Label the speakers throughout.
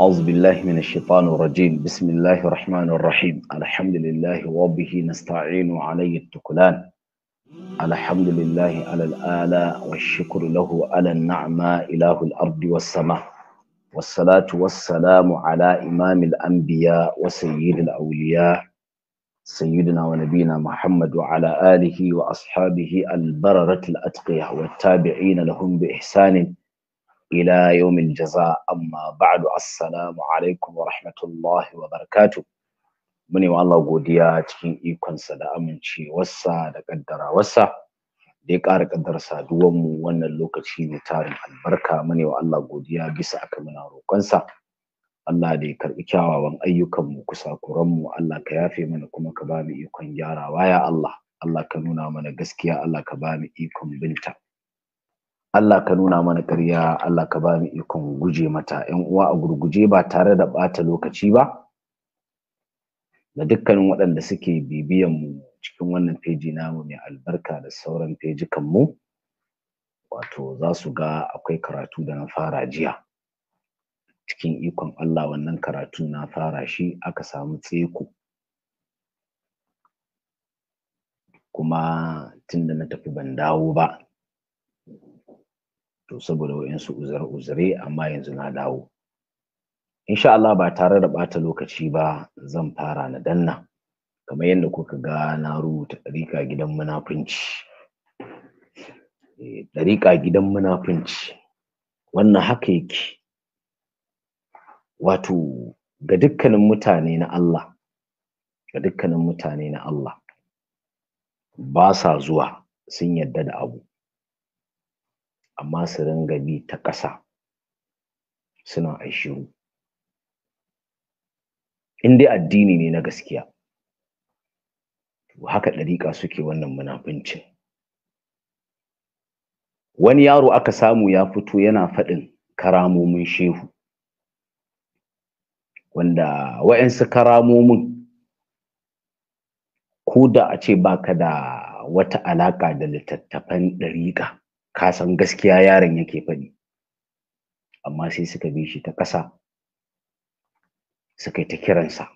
Speaker 1: أعوذ بالله من الشيطان الرجيم بسم الله الرحمن الرحيم الحمد لله وبه نستعين علي التكلان الحمد لله على الآلاء والشكر له على النعمة إله الأرض والسماء والصلاة والسلام على إمام الأنبياء وسيد الأولياء سيدنا ونبينا محمد وعلى آله وأصحابه البررة الأتقية والتابعين لهم بإحسان ila yawmin jaza amma ba'du assalamu alaikum wa rahmatullahi wa barakatuh muni wa Allah godiya cikin ikonsa da amincewarsa da kaddarawarsa da ya ƙara kaddara saduwar mu wannan lokaci ne tarin albarka muni wa Allah godiya bisa aka muna roƙonsa Allah da ya karɓi kyawawan ayyukan mu kusa kuran mu Allah ka yafe mana kuma ka ba mu ikon gyarawa ya Allah Allah ka nuna mana gaskiya Allah ka ba mu ikon binta Allah ka nuna mana ƙarya Allah ka ba mu ikon guje mata ƴan uwa a gurguje ba tare da ɓata lokaci ba da dukkanin waɗanda suke bibiyan mu cikin wannan feji namu mai albarka da sauran fejikan mu wato za su ga akwai karatu da na fara jiya cikin ikon Allah wannan karatu na fara shi aka samu tseku. kuma tunda na tafi ban dawo ba to saboda waɗansu uzure-uzure amma yanzu na dawo insha Allah ba tare da ɓata lokaci ba zan fara na danna kamar yadda kuka ga na rubuta ɗariƙa gidan munafunci eh, ɗariƙa gidan munafunci wannan haka yake wato ga dukkanin mutane na Allah ga dukkanin mutane na Allah ba sa zuwa sun yadda da abu amma su ringa bi ta ƙasa suna shiru in dai addini ne na gaskiya haka ɗariƙa suke wannan munafincin wani yaro aka samu ya fito yana faɗin karamomin shehu wanda waɗansu karamomin ko da a ce ka da wata alaƙa da littattafan ɗariƙa ka san gaskiya yaron yake faɗi amma sai suka bi shi ta ƙasa suka yi ta kiransa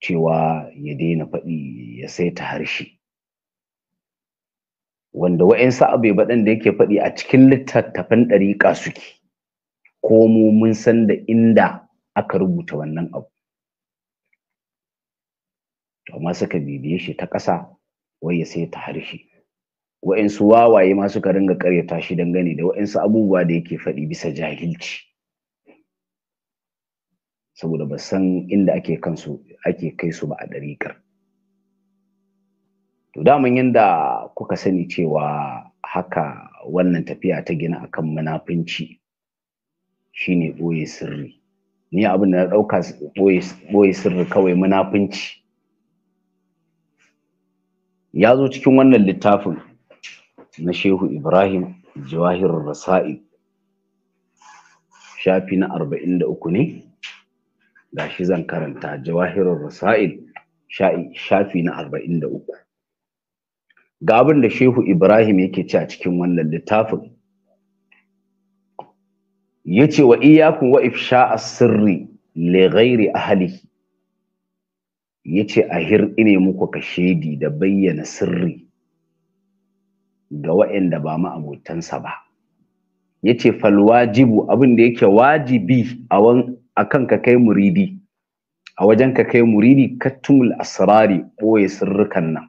Speaker 1: cewa ya daina faɗi ya sai ta harshe wanda wa'insu abebaɗin da yake faɗi a cikin littattafan ɗariƙa suke ko mu mun san da inda aka rubuta wannan abu amma suka bibiye shi ta ƙasa wai ya sai ta harshe wa'insu wawaye ma suka ringa karyata shi dangane da wa'insu abubuwa da yake faɗi bisa jahilci saboda ba san inda ake kansu ake kai su ba a ɗariƙar to daman yadda kuka sani cewa haka wannan tafiya ta gina akan munafunci shine ɓoye sirri ni abin da na ɗauka ɓoye sirri kawai munafunci ya zo cikin wannan littafin na Shehu Ibrahim jawahir Rasail shafi na 43 ne shi zan karanta jawahir Rasail shafi na 43 ga abin da Shehu Ibrahim yake ci a cikin wannan littafin ya ce wa iyakun wa ifsha'a sirri li ghairi ce yace a ine muku ka shaidi da bayyana sirri ga wa'anda ba ma'abotansa ba yace fal wajibu abin da yake wajibi a wan akan ka kai muridi a wajen ka kai muridi katumul asrari ɓoye sirrukan nan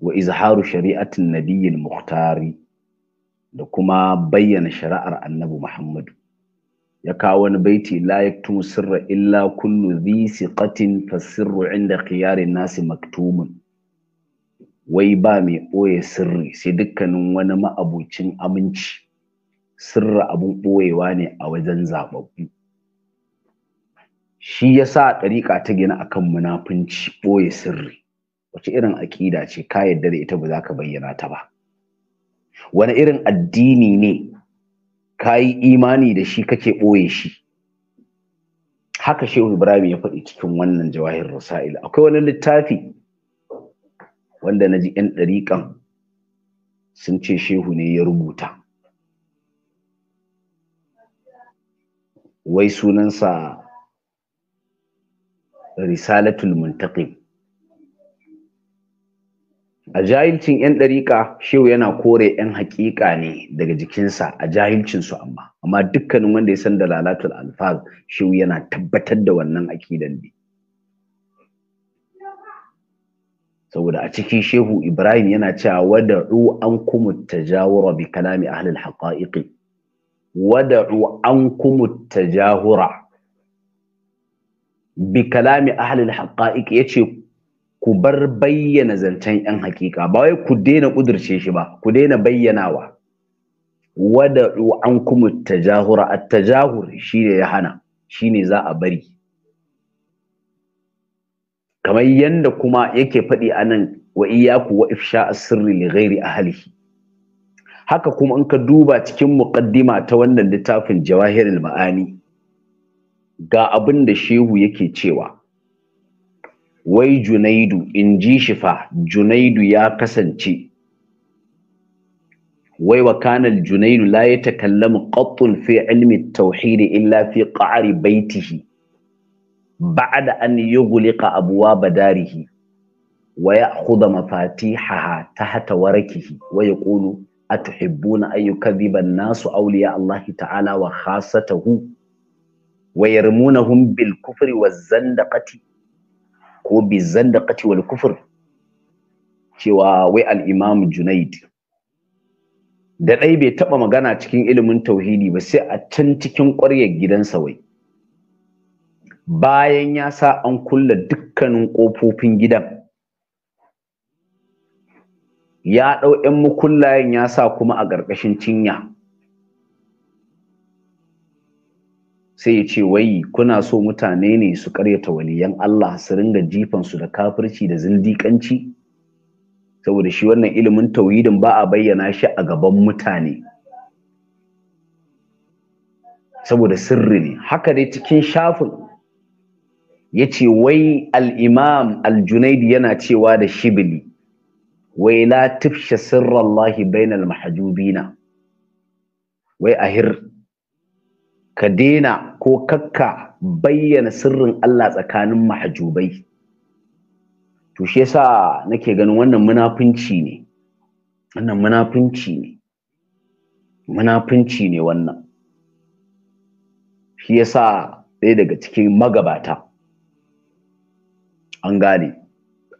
Speaker 1: wa izharu shari'atin nabiyil muhtari da kuma bayyana shari'ar annabi muhammadu ya kawo wani baiti la yaktumu sirra illa kullu dhi siqatin fa inda khiyari nasi maktumun wai ba mai ɓoye sirri sai dukkanin wani ma'abucin aminci sirri abun ɓoyewa ne a wajen zababbu shi ya sa ɗariƙa ta gina akan munafunci ɓoye sirri wace irin aƙida ce ka yarda da ita ba za ka bayyana ta ba wani irin addini ne ka yi imani da shi kake ɓoye shi haka shehu ibrahim ya faɗi cikin wannan jawahir rasail akwai wani littafi wanda na ji 'yan ɗariƙan sun ce shehu ne ya rubuta wai sunansa risalatul muntaqim a jahilcin 'yan ɗariƙa shehu yana kore 'yan haƙiƙa ne daga jikinsa a jahilcinsu amma amma dukkanin wanda ya san da lalatul alfaz shehu yana tabbatar da wannan aƙidan ne saboda a cikin shehu ibrahim yana cewa wada'u an kuma tajawura bi kalami ahlul haqa'iqi wada'u an kuma tajahura bi kalami ahlul haqa'iqi yace ku bar bayyana zancen yan hakika ba wai ku daina ƙudurce shi ba ku daina bayyanawa wada'u an kuma tajahura at-tajahur shine ya hana shine za a bari kamar yanda kuma yake faɗi a nan wa iyyaku wa ifsha asirri li ghairi ahlihi haka kuma in ka duba cikin muqaddima ta wannan littafin jawahirul ma'ani ga abin da shehu yake cewa wai junaidu in ji shi fa junaidu ya kasance wai wa kanal junaidu la ya takallamu qattun fi ilmi tauhidi illa fi qa'ri baitihi ba'da an yughliqa abwaba darihi wa ya'khudha mafatihaha tahta waya wa yaqulu atuhibbuna an yukadhiba an-nasu awliya Allah ta'ala wa khassatahu wa yarmunahum bil kufri waz zandaqati ko bi zandaqati wal kufr cewa wai al-imam Junayd Daɗai bai taɓa magana cikin ilimin tauhidi ba sai a can cikin ƙwaryar gidansa wai bayan ya sa an kulle dukkanin ƙofofin gidan ya ɗau 'yan mukullayen ya sa kuma a ƙarƙashin cinya sai ya ce wai kuna so mutane ne su ƙaryata waliyan Allah su ringa jifansu da kafirci da zindiƙanci saboda shi wannan ilimin tauhidin ba a bayyana shi a gaban mutane saboda sirri ne haka dai cikin shafin Ya ce wai al-imam al-junaidi yana cewa da shibili. wai la tufsha sirrallahi bainal Mahajubina? wai ahir ka dena ko kakka bayyana sirrin Allah tsakanin Mahajubai. to shi yasa nake ganin wannan munafunci ne wannan munafunci ne munafunci ne wannan shi yasa ɗaya daga cikin magabata an gane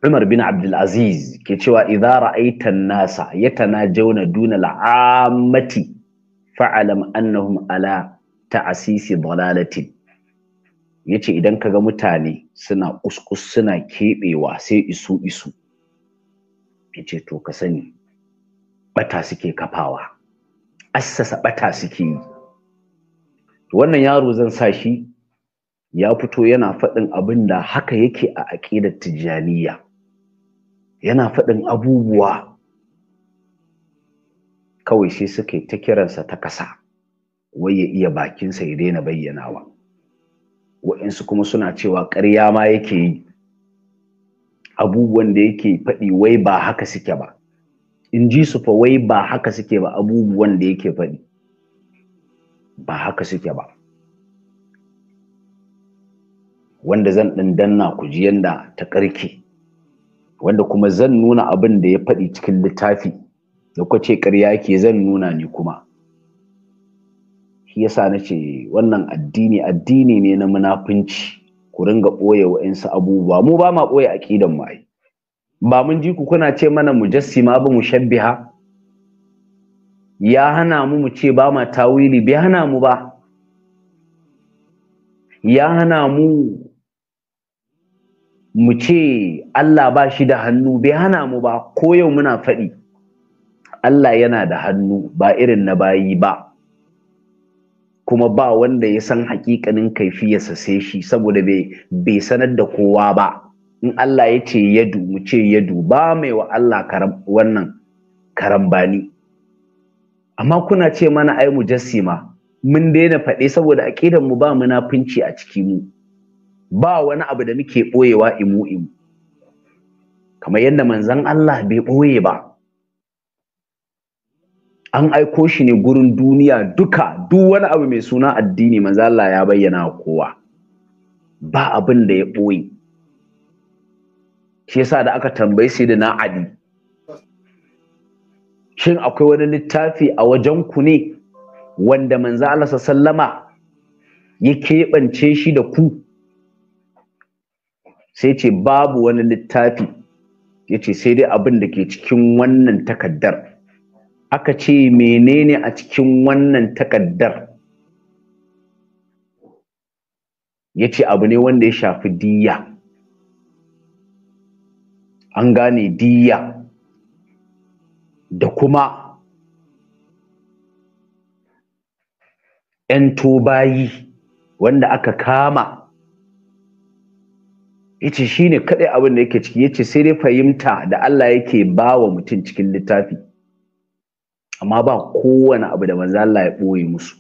Speaker 1: Umar bin Abdulaziz ke cewa Iza ra'aitan nasa ya tana jauna duna la'amati fa'alam annahum ala ta'asisi Ya yace idan ka ga mutane suna kuskus suna kebewa sai isu isu yace to ka sani bata suke kafawa assasa bata suke yi wannan yaro zan sa shi ya fito yana faɗin abin da haka yake a aƙidar tijjaniya yana faɗin abubuwa kawai sai suka ta kiransa ta ƙasa wai ya iya bakinsa ya daina bayyanawa wa'insu kuma suna cewa ƙarya ma yake yi abubuwan da yake faɗi wai ba haka suke ba in ji su fa wai ba haka suke ba abubuwan da yake faɗi ba haka suke ba wanda zan ɗan danna ku ji yanda ta ƙarke wanda kuma zan nuna abin da ya faɗi cikin littafi da kuka ce ƙarya ke zan nuna ni kuma shi yasa na ce wannan addini addini ne na munafunci ku ringa ɓoye wa'insu abubuwa mu ba ma ɓoye aƙidan mu ai ba mun ji ku kuna ce mana mujassima ba mu shabbiha ya hana mu mu ce ba ma tawili bai hana mu ba ya hana mu mu ce Allah ba shi da hannu bai hana mu ba ko yau muna faɗi Allah yana da hannu ba irin na bayi ba kuma ba wanda ya san hakikanin kaifi ya sase shi saboda bai sanar da kowa ba in Allah ya ce yadu mu ce yadu ba mai wa Allah wannan karambani amma kuna ce mana ai mujassima mun daina faɗe saboda aƙidar mu ba munafunci a ciki mu ba wani abu da muke ɓoyewa imu imu kamar yadda manzan Allah bai ɓoye ba an aiko shi ne gurin duniya duka duk wani abu mai suna addini manzo Allah ya bayyana kowa ba abin da ya ɓoye shi yasa da aka tambayi sai da na Ali shin akwai wani littafi a wajen ku ne wanda manzo Allah sallama ya keɓance shi da ku sai ce babu wani littafi ya ce sai dai abin da ke cikin wannan takaddar aka ce menene a cikin wannan takaddar ya ce abu ne wanda ya shafi diya an gane diya da kuma 'yan tobayi wanda aka kama yace shine kadai abin da yake ciki yace sai dai fahimta da Allah yake ba wa mutum cikin littafi amma ba kowane abu da manzo Allah ya boye musu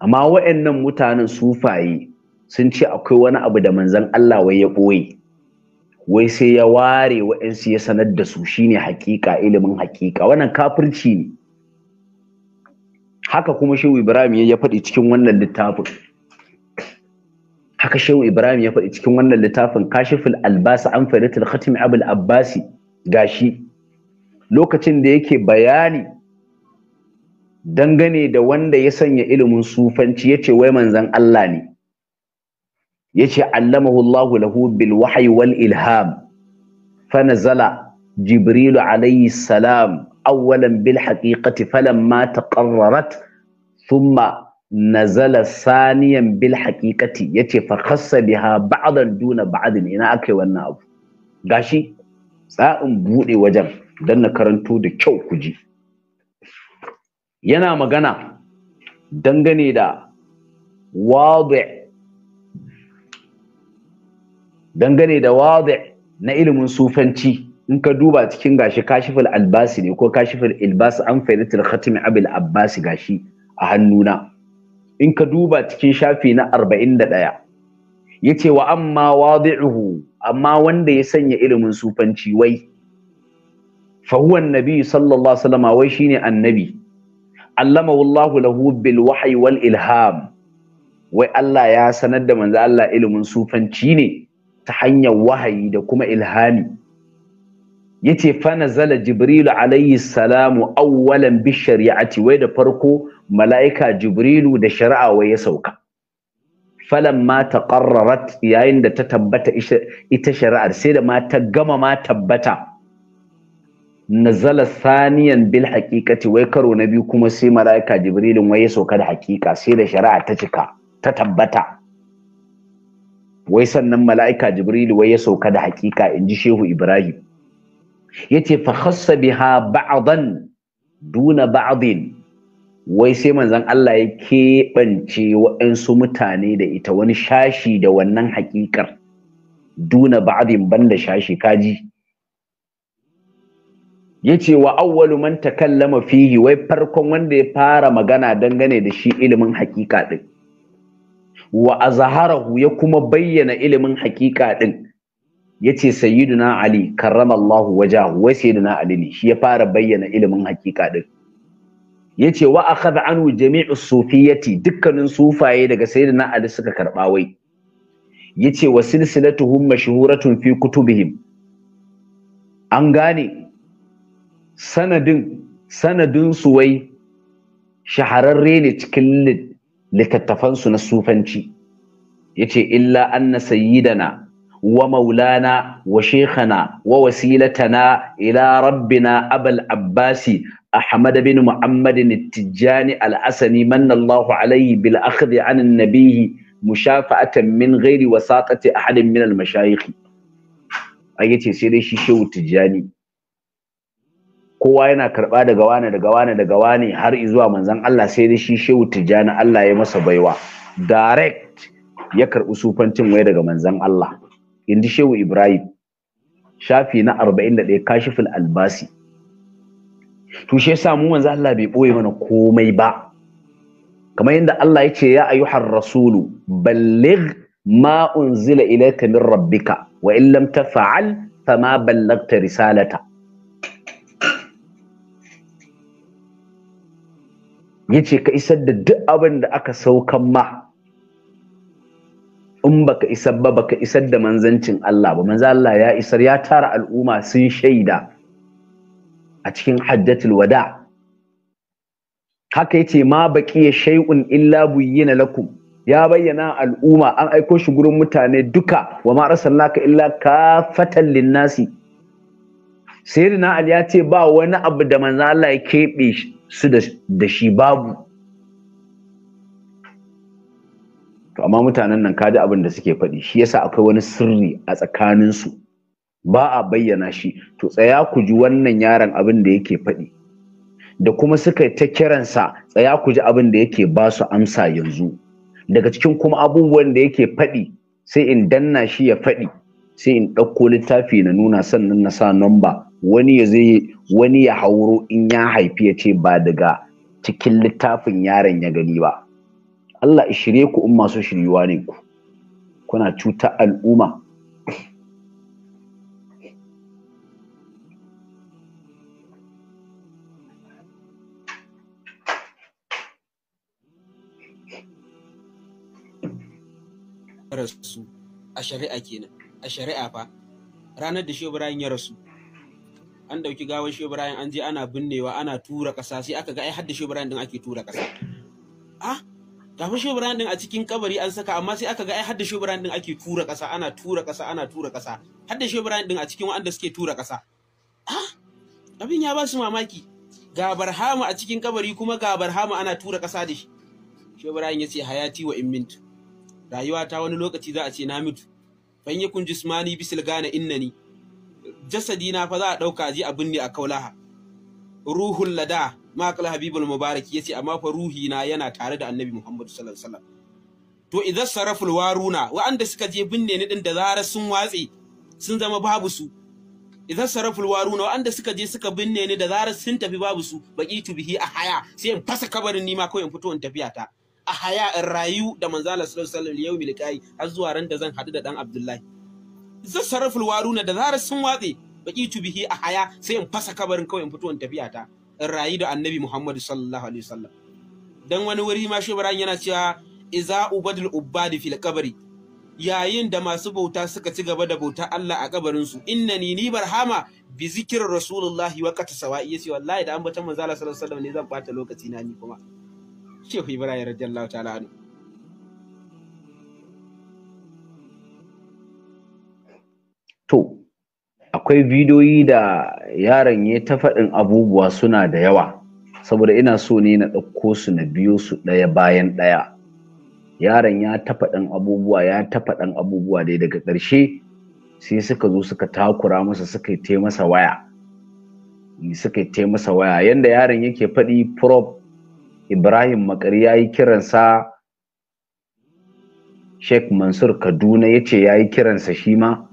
Speaker 1: amma waɗannan mutanen sufaye sun ce akwai wani abu da manzon Allah wai ya ɓoye. wai sai ya ware waɗansu ya sanar da su shine hakika ilimin hakika wannan kafirci ne haka kuma shehu Ibrahim ya faɗi cikin wannan littafin haka shehu ibrahim ya faɗi cikin wannan littafin kashiful albasa an faritul khatim abul abbasi gashi lokacin da yake bayani dangane da wanda ya sanya ilimin sufanci yace wai manzon Allah ne yace allamahu Allahu lahu bil wahyi wal ilham fanazala nazala jibril alayhi salam awwalan bil haqiqati falamma taqarrarat summa. nazala saniyan bil haqiqati yace fa khassa biha ba'dan duna ba'din ina akai wannan abu gashi tsa'in bude wajen don na karanto da kyau ku ji yana magana dangane da wadi dangane da na ilimin sufanci in ka duba cikin gashi kashiful albasi ne ko kashiful albasi an faidatul khatimi abul abbasi gashi a hannuna in ka duba cikin shafi na arba'in da ɗaya ya ce wa amma wadi'uhu amma wanda ya sanya ilimin sufanci wai fahuwan nabi sallallahu alaihi wai shine annabi allama wallahu lahu bil wahyi wal ilham wai Allah ya sanar da manzo Allah ilimin sufanci ne ta hanyar wahayi da kuma ilhami yace fa zala jibrilu alayhi salamu awwalan bi shari'ati wai da farko malaika jibrilu da shari'a wai ya sauka falamma taqarrarat yayin da ta tabbata ita shari'ar sai da ma ta gama ma tabbata nazala saniyan bil haqiqati wai karo na biyu kuma sai malaika jibrilin wai ya sauka da haqiqa sai da shari'a ta cika ta tabbata wai sannan malaika jibrilu wai ya sauka da haqiqa inji shehu ibrahim yace fa khassa biha ba'dan duna ba'din wai sai manzon Allah ya keɓance waɗansu mutane da ita wani shashi da wannan haƙiƙar duna ba'din banda shashi kaji yace wa awwalu man takallama fihi wai farkon wanda ya fara magana dangane da shi ilimin haƙiƙa ɗin?" wa azharahu ya kuma bayyana ilimin haƙiƙa ɗin. yace sayyiduna ali karramallahu waja wai sayyiduna ali ne shi ya fara bayyana ilimin hakika din yace wa akhadha anu jami'u sufiyati dukkanin sufaye daga sayyiduna ali suka karba wai yace wa silsilatuhum mashhuratun fi kutubihim an gane sanadin sanadin su wai shahararre ne cikin littattafansu na sufanci yace illa anna sayyidana ومولانا وشيخنا ووسيلتنا إلى ربنا أبا العباس أحمد بن محمد التجاني الأسني من الله عليه بالأخذ عن النبي مشافعة من غير وساطة أحد من المشايخ أيتي سيري شيشو التجاني kowa yana karɓa daga wane daga wane daga wane har zuwa manzon Allah sai dai shi Shehu Tijjani Allah ya masa baiwa direct ya karɓi sufancin wai daga manzan Allah in ji shehu ibrahim shafi na 41 kashiful albasi to shi yasa mu manzo Allah bai boye mana komai ba kamar yadda Allah ya ce ya ayyuhar rasulu balligh ma unzila ilayka min rabbika wa in lam taf'al fama ballagta risalata yace ka isar da duk abin da aka saukan ma in baka isar ba baka isar da manzancin Allah ba manzo Allah ya isar ya tara al'umma sun shaida a cikin hajjatul wada haka yace ma Baki ya shay'un illa buyyina lakum ya bayyana al'umma an aiko shi gurin mutane duka wa ma arsalnaka illa kafatan linnasi sayyidina ali ya ce ba wani abu da manzo Allah ya keɓe su da shi babu to amma mutanen nan kaji abin da suke faɗi shi yasa akwai wani sirri a tsakanin su ba a bayyana shi to tsaya ku ji wannan yaron abin da yake faɗi da kuma suka ta kiransa tsaya ku ji abin da yake ba su amsa yanzu daga cikin kuma abubuwan da yake faɗi sai in danna shi ya faɗi sai in ɗauko littafi na nuna sannan na sa namba wani ya zai wani ya hauro in ya haifi ya ce ba daga cikin littafin yaron ya gani ba Allah ya shirye ku in masu shiryuwa ne ku kuna cutar al'umma
Speaker 2: a shari'a kenan a shari'a fa ranar da shehu ibrahim ya rasu an dauki gawar shehu ibrahim an je ana binnewa ana tura kasa sai aka ga ai hadda shehu ibrahim din ake tura kasa ah fi shubran din a cikin kabari an saka amma sai aka ga ai hadda shubran din ake tura kasa ana tura kasa ana tura kasa hadda shubran din a cikin wanda suke tura kasa ah abin ya ba su mamaki ga barhama a cikin kabari kuma ga barhama ana tura kasa da shi shubran ya ce hayati wa in rayuwa ta wani lokaci za a ce na mutu fan yakun jismani bisil gane innani Jasadina fa za a dauka ji abin ne a kaulaha ruhul lada maqal habibul mubarak yace amma fa ruhi na yana tare da annabi muhammad sallallahu alaihi wasallam to idan saraful waruna wa'anda suka je binne ni din da zarar sun watse sun zama babu su idan saraful waruna wa'anda suka je suka binne ni da zarar sun tafi babu su baqitu bihi a haya sai in fasa kabarin ni ma kawai in fito in tafiya ta a haya in rayu da manzo sallallahu alaihi wasallam yau har zuwa ran da zan hadu da dan Abdullahi idan saraful waruna da zarar sun watse baki bihi a haya sai in fasa kabarin kawai in fito in tafiya ta in rayu da annabi Muhammadu sallallahu alaihi wasallam dan wani wuri ma shi yana cewa iza ubadul ubbad fil qabri yayin da masu bauta suka ci gaba da bauta Allah a kabarin su innani ni barhama bi zikr rasulullahi wa qata sawa'i yace wallahi da an bata manzala sallallahu alaihi wasallam ne zan bata lokaci na ni kuma Shehu Ibrahim radiyallahu ta'ala anhu
Speaker 1: to akwai bidiyoyi da yaron ya ta faɗin abubuwa suna da yawa saboda ina so ne na ɗauko su na biyo su ɗaya bayan ɗaya yaron ya ta faɗin abubuwa ya ta faɗin abubuwa dai daga ƙarshe sai suka zo suka takura masa suka yi masa waya suka yi masa waya yanda yaron yake faɗi prop ibrahim makari ya yi kiransa sheikh mansur kaduna ya ce ya yi kiransa shi ma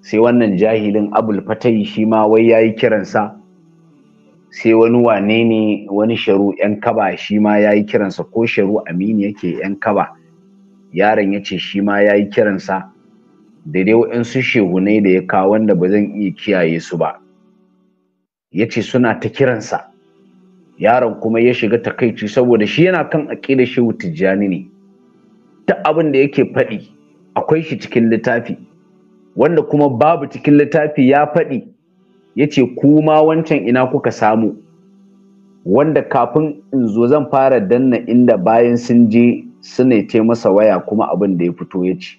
Speaker 1: sai wannan jahilin abul fatai shi ma wai ya yi kiransa sai wani wane ne wani sharu yan kaba shi ma ya yi kiransa ko sharu amini yake yan kaba yaron ya ce shi ma ya yi kiransa da dai waɗansu shehunai da ya kawo wanda ba zan iya kiyaye su ba ya ce suna ta kiransa yaron kuma ya shiga takaici saboda shi yana kan aƙidar shehu tijjani ne ta abin da yake faɗi akwai shi cikin littafi wanda kuma babu cikin littafi ya faɗi ya ce kuma wancan ina kuka samu wanda kafin in zo zan fara danna inda bayan sun je suna ce masa waya kuma abin da ya fito ya ce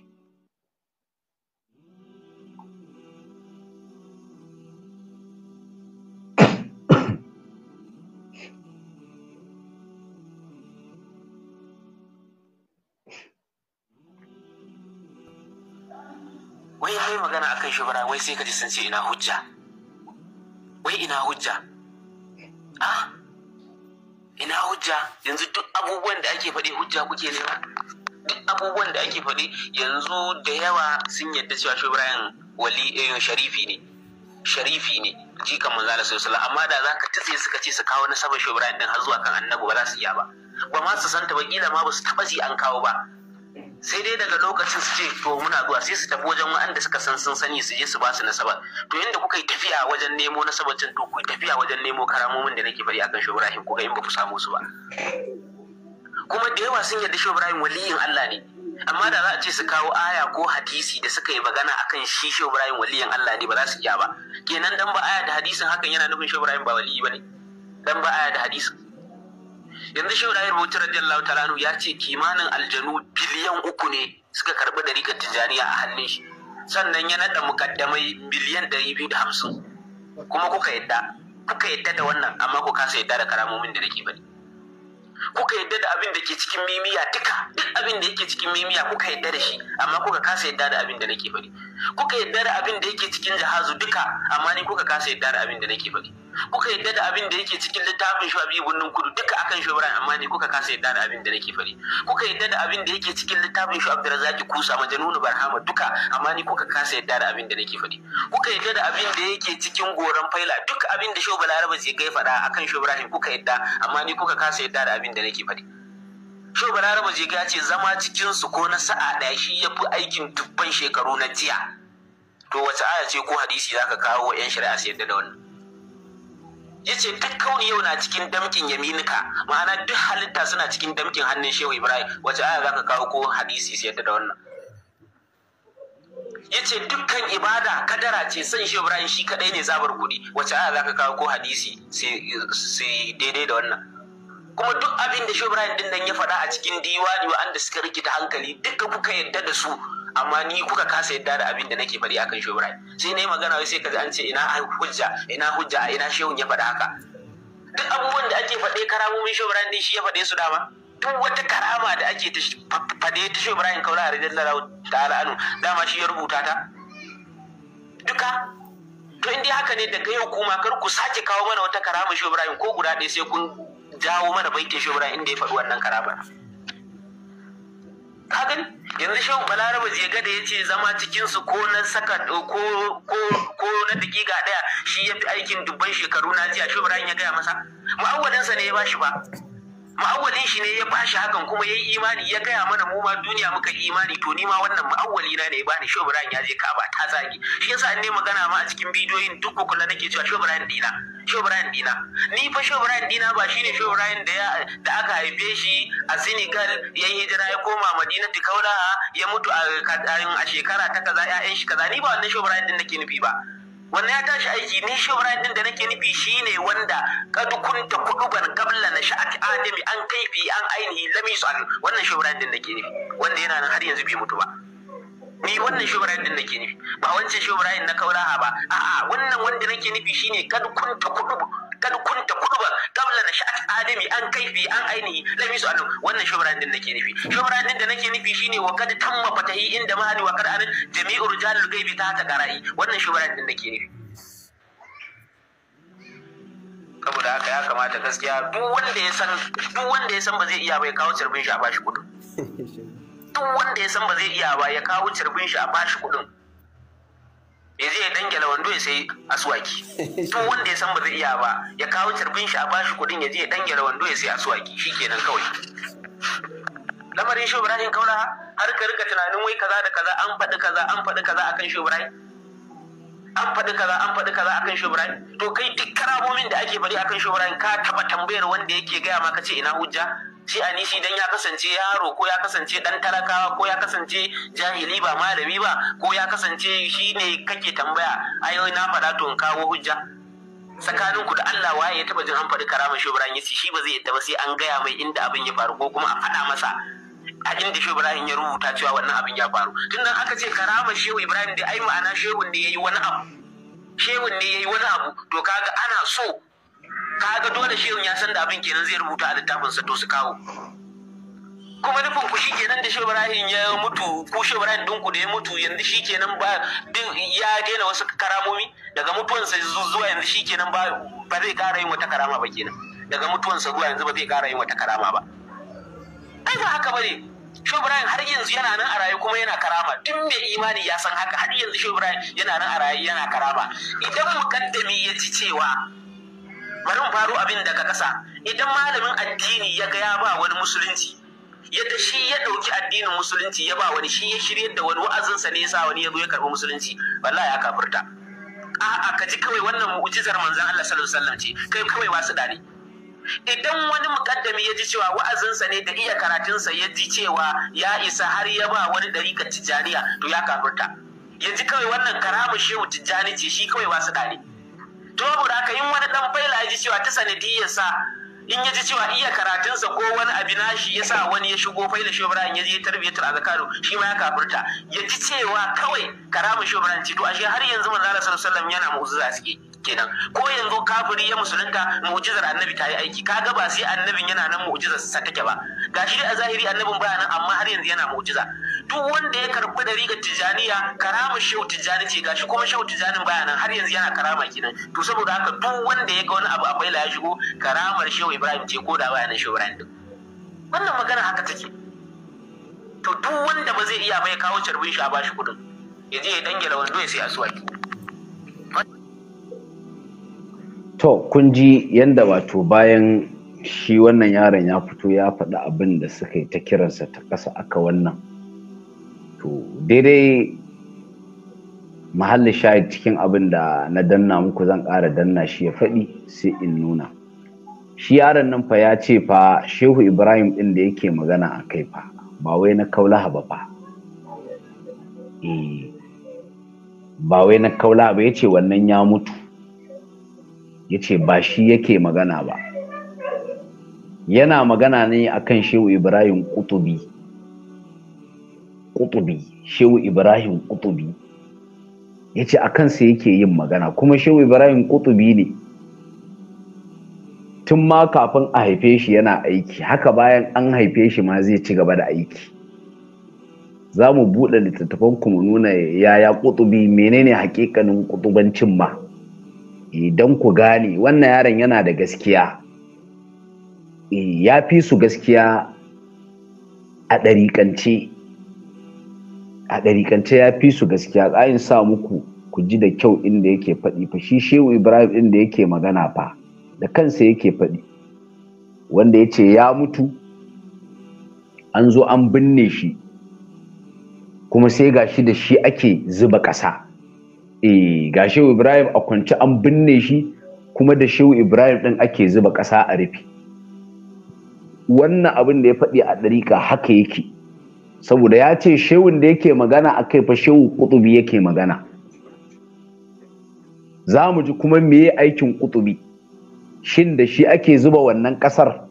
Speaker 3: wai kai magana akan bara wai sai ka ji sun ce ina hujja wai ina hujja a ina hujja yanzu duk abubuwan da ake faɗi hujja kuke nema duk abubuwan da ake faɗi yanzu da yawa sun yadda cewa bara wali eh, sharifi ne sharifi ne jika manzo Allah sallallahu amma da zaka tsaye suka ce su kawo shi bara din har zuwa kan annabi ba za su iya ba ba ma su santa ba kila ma ba su taba ji an kawo ba sai dai daga lokacin su ce to muna zuwa sai su tafi wajen wanda suka san sun sani su je su ba su nasaba to yadda kuka yi tafiya wajen nemo nasabar can to ku yi tafiya wajen nemo karamomin da nake bari akan shi Ibrahim kuka in ba ku samu su ba kuma da yawa sun yarda shi Ibrahim waliyin Allah ne amma da za a ce su kawo aya ko hadisi da suka yi magana akan shi shi Ibrahim waliyin Allah ne ba za su iya ba kenan dan ba aya da hadisin hakan yana nufin shi Ibrahim ba waliyi bane dan ba aya da hadisin yanzu shehu dahir bauchi radiyallahu ta'ala ya ce kimanin aljanu biliyan uku ne suka karɓi ɗariƙar tijjaniya a hannun shi sannan ya naɗa mukaddamai biliyan ɗari biyu da hamsin kuma kuka yadda kuka yadda da wannan amma ku kasa yadda da karamomin da nake bari kuka yadda da abin da ke cikin mimiya duka duk abin da yake cikin mimiya kuka yadda da shi amma kuka kasa yadda da abin da nake bari kuka yadda da abin da yake cikin jahazu duka amma ni kuka kasa yadda da abin da nake bari kuka yadda da abin da yake cikin littafin shugabi gundun kudu duka akan shugaban amma ne kuka kasa yadda da abin da nake fari kuka yadda da abin da yake cikin littafin shugabi zaki kusa majanunu barhama duka amma ne kuka kasa yadda da abin da nake fari kuka yadda da abin da yake cikin goran faila duk abin da shobala laraba zai kai fada akan shugaban kuka yadda amma ne kuka kasa yadda da abin da nake fari shobala laraba zai ya ce zama cikin su ko na sa'a daya shi yafi aikin dubban shekaru na jiya to wace aya ce ko hadisi zaka kawo yan shari'a su yadda da wannan ya ce duk kauni yau na cikin damkin yaminika ma'ana duk halitta suna cikin damkin hannun shehu ibrahim wace aya za ka kawo ko hadisi su yadda da wannan ya ce dukkan ibada kadara ce san shehu ibrahim shi kadai ne zabar kuɗi wace aya za ka kawo ko hadisi su daidai da wannan kuma duk abin da shehu ibrahim din nan ya faɗa a cikin diwani wa'anda suka rikita hankali duka kuka yadda da su amma ni kuka kasa yadda da abin da nake faɗi akan shehu ibrahim sai na yi magana wai sai ka ji an ce ina hujja ina hujja ina Shehu ya faɗa haka duk abubuwan da ake faɗe karamomin shehu ibrahim shi ya faɗe su dama duk wata karama da ake faɗe ta shehu ibrahim kaula a rijal ta'ala anu dama shi ya rubuta ta duka to in dai haka ne daga yau kuma kar ku sake kawo mana wata karama shehu ibrahim ko guda ɗaya sai kun jawo mana baitin shehu ibrahim inda ya faɗi wannan karama ka yanzu shehu balaraba jega da ya ce zama cikinsu ko na saka ko na dakika ɗaya shi ya fi aikin dubban shekaru na jiya shehu ibrahim ya gaya masa mu'awwadansa ne ya bashi ba ma'awalin shi ne ya bashi hakan kuma ya yi imani ya gaya mana mu ma duniya muka yi imani to ni ma wannan ma'awali na ne ya bani shehu ya je kaba ta zagi shi yasa an ne magana ma a cikin bidiyoyin duk kula nake cewa shehu ibrahim dina dina ni fa shehu dina ba shine ne ibrahim da da aka haife shi a senegal ya yi hijira ya koma madina kaura ya mutu a a shekara ta kaza 'ya'yan shi kaza ni ba wannan shehu ibrahim din nake nufi ba wannan ya tashi aiki ni shi Ibrahim din da nake nufi ne wanda kad kunta kuduban kabla na sha'ati adami an kaifi an ainihi lam yusal wannan shi ɗin da nake nufi wanda yana nan har yanzu bai mutu ba ni wannan shi Ibrahim din nake nufi ba wancan shi na kaulaha ba a'a wannan wanda nake nufi shi ne kunta kuduban kan kunta kulba qabla nashat adami an kaifi an ainihi lam yusu anhu wannan shubran din nake nufi shubran din da nake nufi shine wa kad tamma fatahi inda mahani wa kad an jami'u rijalul ghaibi ta ta qara'i wannan shubran din nake nufi saboda haka ya kamata gaskiya duk wanda ya san duk wanda ya san ba zai iya bai kawo cirbin shi a bashi kudin duk wanda ya san ba zai iya ba ya kawo cirbin shi a bashi kudin ya zai ya dangela wando ya sai asuwaki. To wanda ya san ba zai iya ba ya kawo carbin shi a bashi kuɗin ya je ya dangela wando ya sai aswaki shikenan kawai lamarin shi ibrahim kaula har ka rika tunanin wai kaza da kaza an faɗi kaza an faɗi kaza akan shi ibrahim an faɗi kaza an faɗi kaza akan shi ibrahim to kai duk karabomin da ake faɗi akan shi ibrahim ka taɓa tambayar wanda yake gaya maka ce ina hujja shi nishi dan ya kasance yaro ko ya kasance dan talakawa ko ya kasance jahili ba malami ba ko ya kasance shi ne kake tambaya ayoyi na faɗa to in kawo hujja tsakanin ku da Allah waye ya taba jin an faɗi karamar Ibrahim yasi shi ba zai yadda ba sai an gaya mai inda abin ya faru ko kuma a faɗa masa a inda shi ibrahim ya rubuta cewa wannan abin ya faru tun nan aka ce karamar shehu ibrahim da ai ma'ana Shehu ne yayi wani abu shehun ne yayi wani abu to kaga ana so kaga dole shehun ya san da abin kenan zai rubuta a littafin sa to su kawo kuma nufin ku shikenan da shehu ibrahim ya mutu ko shehu ibrahim dinku da ya mutu yanzu shikenan ba ya daina wasu karamomi daga mutuwan sa zuwa yanzu shikenan ba ba zai kara yin wata karama ba kenan daga mutuwan sa zuwa yanzu ba zai kara yin wata karama ba ai ba haka bane Shehu Ibrahim har yanzu yana nan a raye kuma yana karama tun da imani ya san haka har yanzu Shehu Ibrahim yana nan a raye yana karama idan mukaddami ya ci cewa bari mu faro abin daga ƙasa idan malamin addini ya ga ya ba wani musulunci yadda shi ya ɗauki addinin musulunci ya ba wani shi ya shirye da wani wa'azinsa ne ya sa wani ya zo ya karɓi musulunci wallahi ya kafirta a'a ka ji kawai wannan mu'jizar manzon Allah sallallahu alaihi wasallam ce kai kawai wasu dare idan wani mukaddami ya ji cewa wa'azinsa ne da iya karatunsa ya ji cewa ya isa har ya ba wani dariƙar tijjaniya to ya kafirta ya ji kawai wannan karamu shehu tijjani ce shi kawai wasu dare saboda ka in wani dan faila ya ji cewa ta sa. in ya ji cewa iya karatunsa ko wani na nashi ya sa wani ya shigo faila shobran ya je tarbiyatul azkaru shi ma ya kafurta ya ji cewa kawai karamin shobran ci to ashe har yanzu manzo Allah sallallahu alaihi wasallam yana mu'jiza suke kenan ko yanzu kafiri ya musulunta mu'jizar annabi ta yi aiki kaga ba sai annabin yana nan mu'jizar sa take ba gashi dai a zahiri annabin baya nan amma har yanzu yana mu'jiza duk wanda ya karɓi da rigar tijaniya karama shehu tijani ce gashi kuma shehu tijanin baya nan har yanzu yana karama kenan to saboda haka duk wanda ya ga wani abu akwai ya shigo karamar shehu ibrahim ce ko da baya nan shehu ibrahim wannan magana haka take to duk wanda ba zai iya mai kawo carbin shi a bashi kudin ya je ya da wando ya sai asuwa
Speaker 1: to kun ji yanda wato bayan shi wannan yaron ya fito ya faɗi abin da suka yi ta kiransa ta ƙasa aka wannan to daidai mahallin shahid cikin abin da na danna muku zan ƙara danna shi ya faɗi sai in nuna shi yaron nan fa ya ce fa shehu ibrahim ɗin da yake magana a kai fa ba wai na kaulaha ba fa eh, ba wai na kaulaha ba ya ce wannan ya mutu ya ce ba shi yake magana ba yana magana ne akan shehu ibrahim kutubi ƙutubi shehu ibrahim ƙutubi ya ce a kansa yake yin magana kuma shehu ibrahim ƙutubi ne tun ma kafin a haife shi yana aiki haka bayan an haife shi ma zai ci gaba da aiki zamu mu buɗe littattafan mu nuna yaya ƙutubi menene hakikanin ƙutubancin ma idan eh, ku gane wannan yaron yana da gaskiya eh, ya fi su gaskiya a ɗariƙance a ɗarikance ya fi su gaskiya tsayin sa muku ku ji da kyau inda yake faɗi fa shi shehu ibrahim inda yake magana fa da kansa yake faɗi wanda ya ce ya mutu an zo an binne shi kuma sai ga shi da shi ake zuba ƙasa E, ga shehu ibrahim a kwance an binne shi kuma da shehu ibrahim ɗin ake zuba ƙasa a rufe wannan abin da ya faɗi a ɗarika haka yake saboda ya ce shehun da yake magana a kai fa shehu kutubi yake magana za mu ji kuma meye aikin kutubi shin da shi ake zuba wannan kasar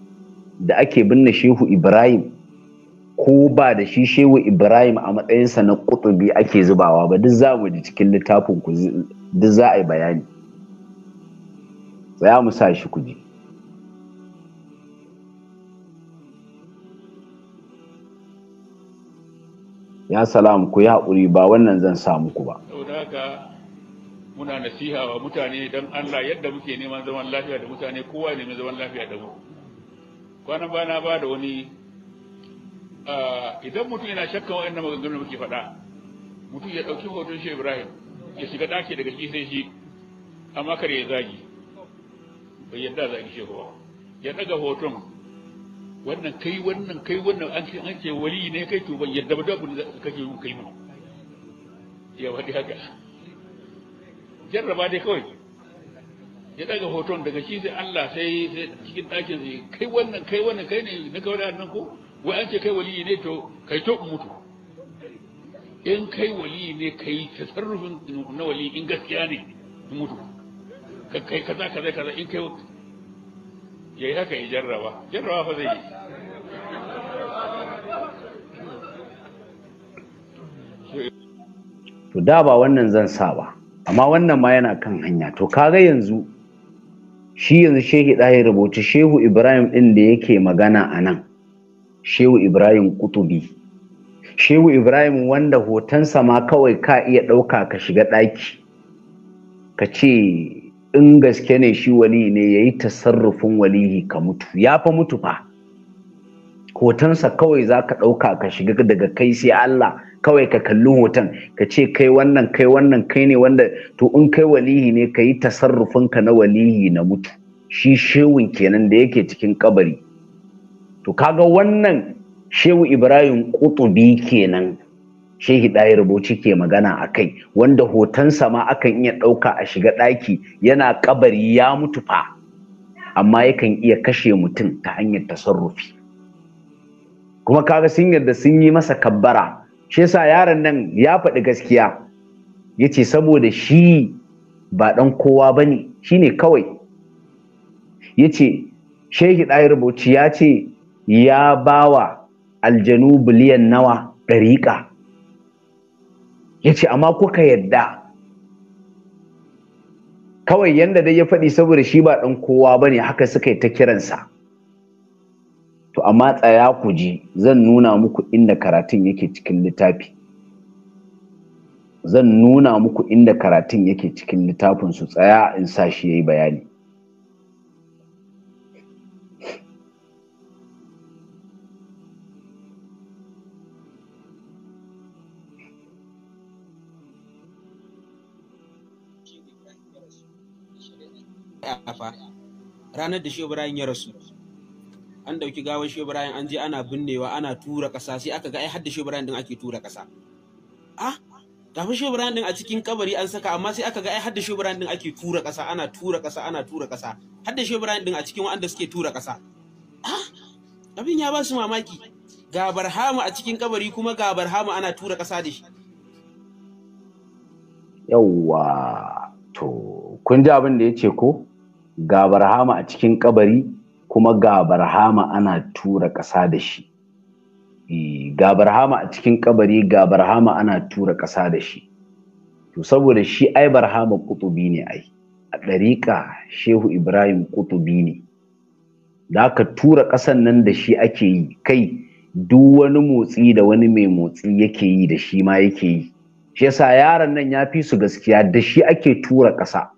Speaker 1: da ake binne shehu ibrahim ko ba da shi shehu ibrahim a matsayinsa na kutubi ake zubawa ba duk za mu ji cikin littafin ku duk za a yi bayani za mu sa shi ku ji ya salam ku yi haƙuri ba wannan zan
Speaker 4: samu ku ba muna nasiha wa mutane don Allah yadda muke neman zaman lafiya da mutane kowa ne mai zaman lafiya da mu kwanan bana ba da wani idan mutum yana shakka wa maganganun maganganu muke faɗa mutum ya ɗauki hoton shi Ibrahim ya shiga ɗaki daga shi sai shi amma kar ya zagi bai yadda zagi shi ya ɗaga hoton wannan kai wannan kai wannan an ce an ce wali ne kai to ban yadda ba da abin da kake yi kai mana ya wadi haka jarraba dai kawai ya daga hoton daga shi sai Allah sai sai cikin ɗakin sai kai wannan kai wannan kai ne na kawai nan ko wai an ce kai wali ne to kai to mutu in kai wali ne kai ta tasarrufin na wali in gaskiya ne mutu kai kaza kaza kaza in kai ya haka ya jarraba jarraba fa zai
Speaker 1: to da ba wannan zan sa ba amma wannan ma yana kan hanya to kaga yanzu shi yanzu shehi ɗaya rubuta shehu ibrahim ɗin da yake magana a nan shehu ibrahim kutubi shehu ibrahim wanda hotonsa ma kawai ka iya ɗauka ka shiga ɗaki ka ce in gaske ne shi wali ne ya yi tasarrufin walihi ka mutu ya fa mutu fa hotonsa kawai za ka ɗauka ka shiga daga kai sai Allah kawai ka kalli hoton ka ce kai wannan kai wannan kai ne wanda to in kai walihi ne ka yi tasarrufin ka na walihi na mutu shi shewun kenan da yake cikin kabari to kaga wannan shewu ibrahim kutubi kenan shehi ɗaya rubuci ke magana a kai wanda hotonsa ma akan iya ɗauka a shiga ɗaki yana kabari ya mutu fa amma yakan iya kashe mutum ta hanyar tasarrufi kuma kaga sun yarda sun yi masa kabbara shi yasa yaron nan ya faɗi gaskiya ya ce saboda shi ba ɗan kowa ba ne shi ne kawai ya ce shehi ɗaya rubuci ya ce ya bawa aljanu biliyan nawa ɗariƙa ya ce amma kuka yadda kawai yadda dai ya faɗi saboda shi ba ɗan kowa ba ne haka suka yi ta kiransa to amma tsaya ku ji zan nuna muku inda karatun yake cikin littafi zan nuna muku inda karatun yake cikin littafin su tsaya in sa shi ya yi bayani
Speaker 2: ya'ya fa ranar da shebrayin ya rasu an dauki gawar shebrayin an je ana binnewa ana tura kasa sai aka ga ai har da shebrayin din ake tura kasa ah gafi shebrayin din a cikin kabari an saka amma sai aka ga ai har da shebrayin din ake tura kasa ana tura kasa ana tura kasa har da shebrayin din a cikin wanda suke tura kasa ah abin ya ba su mamaki ga barhama a cikin kabari kuma ga barhama ana tura kasa da shi
Speaker 1: yawwa to kun ji abin da ya ce ko ga barhama a cikin kabari kuma ga barhama ana tura ƙasa da shi e, ga barhama a cikin kabari ga barhama ana tura ƙasa da shi to saboda shi ai barhama kutubi ne ai a ɗariƙa shehu ibrahim kutubi ne da aka tura ƙasan nan da shi ake yi kai duk wani motsi da wani mai motsi yake yi da shi ma yake yi shi yasa yaron nan ya fi su gaskiya da shi ake tura ƙasa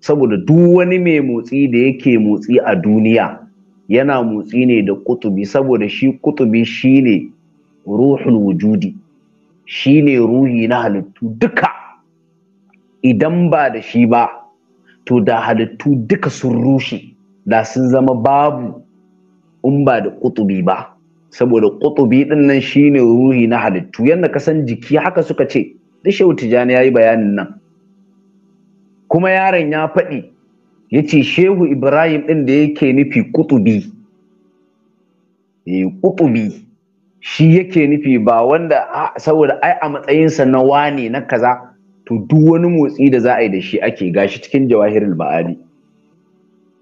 Speaker 1: saboda duk wani mai motsi da yake motsi a duniya yana motsi ne da kutubi saboda shi kutubi shine ruhul wujudi shine ruhi na halittu duka idan ba da shi ba to da halittu duka sun rushe da sun zama babu in ba da kutubi ba saboda kutubi din nan shine ruhi na halittu yadda kasan jiki haka suka ce da shehu tijani ya yi bayanin nan kuma yaron ya faɗi ya ce shehu ibrahim ɗin da yake nufi kutubi kutubi eh, shi yake nufi ba wanda saboda ai a matsayinsa na wane na kaza to duk wani motsi da za a yi da shi ake gashi cikin jawahirul ma'ani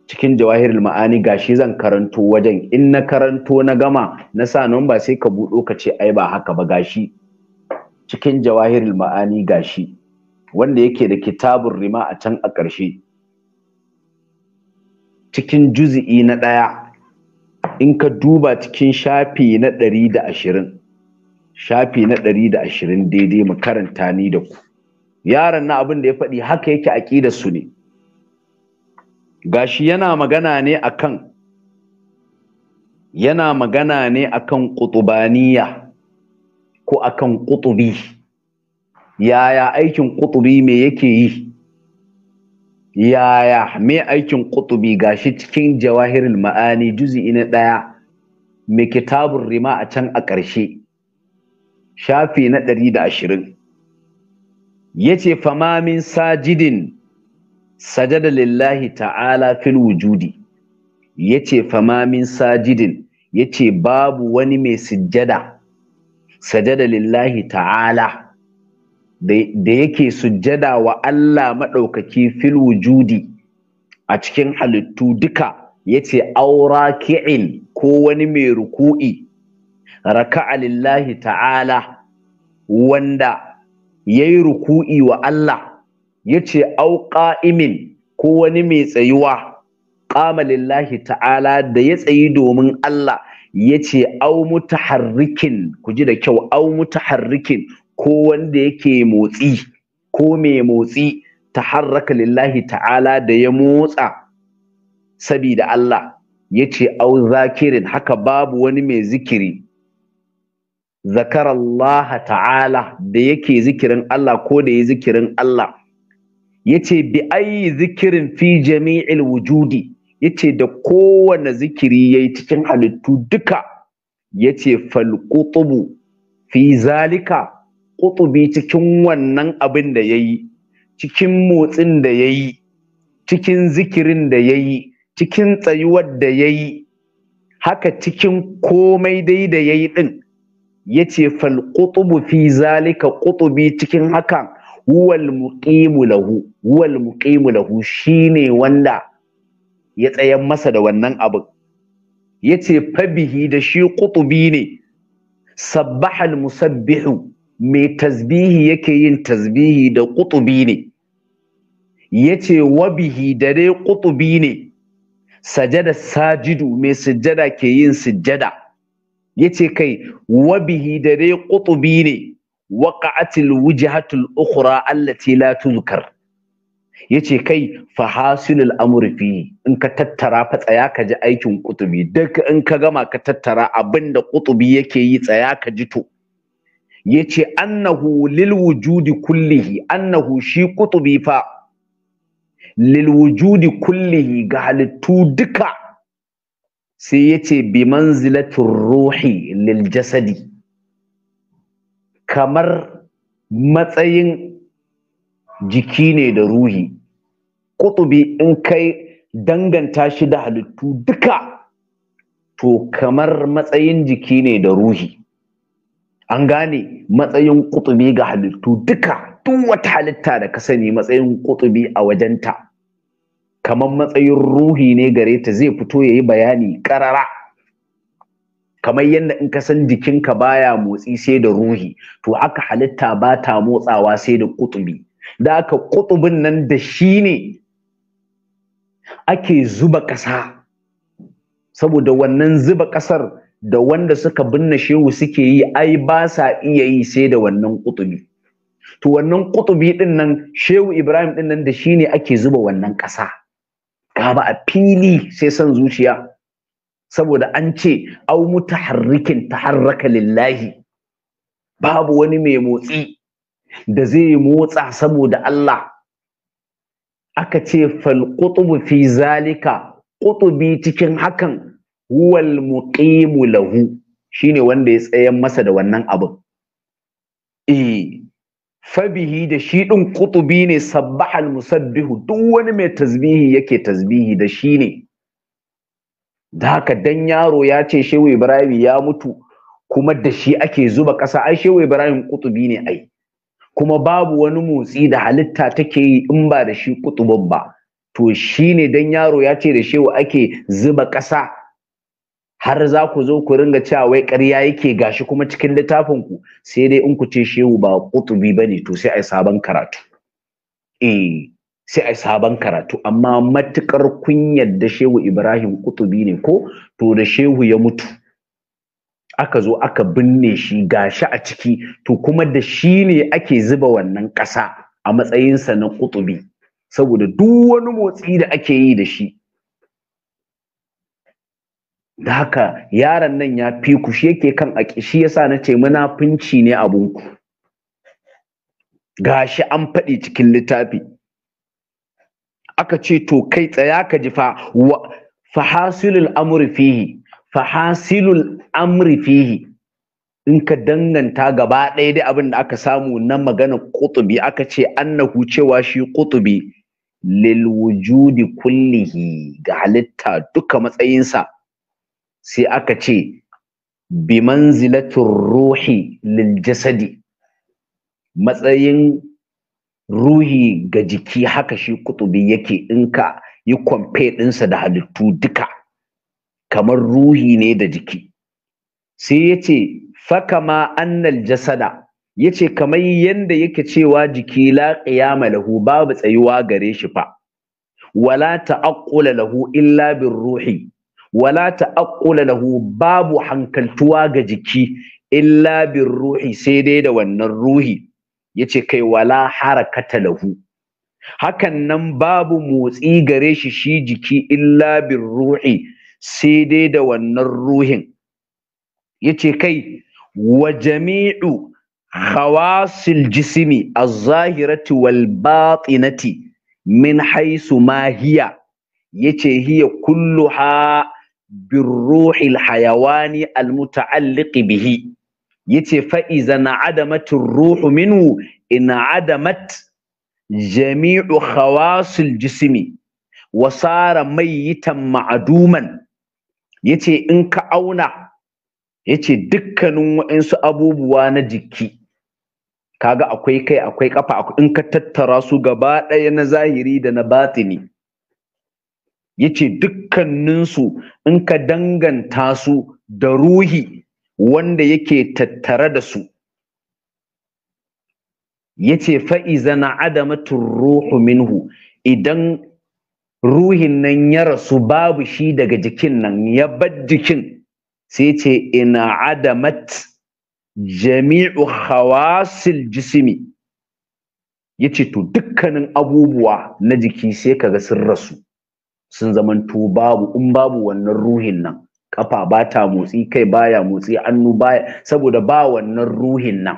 Speaker 1: cikin jawahirul ma'ani gashi zan karanto wajen in na karanto na gama na sa nan ba sai ka buɗo ka ce ai ba haka ba gashi cikin jawahirul ma'ani gashi wanda yake da kitabun rima a can a ƙarshe cikin juzi'i na ɗaya in ka duba cikin shafi na ɗari da ashirin shafi na ɗari da ashirin daidai mu karanta ni da ku yaron na abin da ya faɗi haka yake aƙidar su ne gashi yana magana ne kan yana magana ne akan ƙutubaniya ko akan ƙutubi yaya aikin kutubi me yake yi yaya me aikin kutubi gashi cikin jawahirul ma'ani juz'i na ɗaya me kitabun rima a can a ƙarshe shafi na ɗari da ashirin ya ce famamin sajidin sajada lillahi ta'ala fil wujudi ya ce famamin sajidin yace babu wani mai sujjada sajada lillahi ta'ala da yake sujjada wa Allah maɗaukaki fil wujudi a cikin halittu duka yace aura ki'in ko wani mai ruku'i raka'a lillahi ta'ala wanda yayi ruku'i wa Allah yace au qa'imin ko wani mai tsayuwa qama lillahi ta'ala da ya tsayi domin Allah yace au mutaharrikin ku ji da kyau au mutaharrikin ko wanda yake motsi ko mai motsi ta harraka lillahi ta'ala da ya motsa sabida Allah ya ce au zakirin haka babu wani mai zikiri zakar ta'ala da yake zikirin Allah ko da ya zikirin Allah ya ce bi ayi zikirin fi jami'il wujudi ya ce da kowane zikiri ya yi cikin halittu duka ya ce falƙutubu fi zalika Kutubi cikin wannan abin da ya yi cikin motsin da ya yi cikin zikirin da ya yi cikin tsayuwar da ya yi haka cikin komai dai da ya yi ɗin ya ce falƙutubu fi zalika kutubi cikin hakan Wuwal muqimu lahu huwal muqimu lahu shine wanda ya tsayan masa da wannan abin ya ce fabihi da shi kutubi ne sabbahal musabbihu mai tasbihi yake yin tasbihi da ƙutubi ne yace wabihi da dai ƙutubi ne sajada sajidu mai sujjada ke yin sujjada yace kai wabihi da dai ƙutubi ne waqa'atil wujhatul ukhra allati la tuzkar yace kai fa hasilul amri fi in ka tattara fa tsaya ka ji aikin ƙutubi duk in ka gama ka tattara abinda ƙutubi yake yi tsaya ka ji to yace annahu lil wujudi kullihi annahu shi qutubi fa lil wujudi kullihi ga halittu duka sai yace bi manzilatir ruhi lil jasadi kamar matsayin jiki ne da ruhi qutubi in kai danganta shi da halittu duka to kamar matsayin jiki ne da ruhi an gane matsayin kutubi ga halittu duka duk wata halitta da ka sani matsayin kutubi a wajenta kamar matsayin ruhi ne gare ta zai fito ya yi bayani karara kamar yadda in ka san jikinka baya motsi sai da ruhi to haka halitta ba ta motsawa sai da kutubi da aka kutubin nan da shi ne ake zuba ƙasa saboda wannan zuba ƙasar da wanda suka binne shehu suke yi ai ba sa iya yi sai da wannan kutubi to wannan kutubi din nan shehu ibrahim din nan da shi ne ake zuba wannan ƙasa ga ba a fili sai son zuciya saboda an ce au mutaharrikin taharraka lillahi babu wani mai motsi da zai motsa saboda Allah aka ce fal kutubu fi zalika kutubi cikin hakan huwal muqimu lahu shine wanda ya tsayan masa da wannan abin eh fabihi da shi din qutubi ne sabbahal musabbihu duk wani mai tasbihi yake tasbihi da shi ne da haka dan yaro ya ce shehu ibrahim ya mutu kuma da shi ake zuba ƙasa ai shehu ibrahim qutubi ne ai kuma babu wani motsi da halitta take yi in ba da shi kutubin ba to shine dan yaro ya ce da shehu ake zuba ƙasa har za ku zo ku ringa cewa wai ƙarya yake gashi kuma cikin littafin ku sai dai in ku ce shehu ba kutubi bane to sai ai sabon karatu eh sai ai sabon karatu amma matukar kun yadda shehu Ibrahim kutubi ne ko to da shehu ya mutu aka zo aka binne shi gashi a ciki to kuma da shi ne ake zuba wannan ƙasa a matsayinsa na kutubi saboda duk wani motsi da ake yi da shi da haka yaron nan ya fi ku shi yake kan a shi yasa na ce munafunci ne abunku shi an faɗi cikin littafi aka ce to kai tsaya ka ji fa fahasilul amri fihi fahasilul amri fihi in ka danganta gaba ɗaya dai abin da aka samu na magana kutubi aka ce annahu cewa shi kutubi lil wujudi kullihi ga halitta duka matsayinsa sai aka ce bi manzilatur ruhi lil jasadi matsayin ruhi ga jiki haka shi kutubi yake in ka yi kwamfe ɗinsa da halittu duka kamar ruhi ne da jiki sai ya ce fakama annal jasada ya ce kamar yadda yake cewa jiki la ƙiyama lahu babu tsayuwa gare shi fa wala ta'aqqula lahu illa bir ruhi wala ta'aqqula lahu babu hankaltuwa ga jiki illa bir ruhi sai dai da wannan ruhi yace kai wala harakata lahu hakan nan babu motsi gare shi shi jiki illa bir ruhi sai dai da wannan ruhin yace kai wa jami'u khawasil jismi az-zahirati wal batinati min haisu ma hiya yace hiya kulluha birruhil hayawani almuta'alliqi bihi yace fa iza na'adamatir ruhu minhu in'adamat jami'u khawasil jismi wa sara mayyitan ma'duman yace in ka auna yace dukkanin wa'insu abubuwa na jiki kaga akwai kai akwai ƙafa, in ka tattara su gaba ɗaya na zahiri da na batini yace dukkaninsu in ka danganta su da ruhi wanda yake tattare da su yace ce iza na adamatur ruhu minhu idan ruhin nan ya rasu babu shi daga jikin nan ya bar jikin sai ce ina adamat jami'u hawasil jisimi yace to dukkanin abubuwa na jiki sai kaga sun rasu sun zamanto babu in babu wannan ruhin nan kafa ba ta motsi kai baya motsi annu baya saboda ba wannan ruhin nan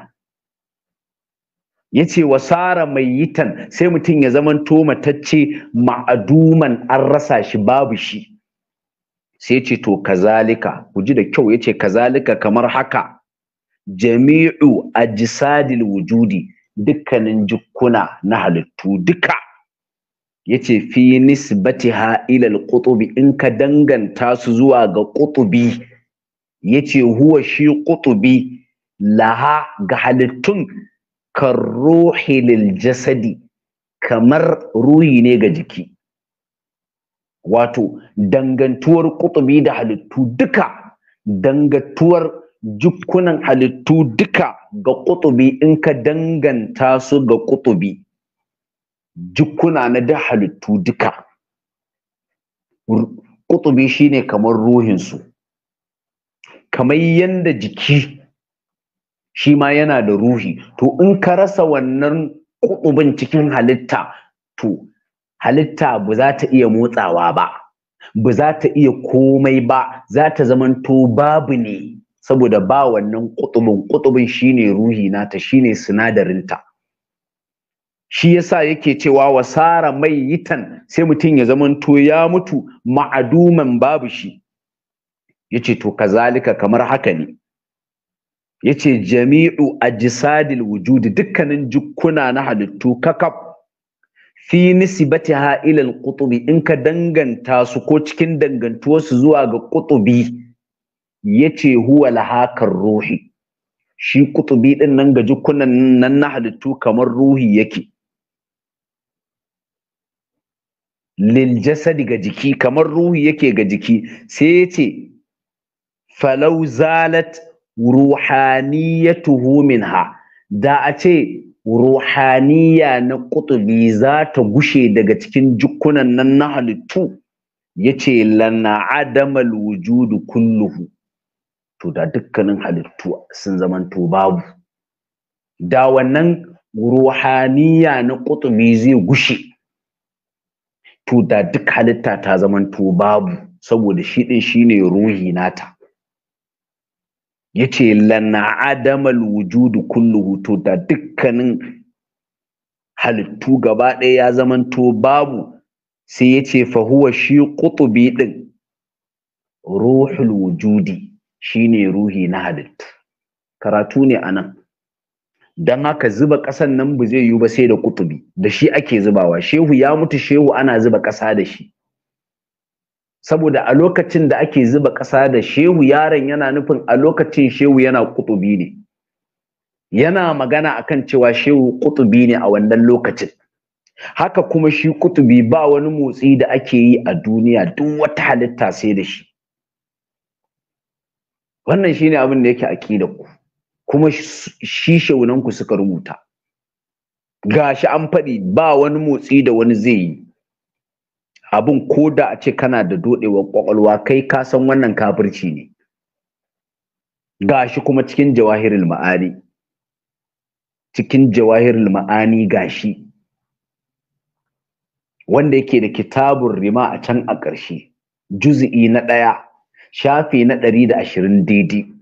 Speaker 1: yace wasara mai yitan sai mutum ya zamanto matacce ma'aduman an rasa shi babu shi sai ce to kazalika ku da kyau yace kazalika kamar haka jami'u ajsadil wujudi dukkanin jukkuna na halittu duka yace fi nisbatiha ila al kutubi in ka danganta su zuwa ga qutubi yace huwa shi qutubi laha ga halittun kan ruhi lil jasadi kamar ruhi ne ga jiki wato dangantuwar qutubi da halittu duka dangantuwar jukkunan halittu duka ga qutubi in ka danganta su ga qutubi jukkuna na da halittu duka shi shine kamar ruhinsu kamar yanda jiki shi ma yana da ruhi to in ka rasa wannan ƙutubin cikin halitta to halitta ba za ta iya motsawa ba ba za ta iya komai ba za ta zamanto babu ne saboda ba wannan ƙutubin ƙutubin shine ruhi nata shine sinadarinta shi yasa yake cewa wasara mai yitan sai mutum ya zamanto ya mutu ma'aduman babu shi yace to kazalika kamar haka ne yace jami'u ajsadil wujudi dukkanin jukkuna na halittu kakaf fi nisbatiha ila al in ka danganta su ko cikin dangantuwar su zuwa ga qutubi yace huwa lahakar ruhi shi qutubi din nan ga jukkunan nan na halittu kamar ruhi yake lil jasadi ga jiki kamar ruhi yake ga jiki sai ya ce falau zalat ruhaniyatuhu minha da a ce ruhaniya na kutubi za ta gushe daga cikin jukkunan nan na halittu ya ce lana adamal wujudu kulluhu to da dukkanin halittu sun zamanto babu da wannan ruhaniya na kutubi zai gushe to duk halitta ta zamanto babu saboda shi ɗin shine ruhi nata yace lana adamal wujudu kulluhu to da dukkanin halittu gaba ɗaya ya zamanto babu sai yace fa huwa shi qutubi din ruhul wujudi shine ruhi na halittu karatu ne anan don haka zuba ƙasan nan ba zai yiwu ba sai da kutubi da shi ake zubawa shehu ya mutu shehu ana zuba ƙasa da shi saboda a lokacin da ake zuba ƙasa da shehu yaron yana nufin a lokacin shehu yana kutubi ne yana magana akan cewa shehu kutubi ne a wannan lokacin haka kuma shi kutubi ba wani motsi da ake yi a duniya duk wata halitta sai da shi wannan shine abin da yake aƙidar ku kuma shi shaunanku suka rubuta gashi an faɗi ba wani motsi da wani zai yi abin ko da a ce kana da dodewar kwakwalwa kai ka san wannan kafirci ne gashi kuma cikin jawahirul ma'ani cikin jawahirul ma'ani gashi wanda yake da kitabun rima a can a ƙarshe juzi'i na ɗaya shafi na ɗari da ashirin daidai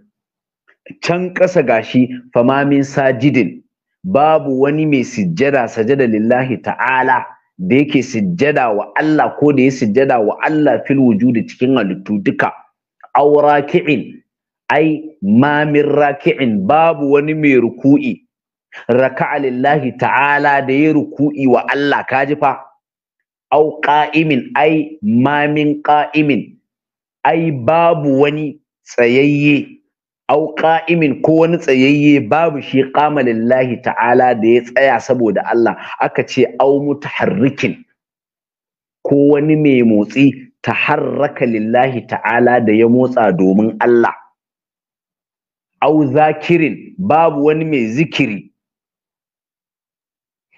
Speaker 1: can ƙasa gashi famamin sajidin babu wani mai sujjada sajada lillahi ta'ala da yake sujjada wa Allah ko da ya sujjada wa Allah fil wujudi cikin halittu duka aw raki'in ai ma min raki'in babu wani mai ruku'i raka'a lillahi ta'ala da ya ruku'i wa Allah kaji fa aw qa'imin ai ma min qa'imin ai babu wani tsayayye au qa'imin ko wani tsayayye babu shi qama lillahi ta'ala da ya tsaya saboda Allah aka ce au mutaharrikin ko wani mai motsi taharraka lillahi ta'ala da ya motsa domin Allah au zakirin babu wani mai zikiri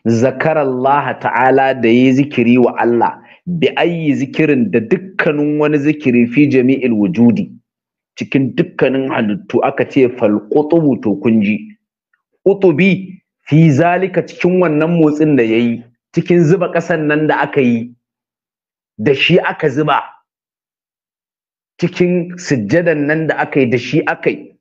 Speaker 1: Allah ta'ala da yi zikiri wa Allah bi ayi zikirin da dukkanin wani zikiri fi jami'il wujudi cikin dukkanin halittu aka ce fal qutubu to kunji qutubi fi zalika cikin wannan motsin da yayi cikin zuba ƙasan nan da aka yi da shi aka zuba cikin sujjadan nan da aka yi da shi aka yi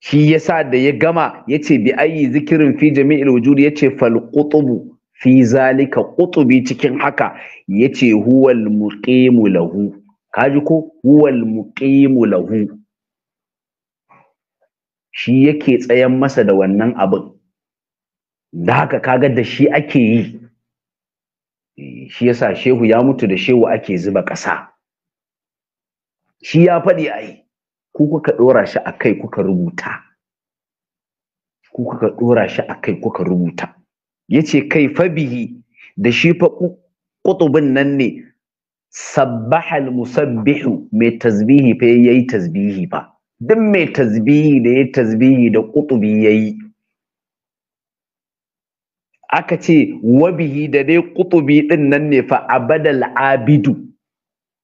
Speaker 1: shi yasa da ya gama yace bi ayi zikirin fi jami'il wujud yace fal qutubu fi zalika qutubi cikin haka yace huwal muqimu lahu kaji ko huwal muqimu lahu shi yake tsayan masa da wannan abin da haka kaga da shi ake yi eh, shi yasa shehu ya mutu da shehu ake zuba ƙasa shi ya faɗi a yi ku kuka ɗora shi a kai kuka rubuta ku kuka ɗora shi a kai kuka rubuta ya ce kai fabihi da shi fa ƙutubin nan ne sabbahal musabbihu mai tasbihi fa yayi tasbihi fa duk mai tasbihi da ya tasbihi da kutubi yayi aka ce wabihi da dai kutubi din nan ne fa abadal abidu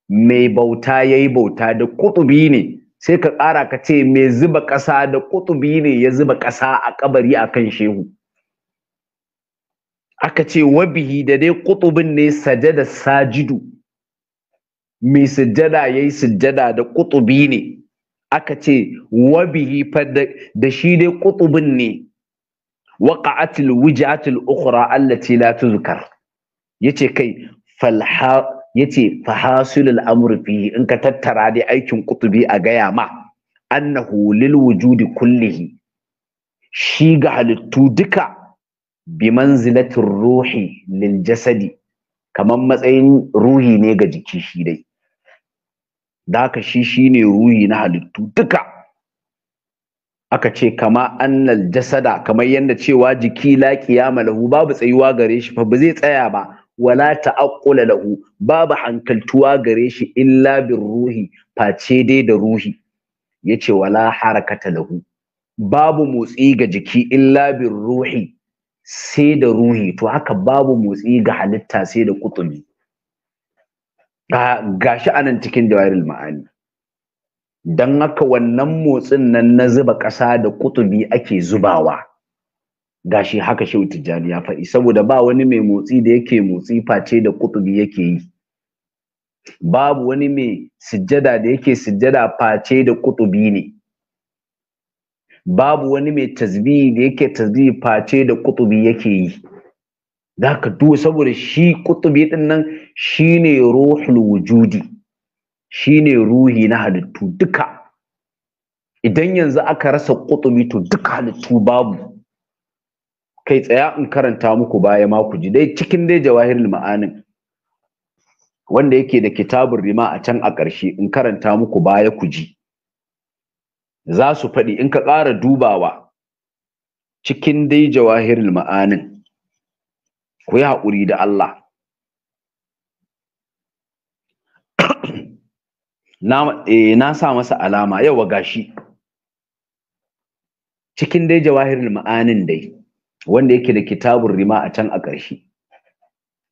Speaker 1: mai bauta yayi bauta da kutubi ne sai ka ƙara ka ce mai zuba ƙasa da kutubi ne ya zuba ƙasa a kabari akan shehu aka ce wabihi da dai kutubin ne sajada sajidu mai sujjada yayi sujjada da kutubi ne aka ce wabihi da shi dai kutubin ne waƙa'atul wujatil ukhra allati la tuzkar yace kai falha yace fahasilul amr fi in ka tattara dai aikin kutubi a gaya ma annahu lil wujudi kullihi shi ga halittu duka bi manzilatir ruhi lil jasadi kamar matsayin ruhi ne ga jiki shi dai da haka shi shine ruhi na halittu duka aka ce kama annal jasada kamar yadda cewa jiki la malahu lahu babu tsayuwa gare shi fa ba zai tsaya ba wala ta'aqqula lahu babu hankaltuwa gare shi illa bir ruhi face dai da ruhi yace wala harakata lahu babu motsi ga jiki illa bir ruhi sai da ruhi to haka babu motsi ga halitta sai da kutumi ga shi anan cikin jawaril ma'ani don haka wannan motsin nan na zuba ƙasa da kutubi ake zubawa gashi haka shehu tijjani ya faɗi saboda ba wani mai motsi da yake motsi face da kutubi yake yi babu wani mai sujjada da yake sujjada face da kutubi ne babu wani mai tasbihi da yake tasbihi face da kutubi yake yi za ka du saboda shi kutubi din nan shine ruhul wujudi shine ruhi na halittu duka idan yanzu aka rasa kutubi to duka halittu babu kai tsaya in karanta muku baya ma ku ji dai cikin dai jawahirul ma'anin wanda yake da kitabun rima a can a ƙarshe in karanta muku baya ku ji za su faɗi in ka ƙara dubawa cikin dai jawahirul ma'anin ku yi haƙuri da Allah eh, na, sa masa alama yawa gashi cikin dai jawahirul ma'anin dai wanda yake da kitabun rima a can a ƙarshe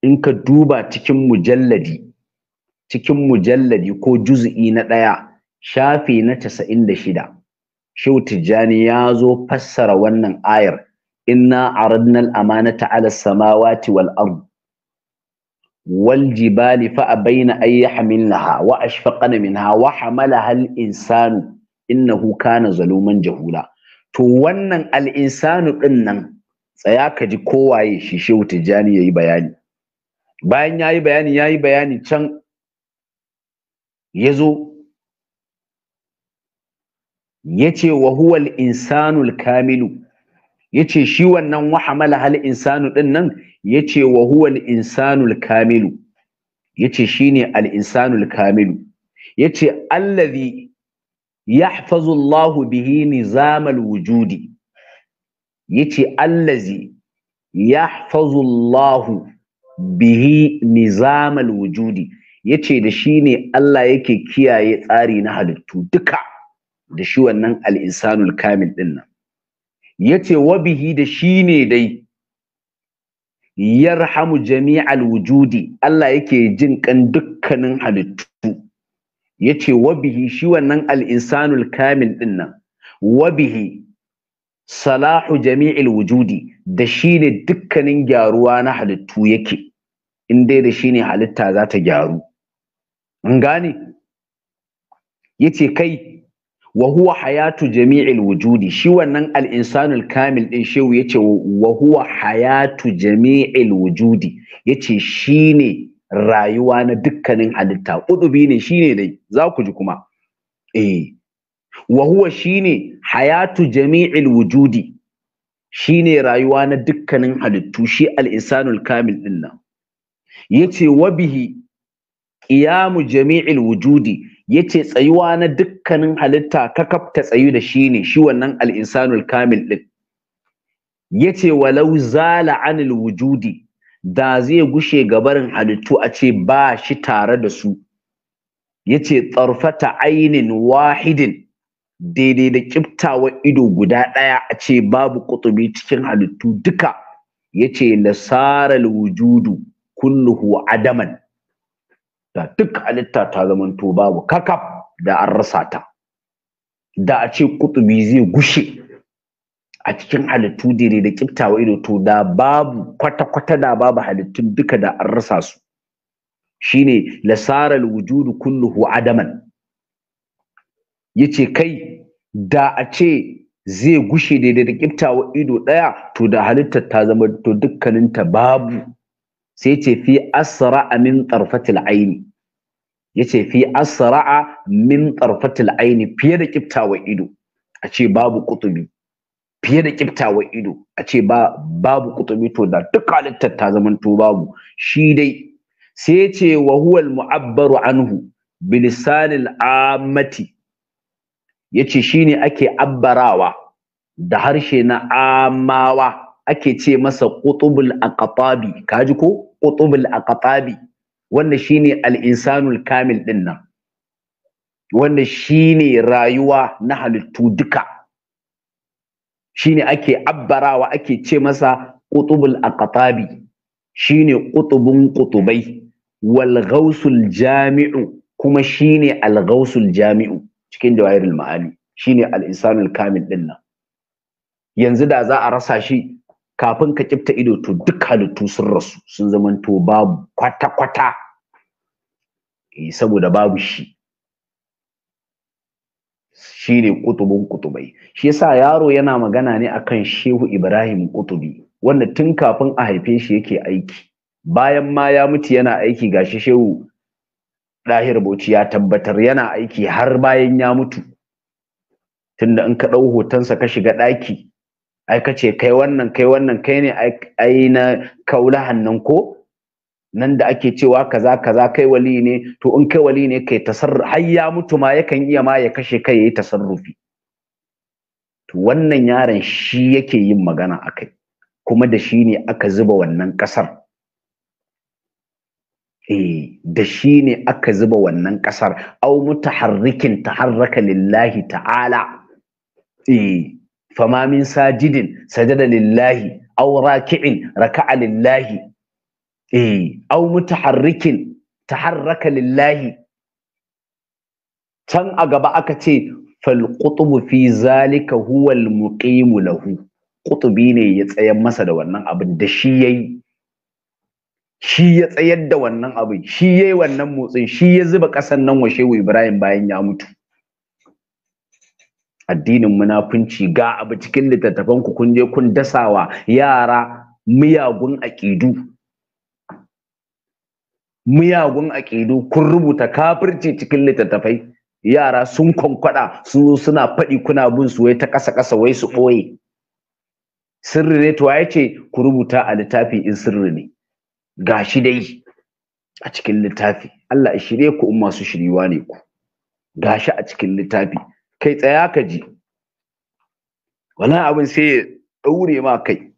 Speaker 1: in ka duba cikin mujalladi cikin mujalladi ko juz'i na ɗaya shafi na casa'in da shida Shehu Tijjani ya zo fassara wannan ayar inna aradna amanata ala samawati wal ard wal jibali fa abaina ay yahmilnaha wa ashfaqna minha wa hamalaha al innahu kana zaluman jahula to wannan al'insanu ɗin nan tsaya ka ji kowaye shi Shehu Tijjani yayi bayani bayan yayi bayani yayi bayani can yazo yace wa huwal insanul kamilu yace shi wannan wa hamala hal insanu din nan yace wa huwal insanul kamilu yace shine al insanul kamilu yace allazi yahfazu Allahu bihi nizamal wujudi yace allazi yahfazu Allahu bihi nizamal wujudi yace da shine Allah yake kiyaye tsari na halittu duka da shi wannan al'isanul kamil ɗin nan ya ce wabihi da shi ne dai yarhamu jami'al wujudi Allah yake jin kan dukkanin halittu ya ce wabihi shi wannan al'isanul kamil ɗin nan wabihi salahu jami'il wujudi da shi ne dukkanin gyaruwa na halittu yake in dai da shi ne halitta za ta gyaru in gane ya ce kai wa huwa hayatu jami'il wujudi shi wannan al-insanul kamil din shehu yace wa huwa hayatu jami'il wujudi yace shine rayuwa na dukkanin halitta udubi ne shine dai za ku ji kuma eh wa huwa shine hayatu jami'il wujudi shine rayuwa na dukkanin halittu shi al-insanul kamil din nan yace wa bihi qiyamu jami'il wujudi yace tsayuwa na dukkanin halitta kakaf ta tsayu da shi ne shi wannan al-insanul kamil din yace walau zala anil wujudi da zai gushe gabarin halittu a ce ba shi tare da su yace tsarfata ainin wahidin daidai da kiftawa ido guda ɗaya a ce babu kutubi cikin halittu duka yace lasaral wujudu kulluhu adaman da duk halitta ta zamanto babu kakaf da an rasa ta da a ce kutubi zai gushe a cikin halittu dire da wa ido to da babu kwata-kwata da babu halittun duka da an rasa su shine lasaral wujudu kulluhu adaman yace kai da a ce zai gushe daidai da wa ido daya to da halittar ta zama to dukkaninta babu sai ce fi asra'a min tarfatil aini yace fi asra'a min tarfatil aini fiye da kiftawa ido a ce babu kutubi fiye da kiftawa ido a ce ba babu kutubi to da duk halittar ta babu shi dai sai ce wa huwa mu'abbaru anhu bilisanil amati yace shine ake abbarawa da harshe na amawa ake ce masa qutubul aqtabi kaji ko qutubul aqtabi wanda shine al-insanul kamil din nan wanda shine rayuwa na halittu duka shine ake abbarawa ake ce masa qutubul aqtabi shine qutubun ƙutubai wal ghausul jami'u kuma shine al ghausul jami'u cikin jawahirul ma'ani shine al insanul kamil din nan yanzu da za a rasa shi kafin ka kifta ido to duk halittu sun rasu sun to babu kwata-kwata eh, saboda babu shi shi ne kutubun kutubai shi yasa yaro yana magana ne akan shehu ibrahim kutubi wanda tun kafin a haife shi yake aiki bayan ma ya mutu yana aiki ga shi shehu ɗahir bauchi ya tabbatar yana aiki har bayan ya mutu tunda in ka ɗau hotonsa ka shiga ɗaki ai ka ce kai wannan kai wannan kai ne ai na kaula hannun ko nan da ake cewa kaza kaza kai wali ne to in kai wali ne kai tasarrufi har ya mutu ma yakan iya ma ya kashe kai yayi tasarrufi to wannan yaron shi yake yin magana akai kuma da shi ne aka zuba wannan kasar eh da shi ne aka zuba wannan kasar au mutaharrikin taharraka lillahi ta'ala eh Famamin min sajidin sajada lillahi aw raki'in raka'a lillahi eh aw mutaharrikin taharraka lillahi can a gaba aka ce fal qutbu fi zalika huwa al muqim lahu qutubi ne ya tsayar masa da wannan abin da shi yayi shi ya tsayar da wannan abin shi yayi wannan motsin shi ya zuba kasan nan wa shehu ibrahim bayan ya mutu addinin munafunci ga abu cikin littattafan ku kun je kun dasawa yara miyagun aƙidu miyagun aƙidu kun rubuta kafirci cikin littattafai yara sun kwankwada su suna faɗi kuna bin su wai ta ƙasa ƙasa wai su ɓoye sirri ne to ya ce ku rubuta a littafi in sirri ne ga shi dai a cikin littafi Allah ya shirye ku in masu shiriwa ne ku gashi a cikin littafi kai tsaya ka ji wani abin sai ya ɗaure ma kai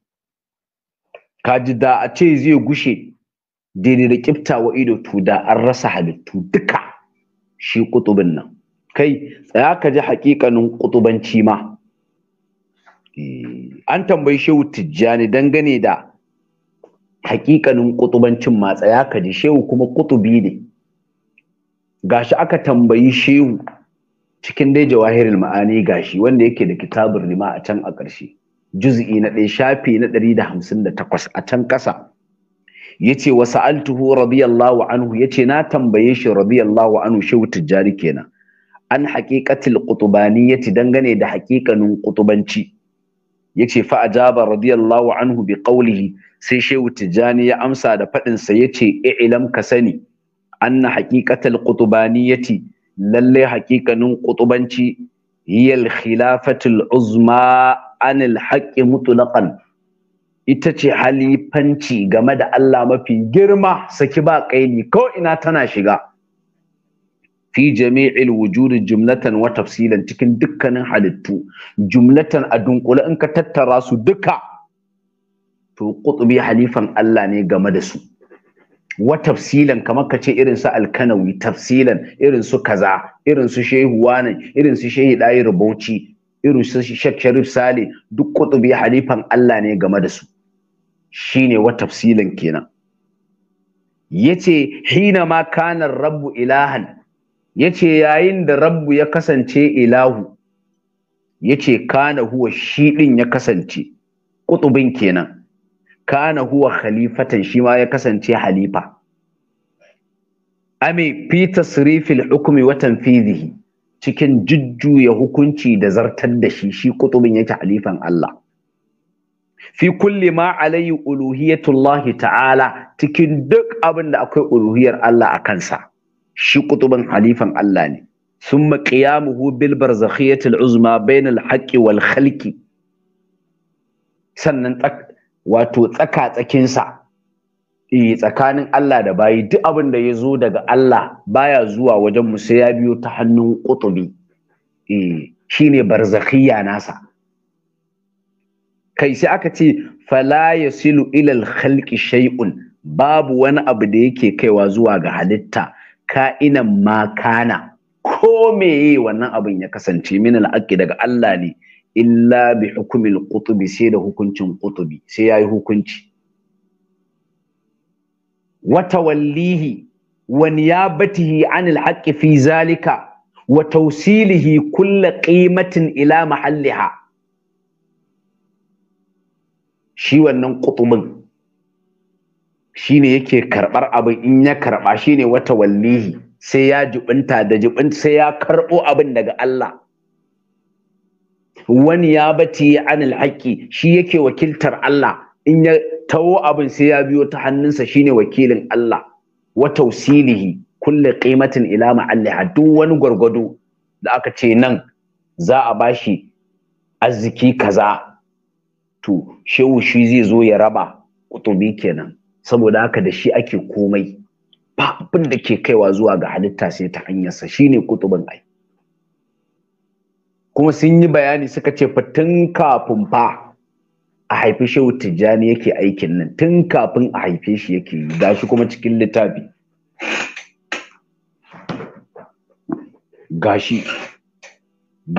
Speaker 1: ka ji da a ce zai gushe daidai da kifta wa ido to da an rasa halittu duka shi kutubin nan kai tsaya ka ji haƙiƙanin kutubanci ma eh, an tambayi shehu tijjani dangane da haƙiƙanin kutubancin ma tsaya ka ji shehu kuma kutubi ne gashi aka tambayi shehu cikin dai jawahirin ma'ani gashi wanda yake da kitabun rima a can a ƙarshe juz'i na ɗaya shafi na ɗari da hamsin da takwas a can ƙasa yace wa sa'altuhu radiyallahu anhu yace na tambaye shi radiyallahu anhu shehu tijjani kenan an haqiqatil qutbaniyyati dangane da haƙiƙanin ƙutubanci, yace ce ajaba radiyallahu anhu bi ƙaulihi sai shehu tijjani ya amsa da faɗinsa. sa yace i'lam ka sani anna haqiqatil qutbaniyyati Lallai haƙiƙanin ƙuɗubanci, hiyal khilafatul uzma anil haqqi mutlaqan ita ce halifanci game da Allah mafi girma saki ba kaini ko ina tana shiga fi jami'il wujudi jumlatan wa tafsilan cikin dukkanin halittu jumlatan a dunkule in ka tattara su duka to kutubi halifan Allah ne game da su wa tafsilan kamar ka ce irin su alkanawi tafsilan irin su kaza irin su shehu wani irin su shehu dayi rubauci irin su shek sharif sale duk kutubi halifan Allah ne game da su shine wa tafsilan kenan yace hina ma kanar rabbu ilahan yace yayin da rabbu ya kasance ilahu yace kana huwa shi din ya kasance kutubin kenan kana huwa khalifatan shi ma ya kasance halifa ame fi tasrifil hukmi wa tanfizihi cikin jujjuya hukunci da zartar da shi shi kutubin yake halifan Allah fi kulli ma alayhi uluhiyatullahi ta'ala cikin duk abin da akwai uluhiyar Allah a kansa shi kutubin halifan Allah ne ثم قيامه بالبرزخية العظمى بين wal والخلق sannan wato tsaka-tsakinsa eh tsakanin Allah da bayi duk abin da ya zo daga Allah baya zuwa wajen mu sai ya biyo ta hannun ƙutubi eh shine barzakhiya nasa kai sai aka ce fala yasilu ila al-khalqi shay'un babu wani abu da yake kaiwa zuwa ga halitta ka'inan ma kana ko meye wannan abin ya kasance min al daga Allah ne illa bi hukumil kutubi sai da hukuncin kutubi sai yayi hukunci wa tawallihi wa niyabatihi anil haqqi fi zalika wa tawsilihi kulla qimatin ila mahalliha shi wannan qutubin shine yake karɓar abin in ya karba shine wata wallihi sai ya jibinta da jibinta sai ya karɓo abin daga Allah wani ya bati anil haƙƙi shi yake wakiltar Allah in ya tawo abin sai ya biyo ta hannunsa shine wakilin Allah wa tausilihi kulli qimatin ila ma'alliha duk wani gwargwado da aka ce nan za a bashi arziki kaza to shehu shi zai zo ya raba kutubi kenan saboda haka da shi ake komai ba abin da ke kaiwa zuwa ga halitta sai ta hanyarsa shine kutubin ai kuma sun yi bayani suka ce fa tun kafin fa a haifi shehu tijjani yake aikin nan tun kafin a haife shi yake yi gashi kuma cikin littafi gashi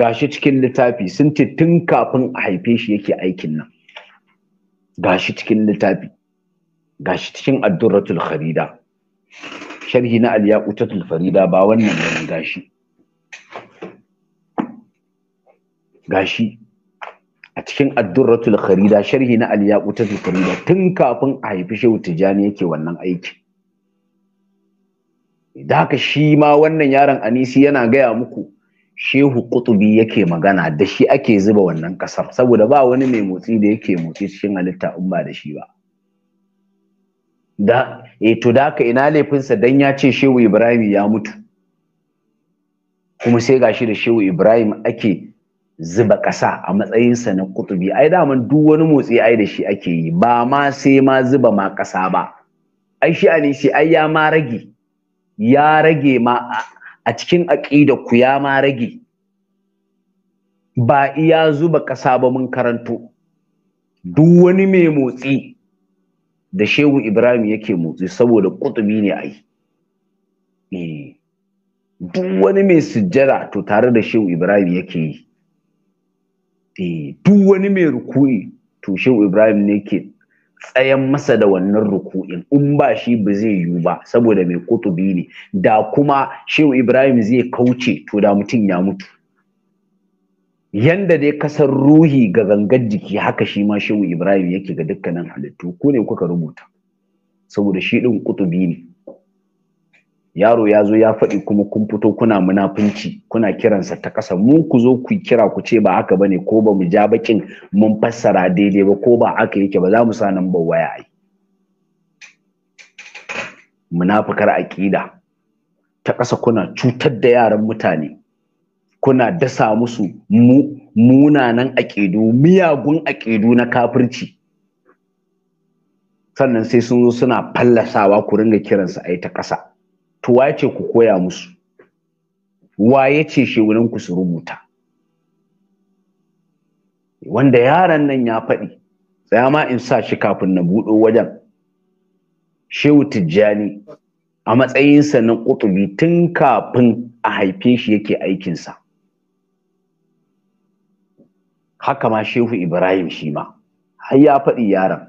Speaker 1: gashi cikin littafi sun ce tun kafin a haife shi yake aikin nan gashi cikin littafi gashi cikin addurratul kharida sharhi na al-yaqutatul farida ba wannan gashi gashi a cikin addurratul kharida sharhi na al-yaqutatul kharida tun kafin a haifi shehu tijani yake wannan aiki da haka shi ma wannan yaron anisi yana gaya muku shehu kutubi yake magana da shi ake zuba wannan kasar saboda ba wani mai motsi da yake motsi cikin halitta in ba da shi ba da eh to da haka ina laifinsa dan ya ce shehu ibrahim ya mutu kuma sai gashi da shehu ibrahim ake zuba ƙasa a matsayinsa na kutubi ai daman duk wani motsi ai da shi ake yi ba ma sai ma zuba ma ƙasa ba ai shi ne shi ai ya ma rage ya rage ma a cikin aƙida ku ya ma rage ba iya zuba ƙasa ba mun karanto duk wani mai motsi da shehu ibrahim yake motsi saboda kutubi ne ai eh. duk wani mai sujjada to tare da shehu ibrahim yake yi Eh, duk wani mai ruku'i to shehu ibrahim ne ke tsayan masa da wannan ruku'in in ba shi ba zai yiwu ba saboda mai kutubi ne da kuma shehu ibrahim zai kauce to da mutum ya mutu yanda dai kasar ruhi ga gangar jiki haka shi ma shehu ibrahim yake ga dukkanin halittu ku ne kuka rubuta saboda shi ɗin kutubi ne yaro ya zo ya faɗi kuma kun fito kuna munafunci kuna kiransa ta ƙasa mu ku zo ku kira ku ce ba haka bane ko ba mu ja bakin mun fassara daidai ba ko ba haka yake ba za mu sa nan ba waya ai munafukar aƙida ta ƙasa kuna cutar da yaran mutane kuna dasa musu mu munanan aƙidu miyagun aƙidu na kafirci sannan sai sun zo suna fallasawa ku ringa kiransa ai ta ƙasa to waye ce ku koya musu waye ce shewurin ku su rubuta wanda yaran nan ya faɗi tsaya ma in sa shi kafin na buɗo wajen shehu tijjani a matsayinsa na ƙutubi tun kafin a haife shi yake aikinsa haka ma shehu ibrahim shi ma har ya faɗi yaron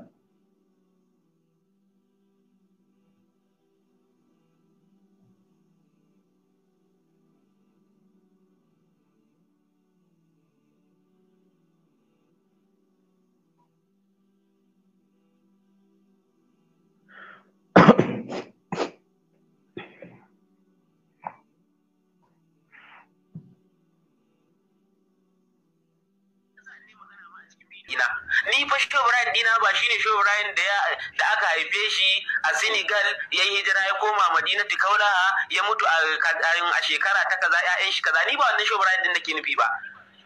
Speaker 3: Ibrahim dina ba shine Shehu Ibrahim da da aka haife shi a Senegal ya yi hijira ya koma Madina Kaulaha ya mutu a shekara ta kaza ƴaƴan shi kaza ni ba wannan Shehu Ibrahim din nake nufi ba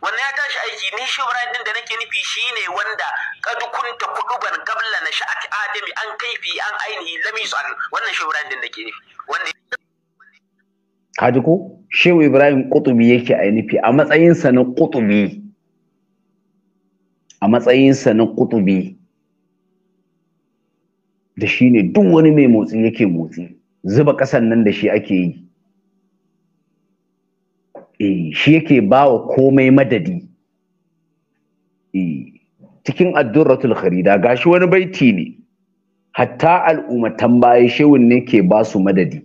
Speaker 3: wannan ya tashi aiki ni Shehu Ibrahim din da nake nufi shine wanda kadukunta kunta kuduban kabla na sha'ati adami an kaifi an ainihi lamisu an wannan Shehu Ibrahim din nake nufi wanda
Speaker 1: kaji Shehu Ibrahim Kutubi yake ainihi a matsayinsa na Kutubi, a matsayinsa na kutubi da shi ne duk wani mai motsi yake motsi zuba ƙasan nan da shi ake yi e, shi yake ba wa komai madadi e, cikin addurratul kharida gashi wani baiti ne hatta al'ummatan baya shewun ne ke ba su madadi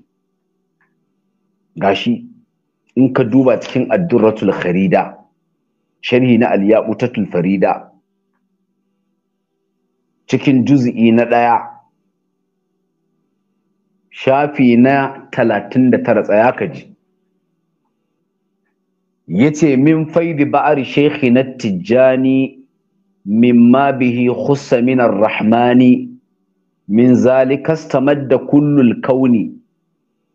Speaker 1: gashi in ka duba cikin addurratul kharida sharhi na ta farida cikin juz'i na ɗaya shafi na talatin da tara tsaya ka ji ya ce min faidi ba'ar shekhi na tijjani min ma bihi khussa min rahmani min kastamar da kullul kauni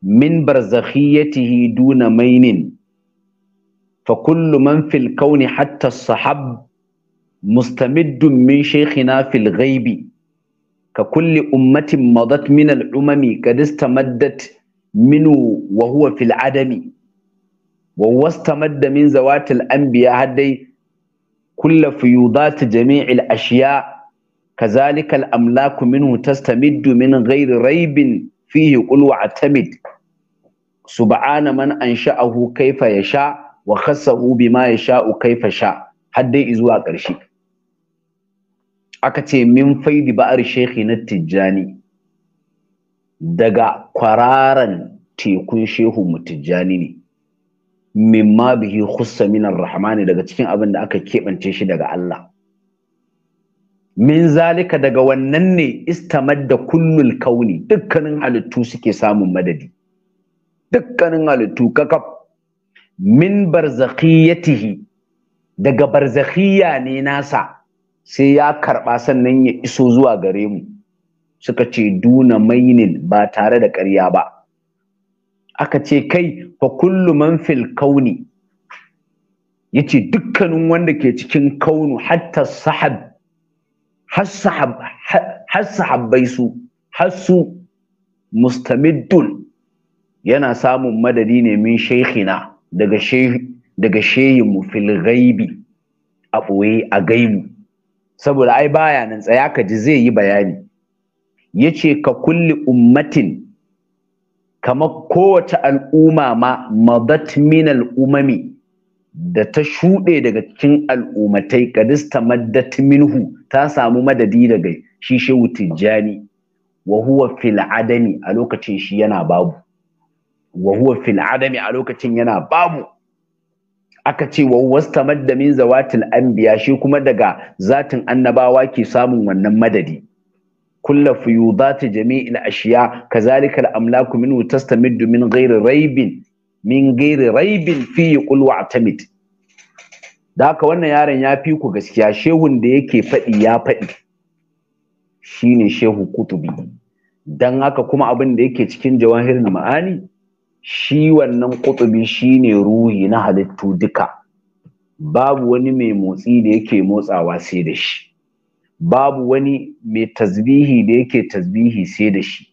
Speaker 1: min barzakhiyatihi duna mainin fa kullu man fil kauni hatta sahab mustamiddun min shaykhina fil ghaibi ka kulli ummatin madat min umami qad istamaddat minu wa huwa fil adami wa wastamadda min zawatil anbiya haddai kulla fuyudat jami'il ashiya kazalika al amlaku minhu tastamiddu min ghairi raibin fihi qul wa atamid subhana man ansha'ahu kaifa yasha wa khassahu bima yasha'u kaifa sha har dai zuwa ƙarshe aka ce min faidi ba'ar shekhi na tijjani daga kwararan tekun shehu mu tijjani ne min ma bihi khussa min rahmani daga cikin abin da aka keɓance shi daga Allah min zalika daga wannan ne istamadda kullul kauni dukkanin halittu suke samun madadi dukkanin halittu kakaf min barzakhiyatihi daga barzakhiya ne nasa sai ya karɓa sannan ya iso zuwa gare mu suka ce duna mainin ba tare da ƙarya ba aka ce kai fa kullu man fil kauni yace dukkanin wanda ke cikin kaunu hatta sahab har sahab har sahabbai su har su mustamiddun yana samun madadi ne min shaikhina daga shehi daga shehi mu fil ghaibi a ɓoye a gaibu saboda ai baya nan tsaya ka ji zai yi bayani yace ka kulli ummatin kamar kowace al'umma ma madat min al'umami da ta shuɗe daga cikin al'ummatai kadista maddat minhu ta samu madadi daga shi shehu tijjani wa huwa fil adami a lokacin shi yana babu wa huwa fil adami a lokacin yana babu aka ce wa tamar da min zawatil anbiya shi kuma daga zatin annabawa ke samun wannan madadi kulla fuyudati jami'il ashiya kazalika al-amlaku min tastamiddu min ghairi raibin min ghairi raibin fi qul wa'tamid da haka wannan yaron ya fi ku gaskiya shehun da yake faɗi ya faɗi shine shehu kutubi dan haka kuma abin da yake cikin jawahirul ma'ani shi wannan kutubi shine ruhi na halittu duka babu wani mai motsi da yake motsawa sai da shi babu wani mai tasbihi da yake tasbihi sai da shi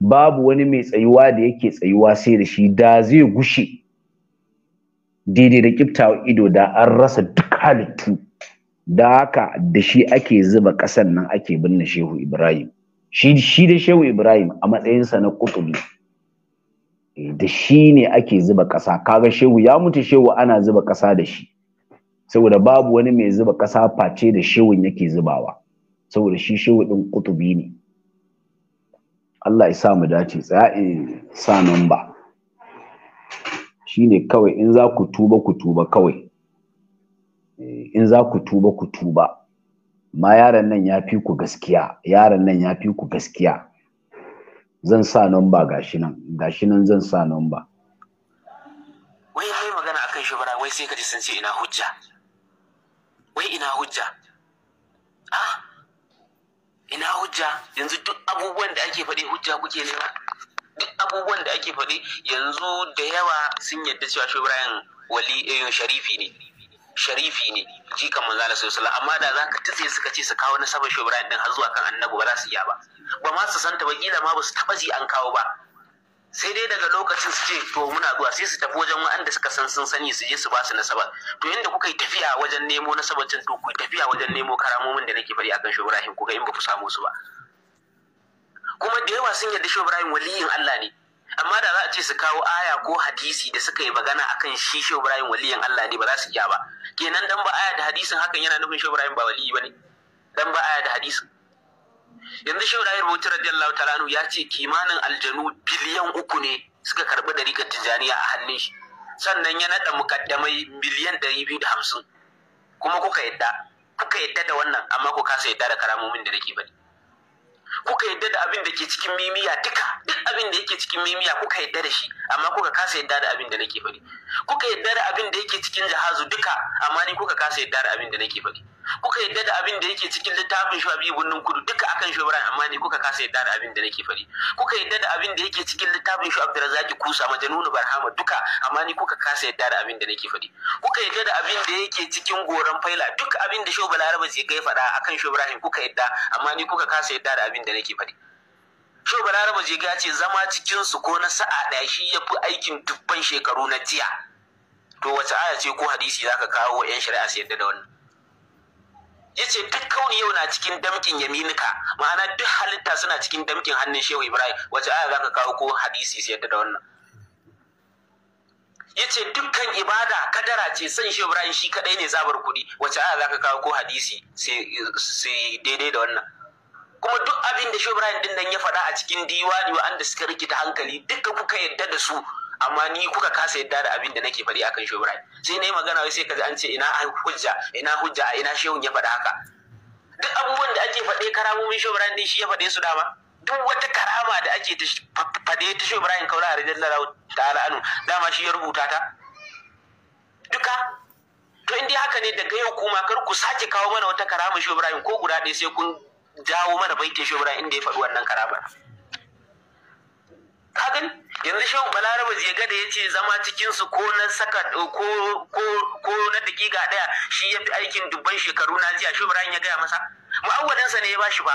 Speaker 1: babu wani mai tsayuwa da yake tsayuwa sai da shi da zai gushe daidai da kiftawa ido da an rasa duk halittu da haka da shi ake zuba ƙasan nan ake binne shehu ibrahim shi da shehu ibrahim a matsayinsa na kutubi da shi ne ake zuba ƙasa kaga shehu ya mutu shehu ana zuba ƙasa da shi saboda babu wani mai zuba ƙasa face da shehun yake zubawa saboda shi shehu ɗin kutubi ne Allah ya sa mu dace tsaya in sa nan ba shine kawai in za ku tuba ku tuba kawai eh, in za ku tuba ku tuba ma yaron nan ya fi ku gaskiya yaron nan ya fi ku gaskiya zan sa number gashi nan gashi nan zan sa number
Speaker 3: wai hai magana akan shi bara wai sai ka ji san ce ina hujja wai ina hujja ah ina hujja yanzu duk abubuwan da ake faɗi hujja kuke nema duk abubuwan da ake faɗi yanzu da yawa sun yadda cewa shi Ibrahim wali eh, sharifi ne sharifi ne jika manzo Allah sallallahu amma da zaka tace suka ce su kawo nasabar shi Ibrahim din har zuwa kan annabi ba za su iya ba ba ma su santa ba kila ma ba su taba ji an kawo ba sai dai daga lokacin su ce to muna zuwa sai su tafi wajen wanda suka san sun sani su je su ba su nasabar to inda kuka yi tafiya wajen nemo nasabar can to ku yi tafiya wajen nemo karamomin da nake bari akan shi Ibrahim kuga in ba ku samu su ba kuma da yawa sun yarda shi Ibrahim waliyin Allah ne amma da za a ce su kawo aya ko hadisi da suka yi magana akan shi shi Ibrahim waliyan Allah ne ba za su iya ba kenan dan ba aya da hadisin hakan yana nufin shi Ibrahim ba waliyi bane dan ba aya da hadisin yanzu shi Ibrahim Bauchi radiyallahu ta'ala ya ce kimanin aljanu biliyan uku ne suka karbi dariƙar Tijaniya a hannun shi sannan ya nada mukaddamai biliyan ɗari biyu da hamsin kuma kuka yadda kuka yadda da wannan amma ku kasa yadda da karamomin da nake bane kuka yadda da abin da ke cikin mimiya duka duk abin da yake cikin mimiya kuka yadda da shi amma kuka kasa yadda da abin da nake faɗi kuka yadda da abin da yake cikin jahazu duka amma ni kuka kasa yadda da abin da nake faɗi kuka yadda da abin da yake cikin littafin shuwabi gunnin kudu duka akan shuwabiran amma ne kuka kasa yadda da abin da nake fari kuka yadda da abin da yake cikin littafin shi abdurrazaki kusa majanunu barhama duka amma ne kuka kasa yadda da abin da nake fari kuka yadda da abin da yake cikin goran faila duk abin da shu balaraba zai kai faɗa akan Ibrahim kuka yadda amma ne kuka kasa yadda da abin da nake fari Shu Balaraba zai ga ce zama su ko na sa'a da shi ya fi aikin dubban shekaru na jiya. To wace aya ce ko hadisi za ka kawo wa 'yan shari'a su yadda da wannan? yace duk kauni yau na cikin damkin yaminika ma'ana duk halitta suna cikin damkin hannun shehu ibrahim wace aya zaka kawo ko hadisi sai yadda da wannan yace dukkan ibada kadara ce san shehu ibrahim shi kadai ne zabar kuɗi wace aya zaka kawo ko hadisi sai daidai da wannan kuma duk abin da shehu ibrahim din nan ya faɗa a cikin diwani wa'anda suka rikita hankali duka kuka yadda da su amma ni kuka kasa yadda da abin da nake faɗi akan Shehu Ibrahim sai na yi magana wai sai kaji an ce ina hujja ina hujja ina shehun ya faɗa haka duk abubuwan da ake faɗe karamomin Shehu Ibrahim shi ya faɗe su dama duk wata karama da ake faɗe ta Shehu Ibrahim Kaula a Rijal Lalahu ta al'anu dama shi ya rubuta ta duka to in dai haka ne daga yau kuma kar ku sake kawo mana wata karama Shehu Ibrahim ko guda ɗaya sai kun jawo mana baitin Shehu Ibrahim inda ya faɗi wannan karamar ka gani yanzu shehu balarabu jega da ya ce zama cikin su ko na saka ko na dakika ɗaya shi ya fi aikin dubban shekaru na jiya shi ibrahim ya gaya masa mu'awwadinsa ne ya ba shi ba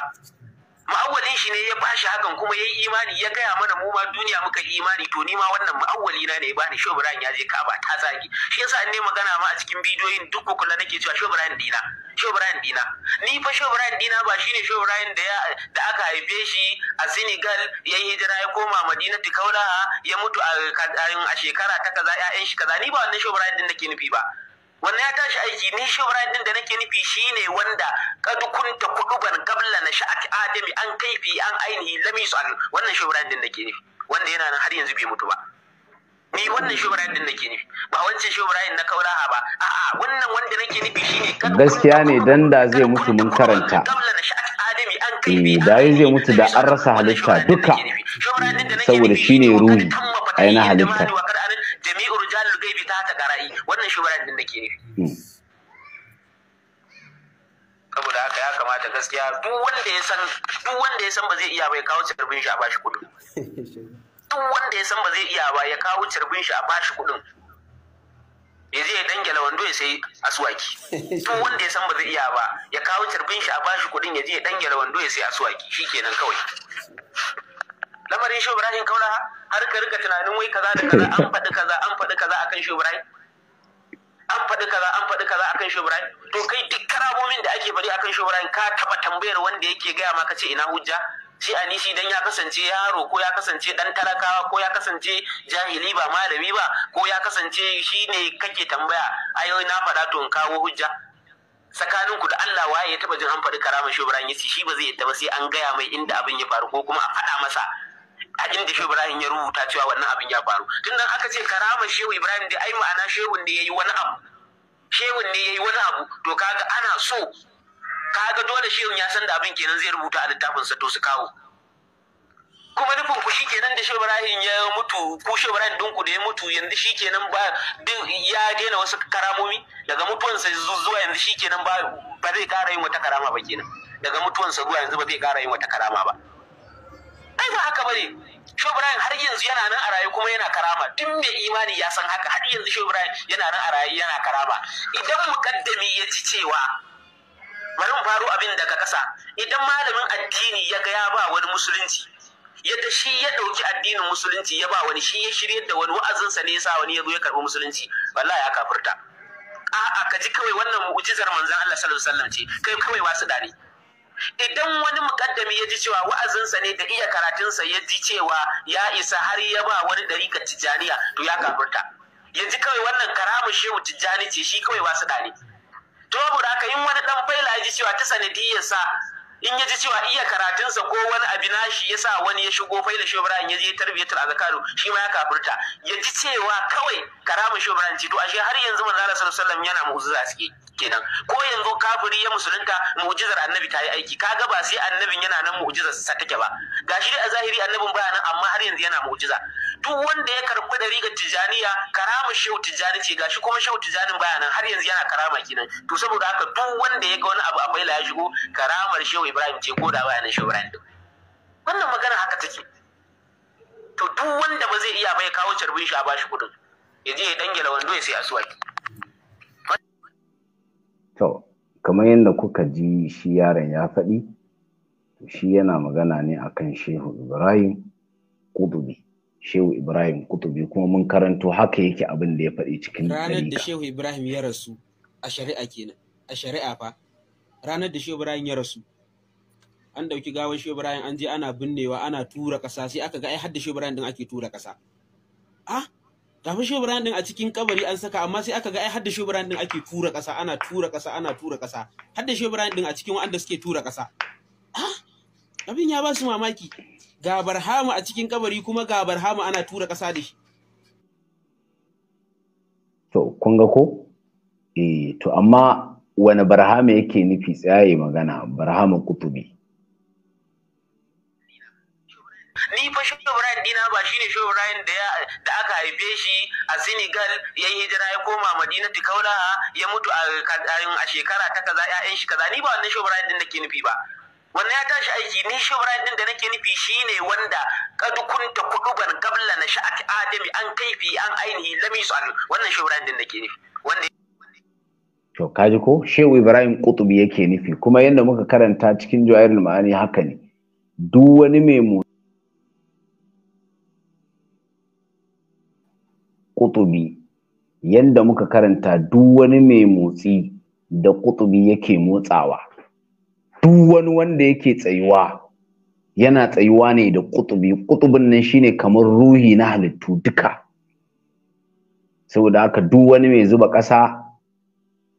Speaker 3: ma'awalin shi ne ya ba shi hakan kuma ya yi imani ya gaya mana mu ma duniya muka yi imani to ni ma wannan ma'awwali na ne ya bani shi Ibrahim ya je Ka'aba ta zagi shi yasa ne magana ma a cikin bidiyoyin duk kula nake cewa shi Ibrahim dina shi dina ni fa shi dina ba shine shi Ibrahim da da aka haife shi a Senegal ya hijira ya koma Madina kaula ya mutu a shekara ta kaza 'ya'yan shi kaza ni ba wannan shi Ibrahim din nake nufi ba wannan ya tashi aiki ni shi Ibrahim din da nake nufi shi ne wanda kadukunta kunta ban gabla na sha'ati adami an kaifi an ainihi lam an wannan shi Ibrahim din da ke nufi wanda yana nan har yanzu bai mutu ba ni wannan shi Ibrahim din da ke nufi ba wancan shi Ibrahim na kaura
Speaker 1: ha ba a'a wannan wanda nake nufi shi shine gaskiya ne dan da zai mutu mun karanta eh, da ya zai mutu da an rasa halitta duka saboda shi ne ruhi a yana halitta jami'u rijalul gaibi ta ta qara'i wannan shi wannan din nake
Speaker 3: nufi hmm. saboda haka ya kamata gaskiya duk wanda ya san duk wanda ya san ba zai iya ba ya kawo carbin shi a bashi kudin duk wanda ya san ba zai iya ba ya kawo carbin shi a bashi kudin ya zai ya dangela wando ya sai asuwaki duk wanda ya san ba zai iya ba ya kawo carbin shi a bashi kudin ya zai ya dangela wando ya sai asuwaki shikenan kawai lamarin shi ibrahim kaula har ka rika tunanin wai kaza da kaza an faɗi kaza an faɗi kaza akan shi ibrahim an faɗi kaza an faɗi kaza akan shi ibrahim to kai duk karamomin da ake faɗi akan shi ibrahim ka taɓa tambayar wanda yake gaya maka ce ina hujja shi anisi dan ya kasance yaro ko ya kasance dan talakawa ko ya kasance jahili ba malami ba ko ya kasance shi ne kake tambaya ayo na faɗa to kawo hujja tsakanin ku da Allah waye ya taba jin an faɗi karamin shi Ibrahim yace shi ba zai yadda ba sai an gaya mai inda abin ya faru ko kuma a faɗa masa a inda shi ibrahim ya rubuta cewa wannan abin ya faru tun aka ce karama shehu ibrahim da ai ma'ana shehun ne yayi wani abu shehun ne yayi wani abu to kaga ana so kaga dole shehun ya san da abin kenan zai rubuta a littafin sa to su kawo kuma nufin ku shikenan da shehu ibrahim ya mutu ku shehu ibrahim ku da ya mutu yanzu shikenan ba ya daina wasu karamomi daga mutuwansa zuwa yanzu shikenan ba ba zai kara yin wata karama ba kenan daga mutuwansa zuwa yanzu ba zai kara yin wata karama ba ai ba haka bane Shehu Ibrahim har yanzu yana nan a raye kuma yana karama duk mai imani ya san haka har yanzu Shehu Ibrahim yana nan a raye yana karama idan mukaddami ya ji cewa bari mu faru abin daga ƙasa idan malamin addini ya ga ya ba wani musulunci yadda shi ya ɗauki addinin musulunci ya ba wani shi ya shirye da wani wa'azinsa ne yasa wani ya zo ya karɓi musulunci wallahi ya kafirta a'a ka ji kawai wannan mu'jizar manzon Allah sallallahu alaihi wasallam ce kai kawai wasu da idan wani mukaddami ya ji cewa wa'azinsa ne da iya karatunsa ya ji cewa ya isa har ya ba wani ka tijjaniya to ya kafurta yanzu kawai wannan karamu shehu tijjani ce shi kawai wasu ɗane to saboda haka in wani ɗan faila ya ji cewa ta sanadiyarsa in ya ji cewa iya karatunsa ko wani abu nashi ya sa wani ya shigo faila shehu ibrahim ya je tarbiyatul azkaru shi ma ya kafurta ya ji cewa kawai karamu shehu ibrahim ce to ashe har yanzu manzo sallallahu alaihi wasallam yana mu'jiza suke kenan ko yanzu kafiri ya musulunta mu'jizar annabi ta yi aiki kaga ba sai annabin yana nan mu'jizar sa take ba gashi dai a zahiri annabin ba nan amma har yanzu yana mu'jiza duk wanda ya karɓi dariƙar tijaniya karama shehu tijani ce gashi kuma shehu tijanin ba nan har yanzu yana karama kenan to saboda haka duk wanda ya ga wani abu a ya shigo karamar shehu ibrahim ce ko da ba nan shehu ibrahim
Speaker 1: wannan magana haka
Speaker 3: take to duk wanda ba zai iya ba ya kawo carbin shi a bashi kudin ya je ya dangela wando ya sai a suwaki
Speaker 1: to kamar yadda kuka ji shi yaron ya faɗi shi yana magana ne akan shehu ibrahim Kutubi. shehu ibrahim kutubi kuma mun karanto haka yake abin da ya faɗi cikin ranar da
Speaker 2: shehu ibrahim ya rasu a shari'a kenan a shari'a fa ranar da shehu ibrahim ya rasu an ɗauki gawar shehu ibrahim an je ana binnewa ana tura ƙasa sai aka ga ai har da shehu ibrahim din ake tura ƙasa ah tafi shubran din a cikin kabari an saka amma sai aka ga ai hadda shubran din ake tura kasa ana tura kasa ana tura kasa hadda shubran din a cikin wanda suke tura kasa abin ya ba su mamaki ga barhama a cikin kabari kuma ga barhama ana tura kasa da shi
Speaker 1: to kun ga ko eh to amma wani barhama yake nufi tsaye magana barhama kutubi
Speaker 3: ni fa Madina ba shi ne Ibrahim da aka haife shi a Senegal ya yi hijira ya koma Madina Kaula ya mutu a shekara ta kaza ya'yan shi kaza ni ba wannan Shehu din da ke nufi ba wannan ya tashi aiki ni Shehu din da nake nufi shi ne wanda kadukunta kuduban kabla na sha'ati adami an kaifi
Speaker 1: an ainihi lam yusal wannan Shehu din da ke nufi wanda to kaji ko Shehu Ibrahim Qutubi yake nufi kuma yadda muka karanta cikin Jawahirul Ma'ani haka ne duk wani mai ƙutubi yanda muka karanta duk wani mai motsi da ƙutubi yake motsawa duk wani wanda yake tsayuwa yana tsayuwa ne da ƙutubi ƙutubin nan shine kamar ruhi na halittu duka saboda haka duk wani mai zuba ƙasa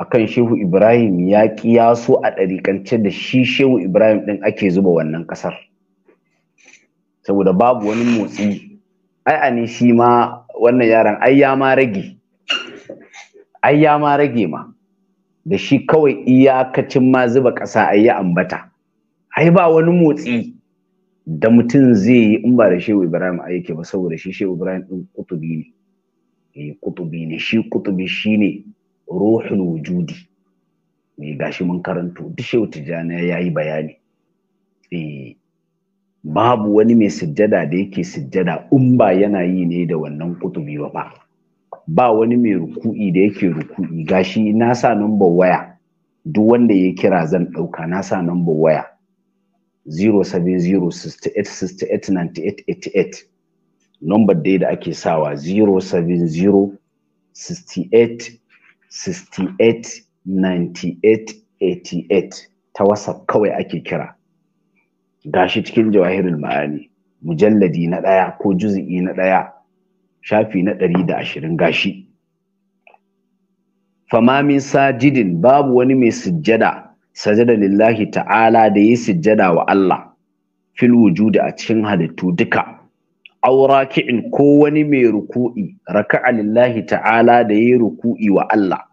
Speaker 1: akan shehu ibrahim ya kiyaso a ɗariƙance da shi shehu ibrahim ɗin ake zuba wannan ƙasar saboda babu wani motsi ai ani shi ma wannan yaron ai ya ma rage ai ya ma rage ma da shi kawai iyakacin ma zuba ƙasa ai ya ambata ai ba wani motsi da mutum zai yi in ba da shehu ibrahim a yake ba saboda shi shehu ibrahim din kutubi ne eh kutubi ne shi kutubi shine ruhul wujudi eh, gashi mun karanto duk shehu tijani ya yi bayani eh babu wani mai sujjada da yake sujjada in ba yana yi ne da wannan kutubi ba ba ba wani mai ruku'i da yake ruku'i gashi na sa number waya duk wanda ya kira zan ɗauka na sa number waya 07068689888 number dai da ake sawa 070 68 68 98 88 ta whatsapp kawai ake kira gashi cikin jawahirul ma'ani mujalladi na ɗaya ko juzi'i na ɗaya shafi na ɗari da ashirin gashi famamin sajidin babu wani mai sujjada sajada lillahi ta'ala da yi sujjada wa Allah fil wujudi a cikin halittu duka aura ko wani mai ruku'i raka'a lillahi ta'ala da yi ruku'i wa Allah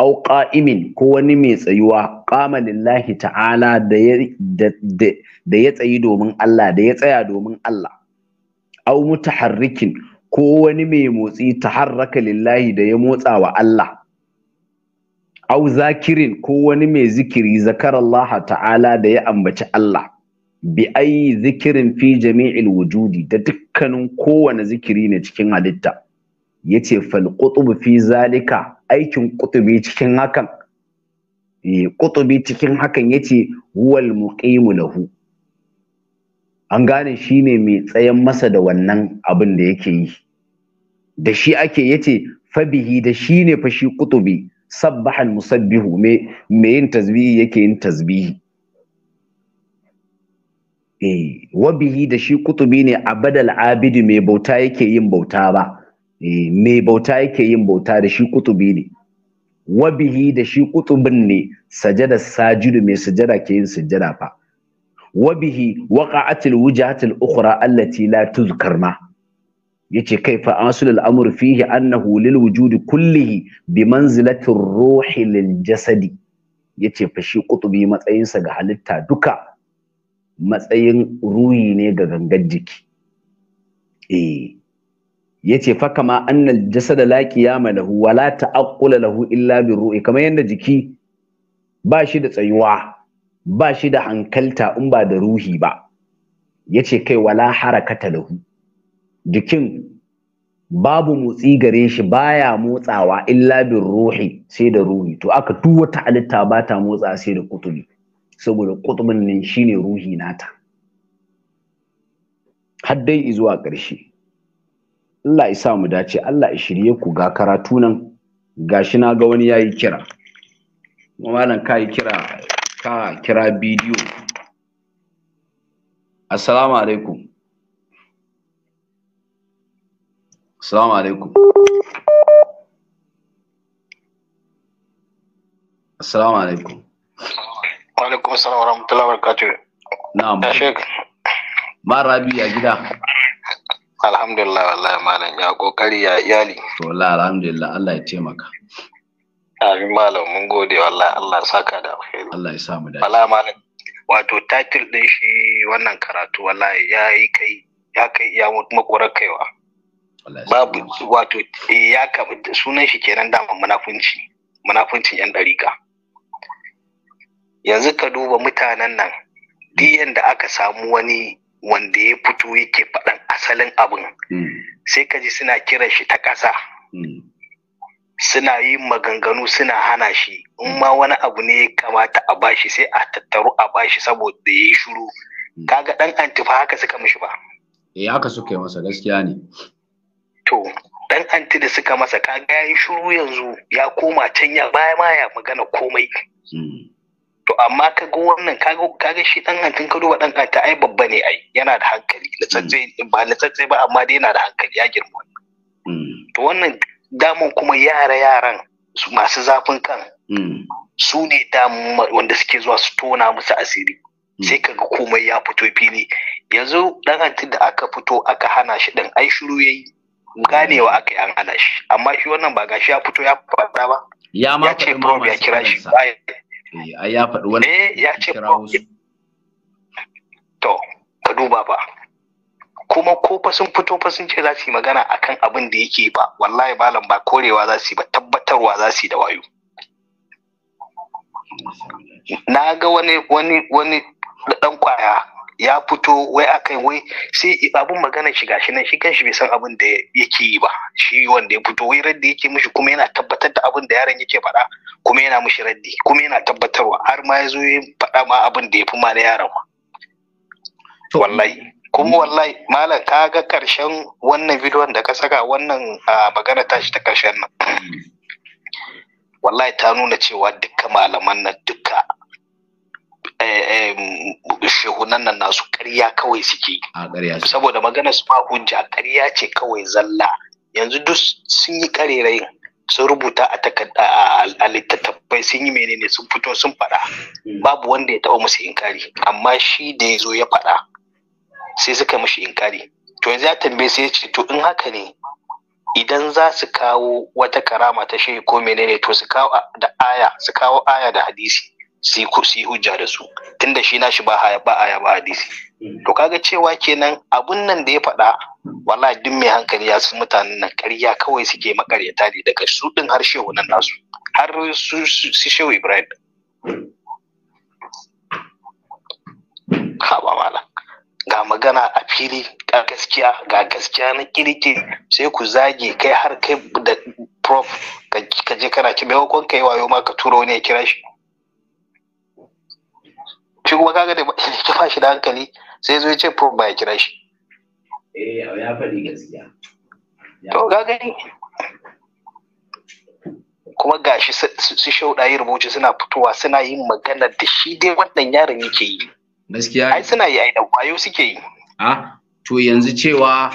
Speaker 1: au ƙa'imin ko wani mai tsayuwa qama lillahi ta'ala da ya tsayi domin Allah da ya tsaya domin Allah au mutaharrikin ko wani mai motsi taharraka lillahi da ya motsa wa Allah au zakirin ko wani mai zikiri zakarallaha ta'ala da ya ambaci Allah bi ayi zikirin fi jami'il wujudi da dukkanin kowane zikiri ne cikin halitta yace fal qutub fi zalika aikin qutubi cikin hakan eh qutubi cikin hakan yace huwal muqimu lahu an gane shine mai tsayan masa da wannan abin da yake yi da shi ake yace fabihi da shi ne fa shi qutubi sabbaha musabbihu me yin tasbihi yake yin tasbihi eh wabihi da shi kutubi ne badal abidi mai bauta yake yin bauta ba Eh, me bauta yake yin bauta da shi kutubi ne wabihi da shi kutubin ne sajada sajidu mai sajada ke yin sajada fa wabihi waqa'atil wujahatil ukhra allati la tuzkar ma yace kai fa asul amr fihi annahu lil wujudi kullihi bi manzilati ruhi lil jasadi yace fa shi kutubi matsayinsa ga halitta duka matsayin ruhi ne ga gangan jiki eh yace fa kama annal jasada la qiyama lahu wa la ta'aqqula lahu illa bi ru'i kamar yanda jiki ba shi da tsayuwa ba shi da hankalta in ba da ruhi ba yace kai wala harakata lahu jikin babu motsi gare shi baya motsawa illa bi ruhi sai da ruhi to aka duk wata halitta ba ta motsa sai da kutubi saboda kutubin nan shine ruhi nata har dai zuwa ƙarshe Allah ya sa mu dace Allah ya shirye ku ga karatu nan gashi na ga wani yayi kira malam ka yi kira ka kira bidiyo assalamu alaikum assalamu alaikum assalamu
Speaker 5: alaikum wa alaikum
Speaker 1: assalam wa rahmatullahi wa barakatuh na'am
Speaker 3: shek ma rabi a gida
Speaker 5: Alhamdulillah wallahi malam ya kokari ya iyali.
Speaker 1: Wallahi alhamdulillah Allah ya taimaka.
Speaker 5: Amin malam mun gode wallahi Allah saka da alheri.
Speaker 1: Allah ya sa mu dace.
Speaker 5: Wallahi malam wato title din shi wannan karatu wallahi ya yi kai ya kai ya makorar kaiwa. Babu wato eh, ya kama sunan shi kenan daman munafunci munafuncin yan dariƙa. Yanzu ka duba mutanen nan duk yanda aka samu wani wanda ya fito yake faɗan asalin abin hmm. sai ka ji suna kiran shi ta ƙasa hmm. suna yi maganganu suna hana shi in ma wani abu ne ya kamata a bashi sai a tattaru a bashi saboda ya yi shuru hmm. kaga ɗan antifa haka suka mishi
Speaker 1: ba eh haka suka yi masa gaskiya ne to ɗan anti da suka masa kaga ya yi
Speaker 3: shuru yanzu ya koma can ya baya ma ya magana komai
Speaker 5: to amma ka ga wannan kaga ga shi dan hantin ka duba dan ta, ai babba ne ai yana da hankali mm. litsatsai ba litsatsai ba amma dai yana da hankali ya girma mm. to wannan damun kuma yara yaran masu zafin kan mm. su ne damun wanda suke zuwa su tona musu asiri sai ka ga komai ya fito fili yanzu dan hantin da aka fito aka hana shi din ai shiru yayi ganewa aka yi an hana shi amma shi wannan ba gashi ya fito ya faɗa ba ya ce ya kira shi
Speaker 1: Eh, ai ya faɗi
Speaker 5: eh to ka duba ba kuma ko fa sun fito fa sun ce za su yi magana akan abin da yake ba wallahi malam ba korewa za su yi ba tabbatarwa za su yi da wayo na ga wani wani wani dan kwaya ya fito wai akai wai sai abun magana shiga shi nan shi kanshi bai san abin da yake yi ba shi wanda ya fito wai raddi yake mishi kuma yana tabbatar da abin da yaron yake faɗa kuma yana mishi raddi kuma yana tabbatarwa har ma ya zo ya faɗa ma abin da ya fi ma na yaron ma wallahi kuma mm. wallahi malam ka ga karshen wannan bidiyon da ka saka wannan magana tashi ta karshen nan mm. wallahi ta nuna cewa duka malaman nan duka Eh, eh, shehunan nan nasu karya kawai suke saboda magana su ma hujja ƙarya ce kawai zalla yanzu duk sun yi ƙarerayin sun rubuta a takarda a littattafai sun yi menene sun fito sun faɗa hmm. babu wanda ya taɓa musu inkari amma shi da ya zo ya faɗa sai suka mashi inkari to yanzu ya tambaye sai ya ce to in haka ne idan za su kawo wata karama ta shehu ko menene to su kawo da aya su kawo aya da hadisi su yi hujja da su tunda shi nashi ba ba ya ba hadisi mm. to kaga cewa kenan abun nan da ya faɗa wala duk mai hankali ya su mutanen nan ƙarya kawai suke makaryata ne daga su din har shehu nan nasu har su su shehu ibrahim ha ba mala ga magana a fili ga gaskiya ga gaskiya na kirki sai ku zage kai har kai da prof ka je kana ki maimakon kai wayo ma ka turo ne ya kira shi shi kuma kaga da ya ba shi da hankali sai zo ya ce prof ba ya kira shi eh ya faɗi gaskiya to ga gani kuma gashi su shauɗa yi rubuci suna fitowa suna yin magana da shi dai wannan yaron yake yi gaskiya ai suna yi ai da kwayo suke yi
Speaker 1: a to yanzu cewa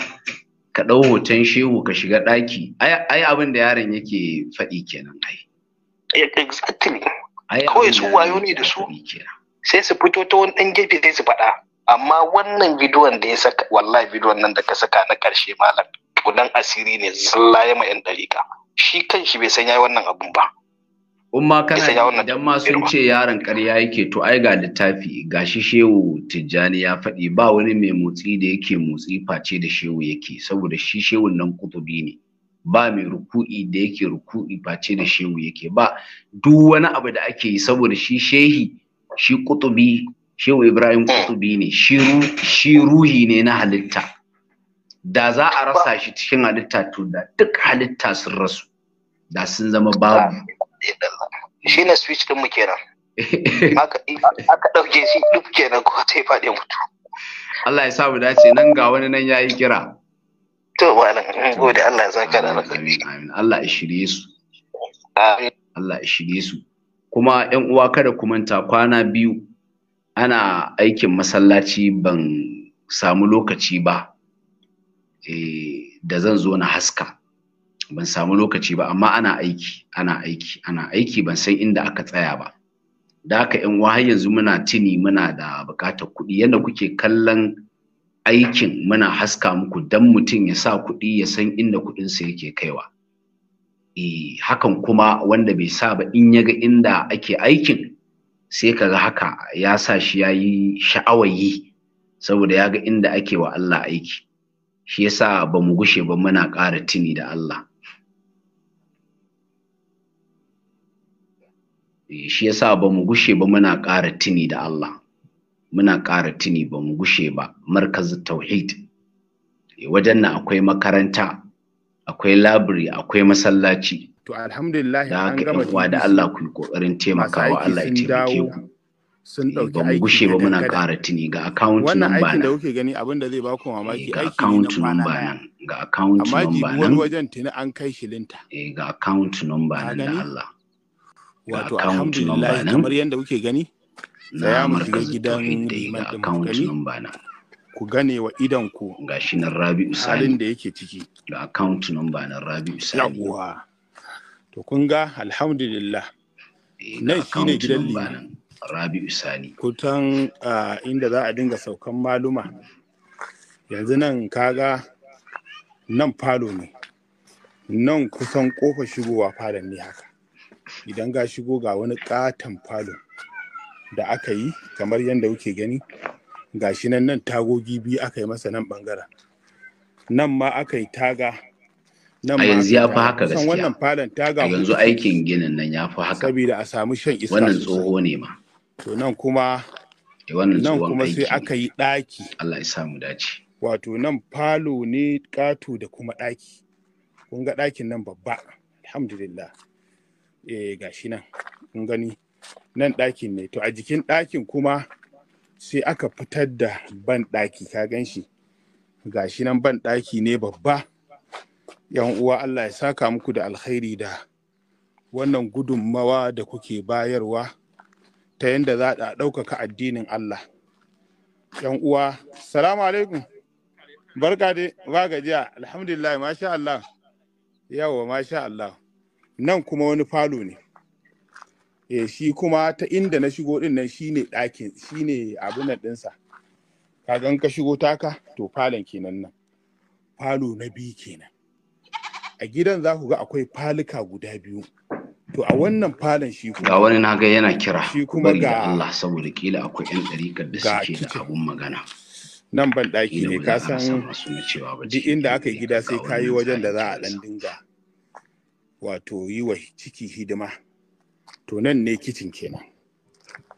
Speaker 1: ka ɗau hoton shehu ka shiga ɗaki ai abin da yaron yake faɗi kenan ai eh, exactly kawai su wayo ne
Speaker 5: da su kenan sai su fito ta wani ɗan gefe sai su faɗa amma wannan bidiyon da ya saka wallahi bidiyon nan da ka saka na karshe malam kudan asiri ne zalla ya ma 'yan dariƙa. shi kan shi bai san wannan abun ba
Speaker 1: umma kana idan ma sun ce yaron ƙarya yake to ai ga littafi shi shehu tijjani ya faɗi ba wani mai motsi da yake motsi face da shehu yake saboda shi shehun nan kutubi ne ba mai ruku'i da yake ruku'i face da shehu yake ba duk wani abu da ake yi saboda shi shehi shi kutubi shehu ibrahim kutubi eh. ne shi ruhi ne na halitta da za a rasa shi cikin halitta to da duk halitta sun rasu da sun zama babu shi ne switch din mu kenan aka ɗauke shi duk kenan ko sai faɗi mutu Allah ya sa mu dace nan ga wani nan yayi kira to malam gode Allah ya saka da alkhairi amin Allah ya shirye su amin Allah ya shirye su kuma yan uwa kada ku manta kwana biyu ana aikin masallaci ban samu lokaci ba e, da zan zo na haska ban samu lokaci ba amma ana aiki ana aiki ana aiki ban san inda aka tsaya ba da haka yan uwa har yanzu muna tuni muna da bukatar kuɗi yadda kuke kallon aikin muna haska muku don mutum ya sa kuɗi ya san inda kuɗinsa yake kaiwa Eh, hakan kuma wanda bai sa ba in ya ga inda ake aikin sai kaga haka ya sa shi ya yi sha'awayi saboda ya ga inda ake wa Allah aiki shi yasa ba mu gushe ba muna ƙara tuni da Allah eh, shi yasa ba mu gushe ba muna ƙara tuni da Allah muna ƙara tuni ba mu gushe ba markazin tauhid eh, wajen nan akwai makaranta akwai labiri akwai masallaci
Speaker 4: to alhamdulillah da haka yan uwa da Allah ku
Speaker 1: yi kokarin taimakawa Allah ya taimake ku
Speaker 4: sun dauki eh, aiki gushe ba muna
Speaker 1: ƙara tuni ga account number wannan aikin da
Speaker 4: kuke gani abin da zai ba ku mamaki eh, aiki ga account number nan ga account number nan amma wani wajen tuni an kai shilinta eh ga account number nan da Allah wato alhamdulillah kamar yanda kuke gani na markazin gidan da account number nan ku gane wa idan ku gashi nan Rabi'u da yake ciki da account number na Rabi'u Sani yawa to kun ga alhamdulillah eh, nan shine gidan Rabi Rabi'u Sani kutan inda za a dinga saukan maluma yanzu nan kaga nan falo ne nan kusan kofa shigowa falon ne haka idan ga shigo ga wani katon falo da aka yi kamar yadda kuke gani shi nan nan tagogi biyu aka yi masa nan bangaren nan ma aka yi taga nan a yanzu ya fi haka gaskiya wannan falon taga yanzu aikin ginin nan ya fi haka saboda a samu shan iska wannan tsoho ne ma to nan kuma eh, nan kuma sai aka yi ɗaki Allah ya samu dace wato nan falo ne ƙato da kuma ɗaki kun ga ɗakin nan babba alhamdulillah eh gashi nan kun gani nan ɗakin ne to a jikin ɗakin kuma sai aka fitar da banɗaki ka gan shi gashi nan banɗaki ne babba yan uwa Allah ya saka muku da alkhairi da wannan gudunmawa da kuke bayarwa ta yadda za a ɗaukaka addinin Allah yan uwa salamu alaikum barka dai ba gajiya alhamdulillah masha Allah yawa masha Allah nan kuma wani falo ne eh shi kuma ta inda na shigo din nan shine ɗakin shine abin nan ɗinsa Ka gan ka shigo taka to falon kenan nan falo na biyu kenan a gidan za ku ga akwai faluka guda biyu to a wannan falon shi kuma ga wani naga yana kira shi kuma ga Allah saboda kila akwai ɗan ɗarika da suke da abun magana nan ban ɗaki ne ka san duk inda aka yi gida sai ka yi wajen da za a ɗan dinga wato yi wa ciki hidima to nan ne kicin kenan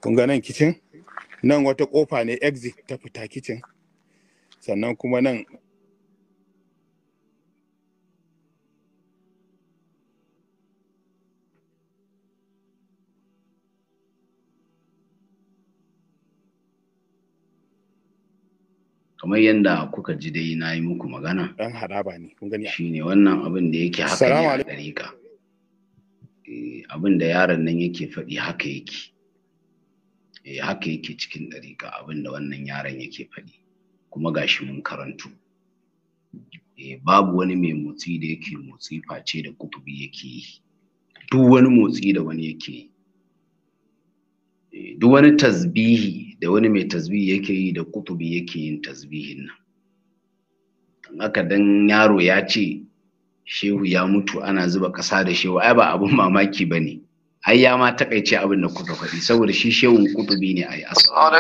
Speaker 4: kun ga nan kicin nan wata kofa ne exit ta fita kicin sannan kuma nan
Speaker 1: kamar yadda kuka ji dai na yi muku magana dan haraba ne kun gani shine wannan abin da yake haka ne a ɗariƙa Eh, abin da yaron nan yake faɗi haka yake eh, haka yake cikin ɗarika abin da wannan yaron yake faɗi kuma gashi mun karanto eh, babu wani mai motsi da yake motsi face da kutubi yake yi duk wani motsi da wani yake yi duk wani tasbihi da wani mai tasbihi yake yi da kutubi yake yin tasbihin nan haka dan yaro ya ce shehu ya mutu ana zuba ƙasa da shehu ai ba abun mamaki ba ne ai ya ma takaice abin da kuka faɗi saboda shi shehun kutubi ne ai wa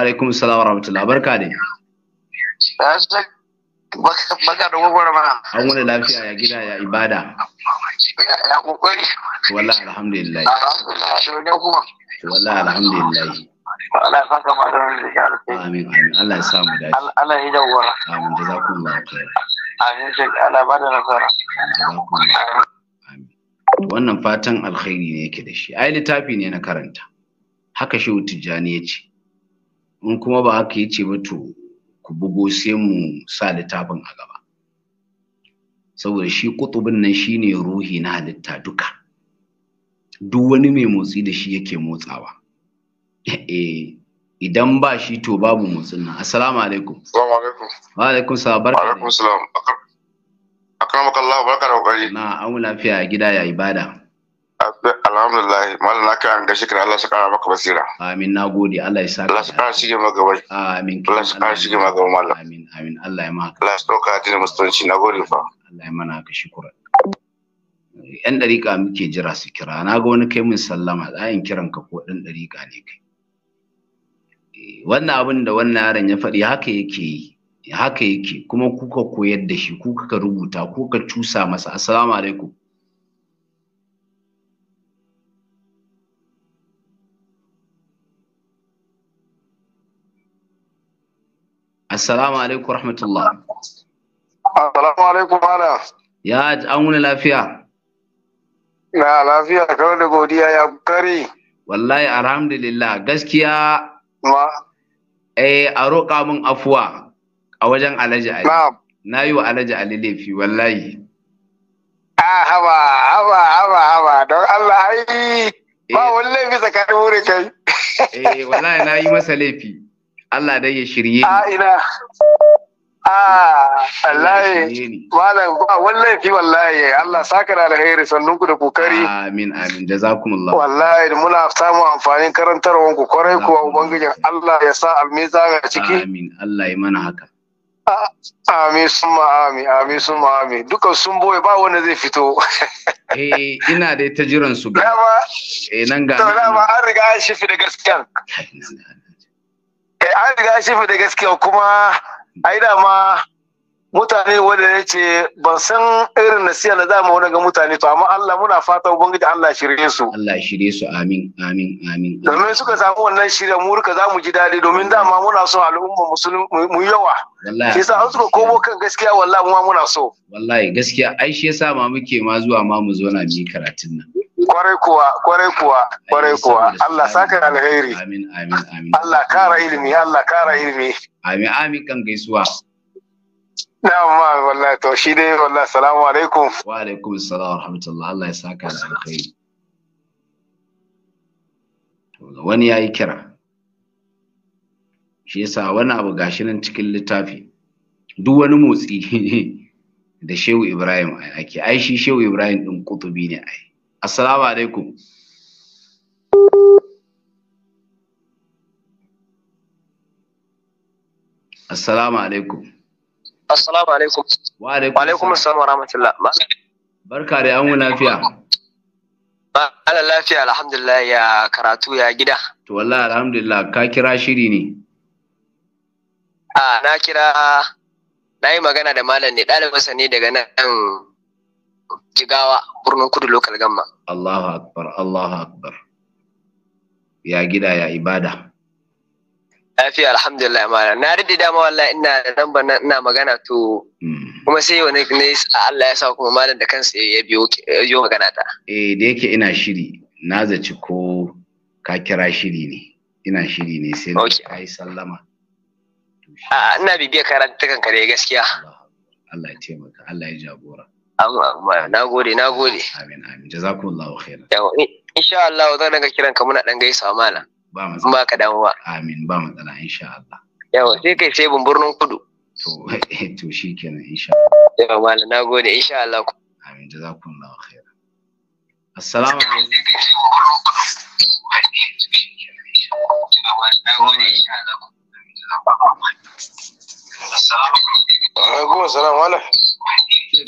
Speaker 1: alaikum salam wa rahmatullah barka da baka da mana an wani lafiya ya gida ya ibada ya kokari wallahi alhamdulillah Wallah alhamdulillah Allah ya saka mu da alheri amin amin Allah ya samu
Speaker 6: dace Allah ya jagora
Speaker 1: amin jazakumullahu khair Wannan fatan alkhairi ne yake da shi. Ai littafi ne na karanta. Haka shi Tijjani ya ce. In kuma ba haka ya ce ba to ku bugo sai mu sa littafin a gaba. Saboda shi kutubin nan shine ruhi na halitta duka. Duk wani mai motsi da shi yake motsawa. Eh idan ba shi to babu musulma assalamu alaikum assalamu alaikum wa alaikum salam barka alaikum salam akramaka Allah barka da kokari na an lafiya a gida ya ibada alhamdulillah malam na an gashi kira Allah ya kara maka basira amin nagode Allah ya sa Allah ya kara shige maka gaba amin Allah ya kara shige maka gaba amin amin Allah ya maka Allah ya dauka addinin musulunci nagode fa Allah ya mana ka shukura yan dariƙa muke jira su kira na ga wani kai mun sallama tsayin kiran ka ko dan dariƙa ne kai wannan abin da wannan yaron ya faɗi haka yake yi haka yake kuma kuka koyar da shi kuka ka rubuta kuka cusa masa assalamu alaikum assalamu alaikum rahmatullah
Speaker 6: assalamu alaikum ala
Speaker 1: ya an wuni lafiya
Speaker 6: na lafiya kawai da godiya ya kare
Speaker 1: wallahi alhamdulillah gaskiya Eh, a roƙa min afuwa a wajen Alhaji Ali. Na yi wa Alhaji Ali laifi wallahi.
Speaker 6: Ah, haba, haba, haba, haba, don Allah ai ba eh. wani laifi tsakanin
Speaker 1: wuri kai. Eh, wallahi na yi masa laifi. Allah dai ya shirye. A ina. Ah,
Speaker 6: wallahi malam ba wallahi fi wallahi Allah saka da alheri sannun ku da kokari
Speaker 1: amin amin da jazakumullah
Speaker 6: wallahi muna samun amfanin karantarwar ku kwarai kuwa ubangijin Allah ya sa almizan ga ciki
Speaker 1: amin Allah ya mana haka
Speaker 6: ah, Amin summa amin amin summa amin dukan sun boye ba wanda zai fito
Speaker 1: eh ina dai ta jiran su ga eh nan ga to
Speaker 6: dama an riga an shifi da gaskiya eh an riga an shifi da gaskiya kuma ai ma mutane wanda ya ce ban san irin nasiha da zamu wani ga mutane to amma Allah muna fata ubangiji Allah shirye su Allah
Speaker 1: shirye su amin amin amin
Speaker 6: domin suka samu wannan shirya mu rika zamu ji dadi domin dama muna so al'umma musulmi mu yawa wallahi yasa an suka komo kan gaskiya wallahi mu muna so
Speaker 1: wallahi gaskiya ai shi yasa ma muke ma zuwa ma mu zo na ji karatun nan
Speaker 6: kwarai kuwa kwarai kuwa kwarai kuwa Allah saka alheri amin amin amin Allah kara ilimi Allah kara ilimi
Speaker 1: amin amin kan gaisuwa Na'amma wallahi to shi dai wallahi assalamu alaikum wa alaikum assalam wa rahmatullah Allah ya saka da alheri wani yayi kira shi yasa wani abu gashi nan cikin littafi duk wani motsi da Shehu Ibrahim ake ai shi Shehu Ibrahim din kutubi ne ai Assalamu alaikum. Assalamu alaikum.
Speaker 6: Assalamu alaikum. Wa alaikum assalam wa rahmatullah.
Speaker 1: Barka da an lafiya. Ala lafiya alhamdulillah ya karatu ya gida. To wallahi alhamdulillah ka kira shiri ne. A
Speaker 6: na kira na yi magana da malam ne ɗalibinsa ne daga nan jigawa birnin kudu lokal gamma
Speaker 1: Allahu akbar Allahu akbar ya gida ya ibada
Speaker 6: lafiya alhamdulillah malam na rinde dama wallahi ina da nan na ina magana to hmm. kuma sai wani ne Allah ya sa kuma malam da kansa
Speaker 1: ya biyo yo magana ta eh da yake ina shiri na zaci ko ka kira shiri ne ina shiri ne sai na kai sallama a
Speaker 6: ina bibiyar karantukan ka dai gaskiya
Speaker 1: Allah ya taimaka Allah ya
Speaker 6: jagora amma na gode na gode amin
Speaker 1: amin jazakumullahu
Speaker 6: khairan yawa insha Allah zan daga kiran ka muna dan gaisa malam ba matsala ba ka dawo
Speaker 1: amin ba matsala insha
Speaker 6: Allah yawa sai kai sai bin birnin
Speaker 1: kudu to eh, to shikenan insha Allah
Speaker 6: yawa malam na gode insha Allah
Speaker 1: amin jazakumullahu khairan assalamu alaikum assalamu alaikum Alaikum salam wala.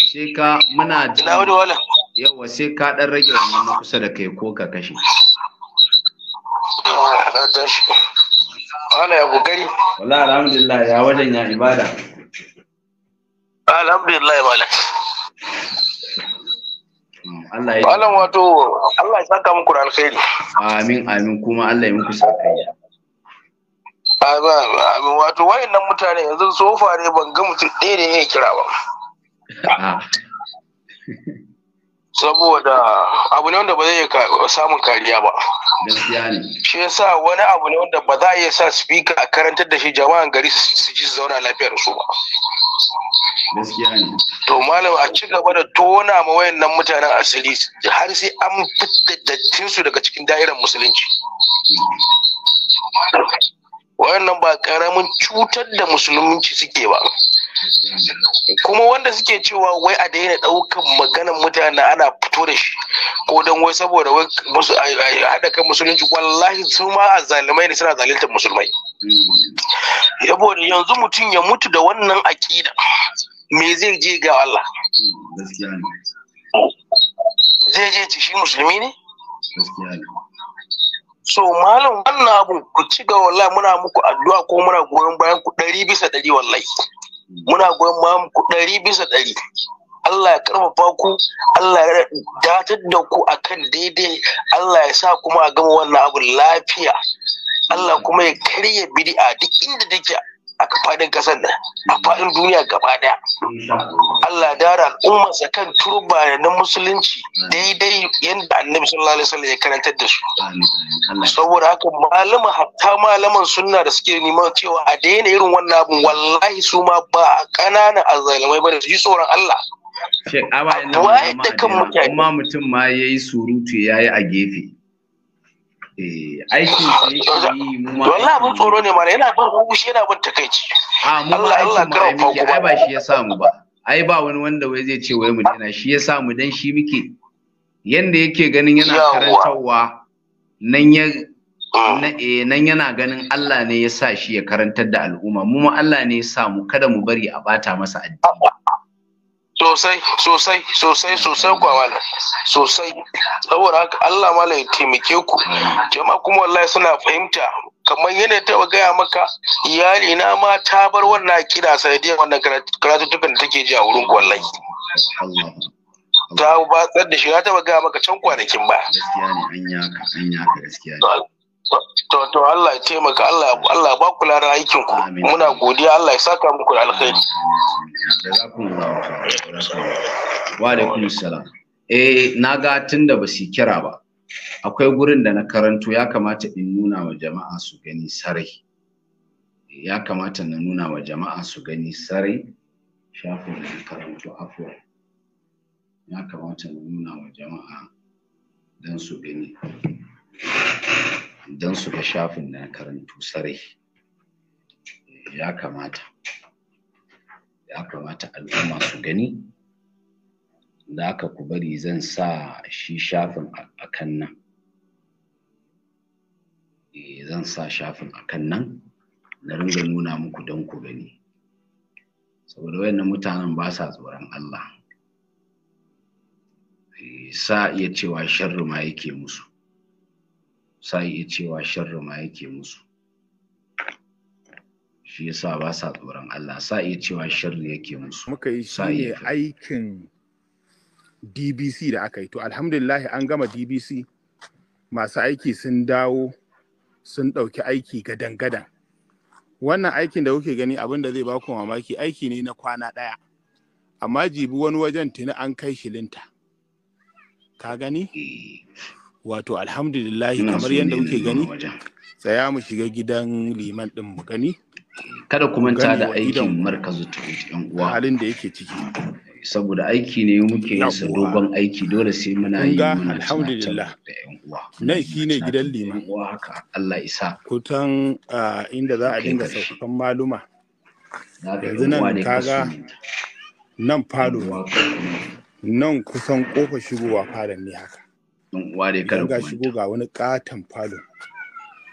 Speaker 1: Sai ka muna jin. Ina wani wala. Yawa sai ka dan rage wannan na kusa da kai ko ka kashe. Wala ya kokari. Wala alhamdulillah ya wajen ya ibada.
Speaker 6: Alhamdulillah wala.
Speaker 1: Hmm, Allah ya. Malam
Speaker 6: wato Allah ya saka muku da alkhairi.
Speaker 1: Amin amin kuma Allah ya muku sakayya.
Speaker 6: wato wayannan mutane yanzu so fare ban ga mutum ɗaya da ya kira ba saboda abu ne wanda ba zai samun kariya ba shi yasa wani abu ne wanda ba za a iya sa speaker a karantar da shi jama'an gari su ji su zauna lafiyar su ba to malam a ci gaba da tona ma wayannan mutanen asiri har sai an fitar da dattin su daga cikin da'irar musulunci Wannan ba karamin cutar da musulunci suke ba kuma wanda suke cewa wai a daina ɗaukan maganan mutane ana fito da shi ko don wai saboda wai haɗa kan musulunci wallahi su ma a zalimai ne suna zalintar musulmai yanzu mutum ya mutu da wannan aƙida me zai je ga Allah zai je ci shi musulmi ne so malam wannan abun ku ci ga wallahi muna muku addu'a ko muna goyon bayan ku ɗari bisa ɗari wallahi muna goyon bayan ku ɗari bisa ɗari Allah ya karfafa ku Allah ya datar da ku akan daidai Allah ya sa kuma a gama wannan abu lafiya Allah kuma ya karya bid'a duk inda take a faɗin ƙasar nan a faɗin duniya gaba ɗaya Allah ya dara al'ummarsa kan turba na musulunci daidai yadda annabi sallallahu alaihi wasallam ya karantar da su saboda haka malama hatta malaman sunna da suke neman cewa a daina irin wannan abun wallahi su ma ba ƙananan azzalamai ba da su yi tsoron Allah
Speaker 1: Shek, awa nan mutum ma yayi surutu yayi a gefe. Eh, aikin ne yake yi mu ma wallahi abin tsoro ne mara yana ban hukushi yana ban takaici a mu ma aikin mu ai muke ai ba shi ya samu ba ai ba wani wanda wai zai ce wai mu dena shi ya samu dan shi muke yanda yake ganin yana karantarwa nan ya ah. eh, nan yana ganin Allah ne ya sa shi ya karantar da al'umma mu ma Allah ne ya sa mu kada mu bari a bata masa addini
Speaker 6: sosai sosai sosai sosai kwa wala sosai saboda haka Allah mala ya taimake ku jama'a kuma wallahi suna fahimta kamar yana taɓa gaya maka iyali na ma ta bar wannan akida sanadiyar wannan karatuttukan da take ji a wurin wallahi ta ba tsar da shi ta taɓa gaya maka can kwanakin ba gaskiya
Speaker 4: ne an gaskiya
Speaker 6: ne to Allah ya taimaka Allah Allah ba ku lara aikin ku muna godiya Allah ya saka
Speaker 1: muku da alkhairi wa alaikum salam eh na ga tunda ba su kira ba akwai gurin da na karanto ya kamata in nuna wa jama'a su gani sarai ya kamata na nuna wa jama'a su gani sarai shafin da karanto afuwa ya kamata na nuna wa jama'a don su gani don su ga shafin na karantu sarai ya kamata ya kamata al'umma su gani da aka ku bari zan sa shi shafin a kan nan eh, zan sa shafin a kan nan na ringa nuna muku don ku gani saboda wayannan mutanen ba sa tsoron Allah eh, sa iya cewa sharri ma yake musu sa iya cewa sharri ma yake musu shi yasa ba sa tsoron Allah sa iya cewa sharri yake musu muka
Speaker 4: yi shi ne aikin DBC da aka yi to alhamdulillah an gama DBC masu aiki sun dawo sun ɗauki aiki gadan-gadan wannan aikin da kuke gani abin da zai baku mamaki aiki ne na kwana ɗaya amma jibi wani wajen tuni an kai shilinta ka gani eh. wato alhamdulillahi kamar yadda kuke gani tsaya mu shiga gidan liman din mu gani kada ku manta da aikin markazu yan uwa halin da yake ciki saboda aiki ne muke yin
Speaker 1: dogon aiki dole sai muna yi alhamdulillah
Speaker 4: nan ne gidan liman uwa haka Allah isa kutan inda za a dinga saukan maluma yanzu nan kaga nan falo nan kusan kofa shigowa falon ne haka yan dai ku shigo ga wani katon falo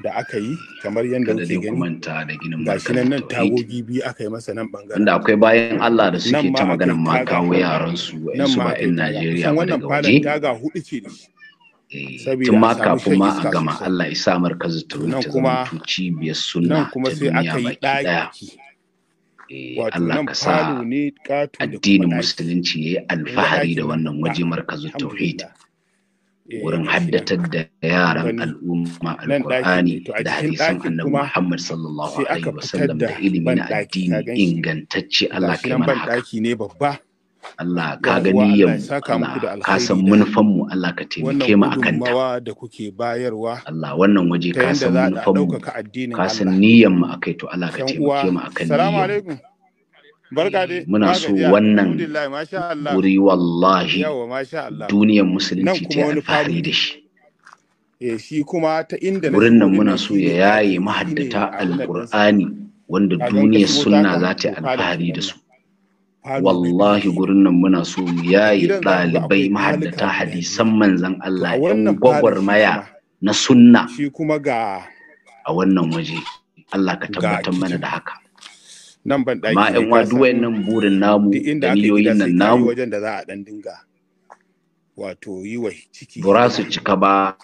Speaker 4: da aka yi kamar yadda kuke gani ga shi nan nan tagogi biyu aka yi masa nan bangaren inda akwai bayan Allah da suke ta maganar ma kawo yaran su su ba in Najeriya ba daga waje ga hudu ce eh, tun ma kafin ma a gama
Speaker 1: Allah ya sa markazin turun ta zama biyar suna ta duniya baki daya eh, Allah ka sa addinin musulunci ya yi alfahari da wannan waje markazin tauhid Eh, wurin haddatar da yaran al'umma alkur'ani da hadisan annabi Muhammad sallallahu alaihi wasallam da ilimin addini ingantacce Allah kai mana haka
Speaker 4: ne babba Allah ka gani yau ka
Speaker 1: san manufan mu Allah ka taimake mu akan
Speaker 4: ta da kuke bayarwa Allah wannan waje ka san manufan mu
Speaker 1: ka san niyyar mu akai to Allah ka taimake mu akan niyyar
Speaker 4: Eh, muna so wannan wuri wallahi duniyar musulunci ta alfahari da shi eh, shi kuma ta inda wurin nan muna so ya yaye mahaddata
Speaker 1: alkur'ani wanda duniyar sunna za ta alfahari da su wallahi gurin nan muna so yayi dalibai mahaddata hadisan manzan Allah 'yan gwagwarmaya na sunna
Speaker 4: a
Speaker 1: wannan waje Allah ka tabbatar mana da haka nan ban daki ma'an wa duwayen nan burin namu da miliyoyin nan namu wajen
Speaker 4: da za a dan dinga wato yi wa ciki ba su
Speaker 1: cika ba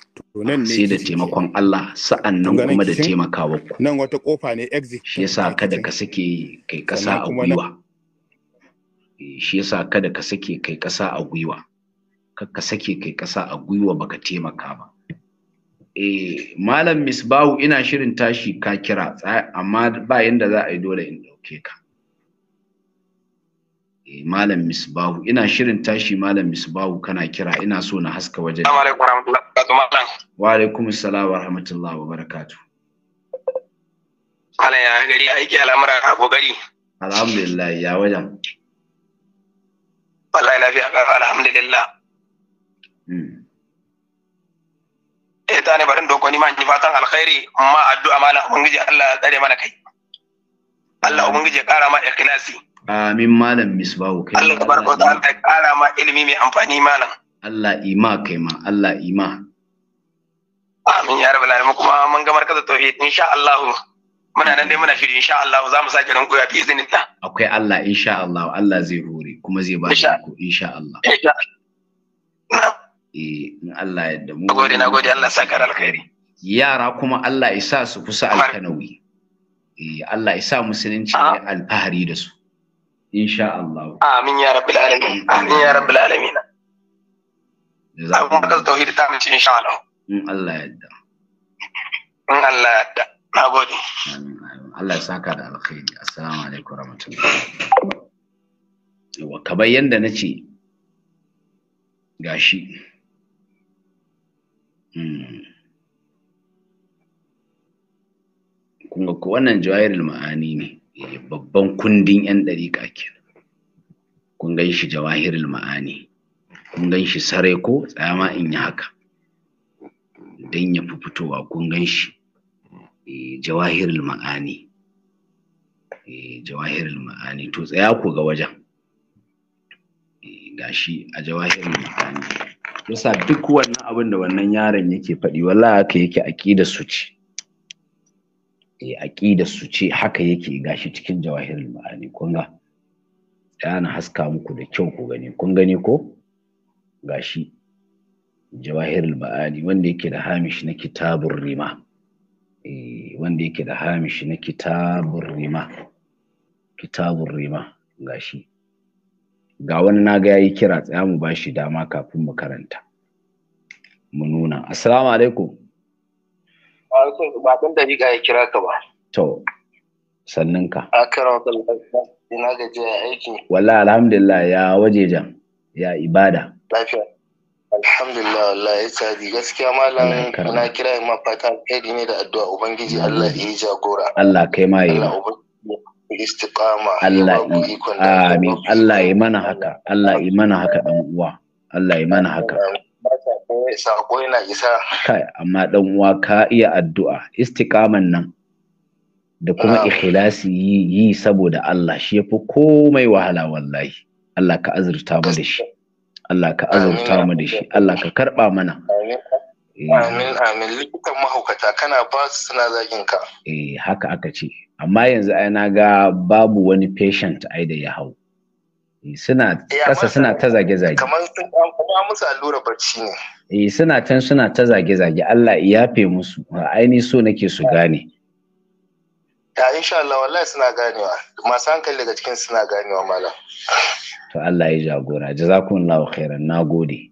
Speaker 1: sai da taimakon Allah sa'annan kuma da taimakawa
Speaker 4: ku nan wata kofa ne
Speaker 1: exit shi yasa eh, kada ka sake kai kasa a gwiwa shi yasa kada ka sake kai kasa a gwiwa ka sake kai kasa a gwiwa baka taimaka ba Eh, malam misbahu ina shirin tashi ka kira amma ba yanda za a yi dole in dauke ka eh malam misbahu ina shirin tashi malam misbahu kana kira ina so na haska wajen alaikum wa alaikum assalam wa rahmatullahi wa barakatuh
Speaker 6: Malam ya gari aiki al'amura a gari
Speaker 1: alhamdulillah ya wajen
Speaker 6: wallahi lafiya alhamdulillah hmm. eh ta ne barin doko ni ma ji fatan alkhairi ma addu'a mana ubangiji Allah ya tsare mana kai Allah ubangiji ya kara ma ikhlasi amin malam misbahu kai Allah tabaraka wa ta'ala ya kara ma ilimi mai amfani malam
Speaker 1: Allah ima kai ma Allah ima
Speaker 6: amin ya rabbal alamin kuma mun ga kaza tauhid insha Allah muna nan dai muna shiri insha Allah za mu sake rinkoya bi izinillah
Speaker 1: akwai Allah insha Allah Allah zai hore kuma zai ba Allah insha Allah Eh, in Allah ya yarda mu gode na gode
Speaker 5: Allah saka alkhairi
Speaker 1: yara kuma Allah ya sa su kusa alkanawi eh Allah ya sa musulunci ya alfahari da su insha Allah
Speaker 6: amin ya rabbil alamin amin ya rabbil alamin zamu ka tauhidi ta mace insha Allah
Speaker 1: in Allah ya yarda in Allah ya yarda nagode Allah ya saka da alkhairi assalamu alaikum warahmatullahi wa kamar yanda nace gashi Hmm. kuma ko wannan jawahirul ma'ani ne eh, babban kundin yan ɗariƙa ke kun gan shi jawahirul ma'ani kun gan shi sarai ko tsama in yi haka don ya fi fitowa kun gan shi eh, jawahirul ma'ani eh, jawahirul ma'ani to tsaya ku ga wajen gashi a jawahirul ma'ani yasa duk wannan abin da wannan yaron yake faɗi wallahi haka yake aqidar su ce eh aqidar su ce haka yake gashi cikin jawahirul ma'ani kun ga yana haska muku da kyau ku gani kun gani ko gashi jawahirul ma'ani wanda yake da hamish na kitabur rima eh wanda yake da hamish na kitabur rima kitabur rima gashi ga wani na ga yayi kira tsaya mu ba shi dama kafin mu karanta mu nuna assalamu alaikum
Speaker 6: ba ɗan riga ya kira ka ba
Speaker 1: to sannan ka
Speaker 6: a kira ina ga je aiki
Speaker 1: wallahi alhamdulillah ya waje jan ya ibada
Speaker 6: lafiya alhamdulillah wallahi ya tsadi gaskiya malam na kira ma fata kai ne da addu'a
Speaker 1: ubangiji Allah ya jagora Allah kai ma yi
Speaker 6: istiqama
Speaker 1: Allah amin Allah ya mana haka Allah ya mana haka dan uwa Allah ya mana haka
Speaker 6: sako yana isa
Speaker 1: kai amma dan uwa ka iya addu'a istiqaman nan da kuma ikhlasi yi saboda Allah shi yafi komai wahala wallahi Allah ka azurta mu da shi Allah ka azurta mu da shi Allah ka karba mana
Speaker 6: eh. amin amin likitan mahaukata kana
Speaker 1: ba su suna zagin ka eh haka aka ce amma yanzu ai na ga babu wani patient ai da ya hau eh, suna kasa eh, suna ta zage-zage kamar sun
Speaker 6: kuma musu allura barci ne
Speaker 1: eh suna tan suna ta zage-zage Allah ya yafe musu aini so nake su gane
Speaker 6: ta insha Allah wallahi suna ganewa masu hankali daga cikin suna ganewa malam
Speaker 1: to Allah ya jagora jazakumullahu khairan nagode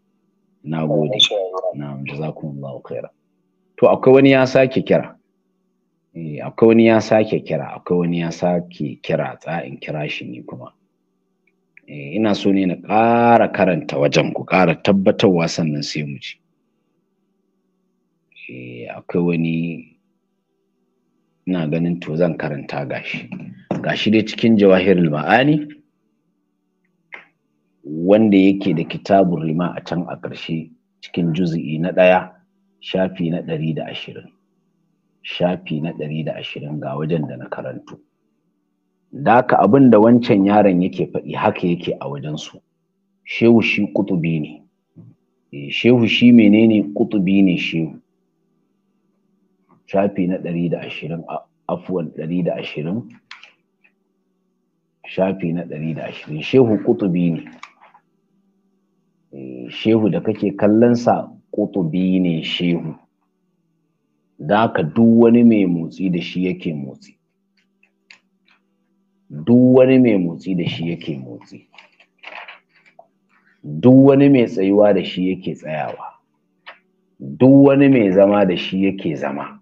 Speaker 1: nagode na'am jazakumullahu khairan to akwai wani ya sake kira Eh, akwai wani ya sake kira akwai wani ya sake kira tsa'in in kira shi ni kuma eh, ina so ne na ƙara karanta wajen ku ƙara tabbatarwa sannan sai mu ci eh, akwai wani ina ganin to zan karanta gashi gashi dai cikin jawahirul ma'ani wanda yake da kitabun rima a can a ƙarshe cikin juzi'i na ɗaya shafi na ɗari da ashirin shafi na ɗari da ashirin ga wajen da na karanto Daka abin da wancan yaron yake faɗi haka yake a wajensu shehu shi kutubi ne eh, shehu shi menene kutubi ne shehu shafi na ɗari da ashirin afuwan ɗari da ashirin shafi na ɗari da ashirin shehu kutubi ne eh, shehu da kake kallonsa kutubi ne shehu da haka duk wani mai motsi da shi yake motsi duk wani mai motsi da shi yake motsi duk wani mai tsayuwa da shi yake tsayawa duk wani mai zama da shi yake zama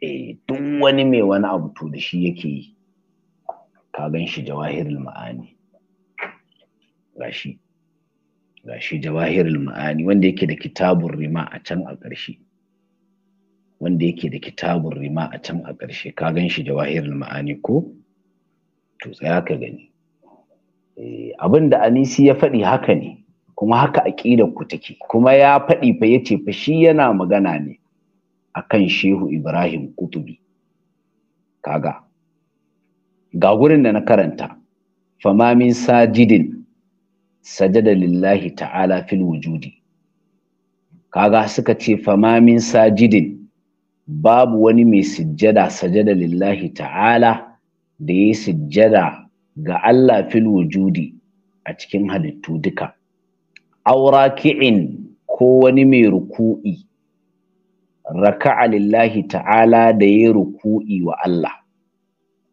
Speaker 1: eh duk wani mai wani abu to da shi yake yi ka gan shi jawahirul ma'ani gashi gashi jawahirul ma'ani wanda yake da kitabun rima a can a ƙarshe wanda yake da kitabun rima a can a ƙarshe ka gan shi jawahirul ma'ani ko to tsaya ka gani eh, abin da anisi ya faɗi haka ne kuma haka aƙidar ku take kuma ya faɗi fa yace fa shi yana magana ne akan shehu ibrahim kutubi kaga ga gurin da na karanta famamin min sajidin sajada lillahi ta'ala fil wujudi kaga suka ce famamin min sajidin babu wani mai sijjada, sajada lillahi ta'ala da ya sijjada ga Allah fil wujudi a cikin halittu duka aura ko wani mai ruku'i raka'a lillahi ta'ala da ya ruku'i wa Allah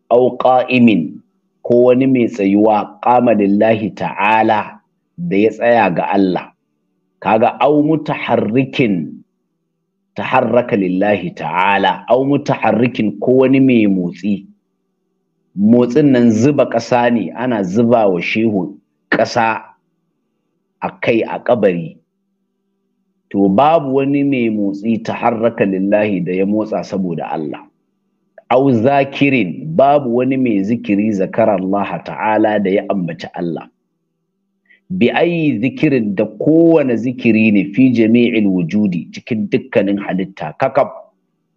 Speaker 1: Auƙa'imin ko wani mai tsayuwa qama lillahi ta'ala da ya tsaya ga Allah kaga au mutaharrikin taharraka lillahi ta'ala au mutaharrikin ko wani mai motsi motsin nan zuba ƙasa ne ana zuba wa shehu ƙasa a kai a ƙabari. to babu wani mai motsi taharraka lillahi da ya motsa saboda Allah au zakirin babu wani mai zikiri zakarar Allah ta'ala da ya ambaci Allah bi ayi zikirin da kowane zikiri ne fi jami'il wujudi cikin dukkanin halitta kakab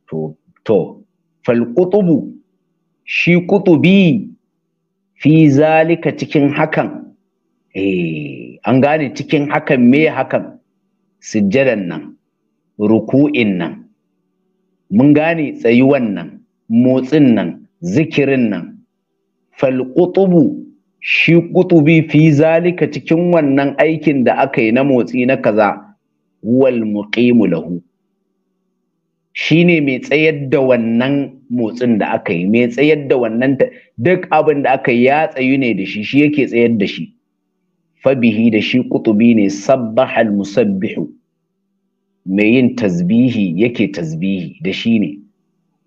Speaker 1: to to fal qutubu shi qutubi fi zalika cikin hakan eh an gane cikin hakan me hakan sujjadan nan ruku'in nan mun gane tsayuwan nan motsin nan zikirin nan fal qutubu shi kutubi fi zalika cikin wannan aikin da aka yi na motsi na kaza wal muqimu lahu shine mai tsayar da wannan motsin da aka yi mai tsayar da wannan duk abin da aka yi ya tsayu ne da shi shi yake tsayar da shi fabihi da shi kutubi ne sabbahal musabbihu mai yin tasbihi yake tasbihi da shi ne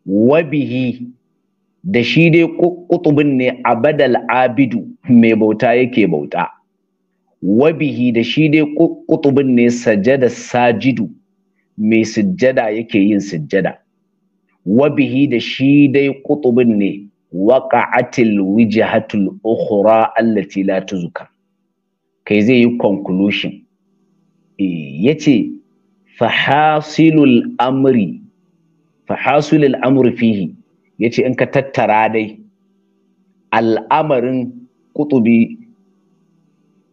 Speaker 1: wabihi da shi dai kutubin ne abadal abidu mai bauta yake bauta wabihi da shi dai kutubin ne sajada sajidu mai sujjada yake yin sujjada wabihi da shi dai kutubin ne waƙa'atil wijhatul ukhra allati la tuzka kai zai yi conclusion eh, yace fahasilul amri fahasilul amri fihi ya ce in ka tattara dai al'amarin kutubi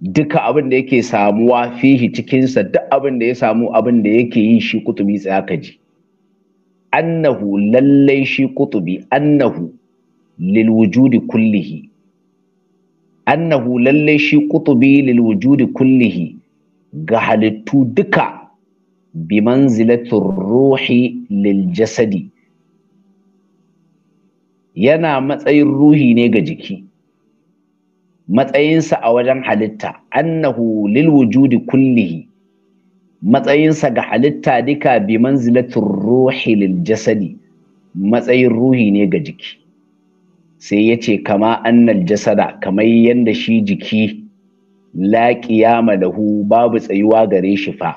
Speaker 1: duka abin da yake samuwa fihi cikinsa duk abin da ya samu abin da yake yi shi kutubi tsaya ka ji annahu lallai shi kutubi annahu lil wujudi kullihi annahu lallai shi kutubi lil kullihi ga halittu duka bi manzilatin ruhi lil jasadi yana matsayin ruhi ne ga jiki matsayinsa a wajen halitta annahu lil wujudi kullihi matsayinsa ga halitta duka bi manzilatin ruhi lil jasadi matsayin ruhi ne ga jiki sai yace kama annal jasada kamar yadda shi jiki la kiyama lahu babu tsayuwa gare shi fa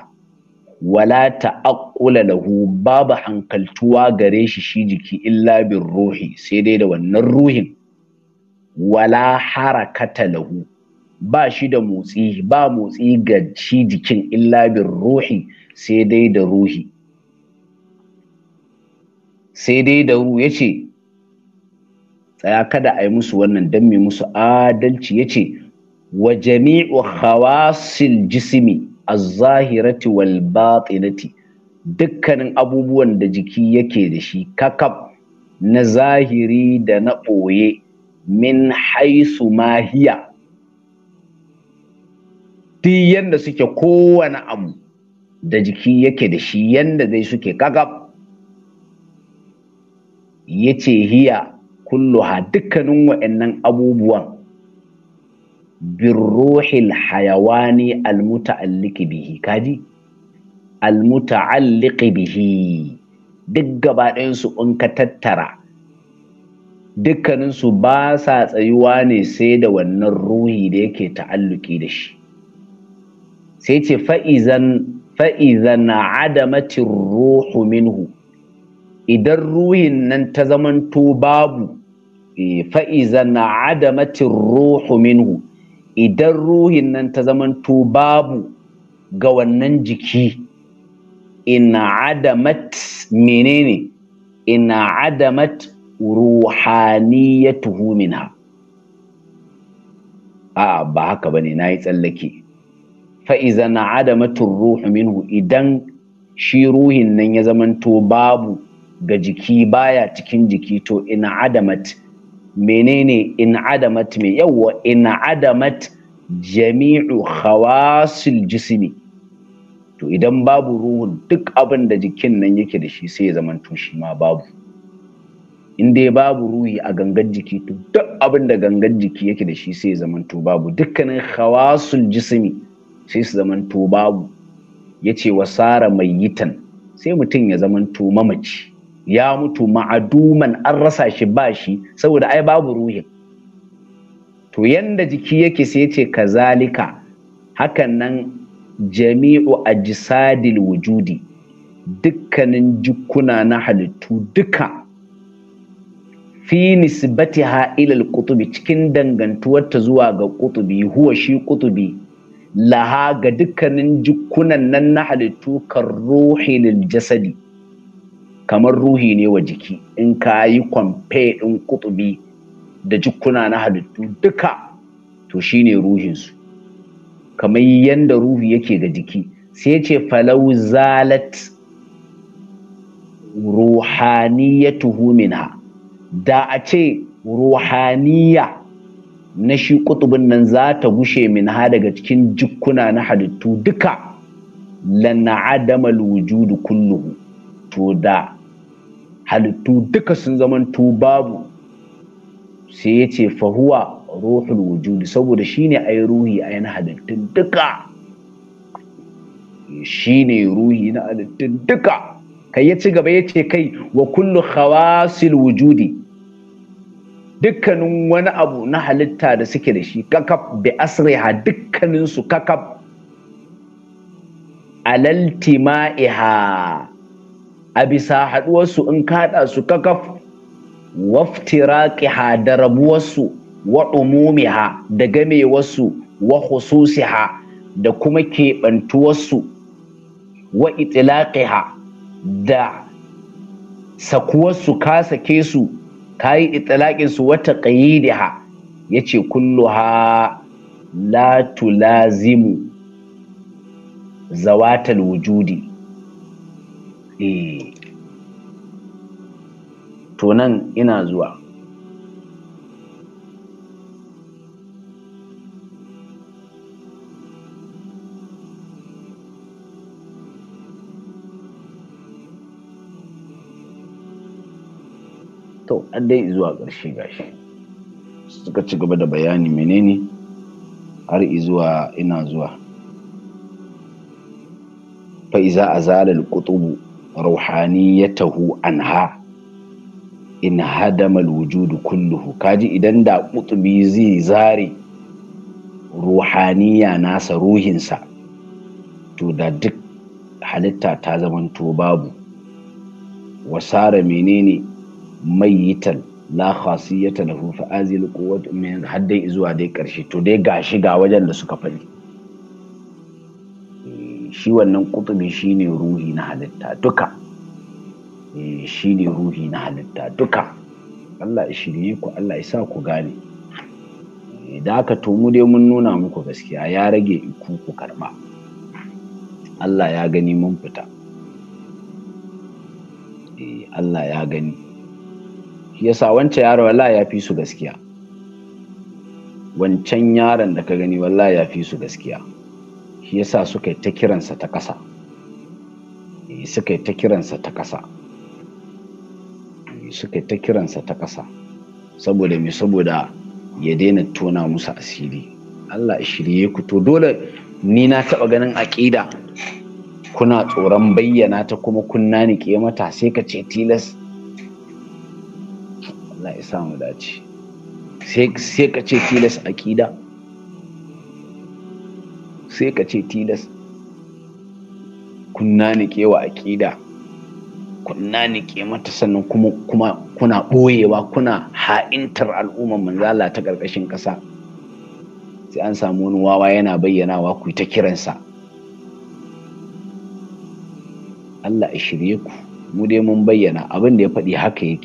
Speaker 1: wala ta'aqqula lahu babu hankaltuwa gare shi shi jiki illa bin ruhi sai dai da wannan ruhin wala harakata lahu ba shi da motsi ba motsi ga shi jikin illa bin ruhi sai dai da ruhi sai dai da ruhu yace tsaya kada a yi musu wannan dan mai musu adalci yace wa jami'u khawasil jismi az-zahirati wal batinati dukkanin abubuwan da jiki yake da shi kakab na zahiri da na ɓoye min haisu mahiya duk yanda suke kowane abu da jiki yake da shi yanda zai suke kakab yace hiya kulluha dukkanin wa'annan abubuwan birruhil hayawani almuta'alliqi bihi kaji almuta'alliqi bihi duk gaba ɗayansu in ka tattara dukkaninsu ba sa tsayuwa ne sai da wannan ruhi da yake ta'alluki da shi sai ce fa'izan fa'izan adamatin ruhu minhu idan ruhin nan ta zamanto babu eh, fa'izan adamacin ruhu minhu idan ruhin nan ta zamanto babu ga wannan jiki ina adamat menene ina adamat ruhaniyatuhu minha a ba haka bane nayi tsallake fa na ruhu minhu idan shi ruhin nan ya zamanto babu ga jiki baya cikin jiki to ina adamat menene in adamat me yawa in adamat jami'u khawasil jismi to idan babu ruhun duk abin da jikin nan yake da shi sai ya zama shi ma babu in dai babu ruhi a gangan jiki to duk abin da gangan jiki yake da shi sai ya zama to babu dukkanin khawasul jismi sai su zama to babu yace wasara yitan sai mutum ya zama to mamaci ya mutu ma'aduman an rasa shi ba shi saboda ai babu ruhin to yanda jiki yake sai ce kazalika hakan nan jami'u ajsadil wujudi dukkanin jikuna na halittu duka fi nisbatiha ilal kutubi cikin dangantuwarta zuwa ga kutubi huwa shi kutubi laha ga dukkanin jikunan nan na halittu kan ruhi lil jasadi kamar ruhi ne wa jiki in ka yi kwamfe ɗin kutubi da jikuna na halittu duka to shi ne ruhinsu kamar yadda ruhi yake ga jiki sai ce falau zalat ruhaniyatuhu minha da a ce ruhaniya na shi kutubin nan za ta gushe minha daga cikin jikuna na halittu duka lana adamal lujudu kulluhu to da halittu duka sun zamanto babu sai ya ce fahuwa ruhul wujudi saboda shine ai ruhi a yana halittun duka ne ruhi na halittun duka kai ya ci gaba ya ce kai wa kullu khawasil wujudi dukkanin wani abu na halitta da suke da shi kakaf bi asriha dukkaninsu kakaf alaltima'iha a bisa haɗuwarsu in kaɗa su kakaf waftiraqiha da rabuwarsu wa umumiha da gamewarsu wa khususiha da kuma keɓantuwarsu wa da sakuwarsu ka sake su ka yi itilaƙinsu wata ƙayidiha ya ce kulluha la tulazimu zawatal wujudi eh to nan ina zuwa to dai zuwa ƙarshe gashi suka ci da bayani menene har izuwa ina zuwa fa'iza a azalal kutubu ruhaniyatahu anha in hadama alwujudu kulluhu kaji idan da kutubi zai zare ruhaniya nasa ruhinsa to da duk halitta ta zamanto babu wasara menene mayitan la khasiyata lahu fa azil quwwat min haddai zuwa dai karshe to dai gashi ga wajen da suka fadi shi wannan kutubi ne ruhi na halitta duka eh, ne ruhi na halitta duka Allah ya shirye ku Allah ya sa ku gane eh, da aka to mu dai mun nuna muku gaskiya ya rage ku ku karba Allah ya gani mun fita eh, Allah ya gani yasa wancan yaro wallahi ya fi su gaskiya wancan yaron da ka gani wallahi ya fi su gaskiya shi yasa suka yi ta kiransa ta ƙasa eh, suka yi ta kiransa ta ƙasa eh, suka yi ta kiransa ta ƙasa saboda me saboda ya daina tona musu asiri Allah shirye ku to dole ni na taɓa ganin aƙida kuna tsoron bayyana ta kuma kunna ni ke mata sai ka ce tilas Allah ya samu dace sai ka ce tilas aƙida sai ka ce tilas kunna nike wa aƙida kunna ke mata sannan kuma kuma kuna ɓoyewa kuna ha'intar al'umman manzala ta ƙarƙashin ƙasa sai an samu wani wawa yana bayyanawa ku ta kiransa Allah ya shirye ku mu dai mun bayyana abin da ya faɗi haka yake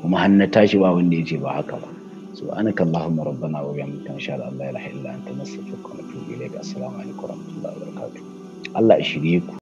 Speaker 1: kuma har na tashi ba wanda ya ce ba haka ba سبحانك اللهم ربنا وبحمدك نشهد ان لا اله الا انت نستغفرك ونتوب اليك السلام عليكم ورحمه الله وبركاته الله يشريكم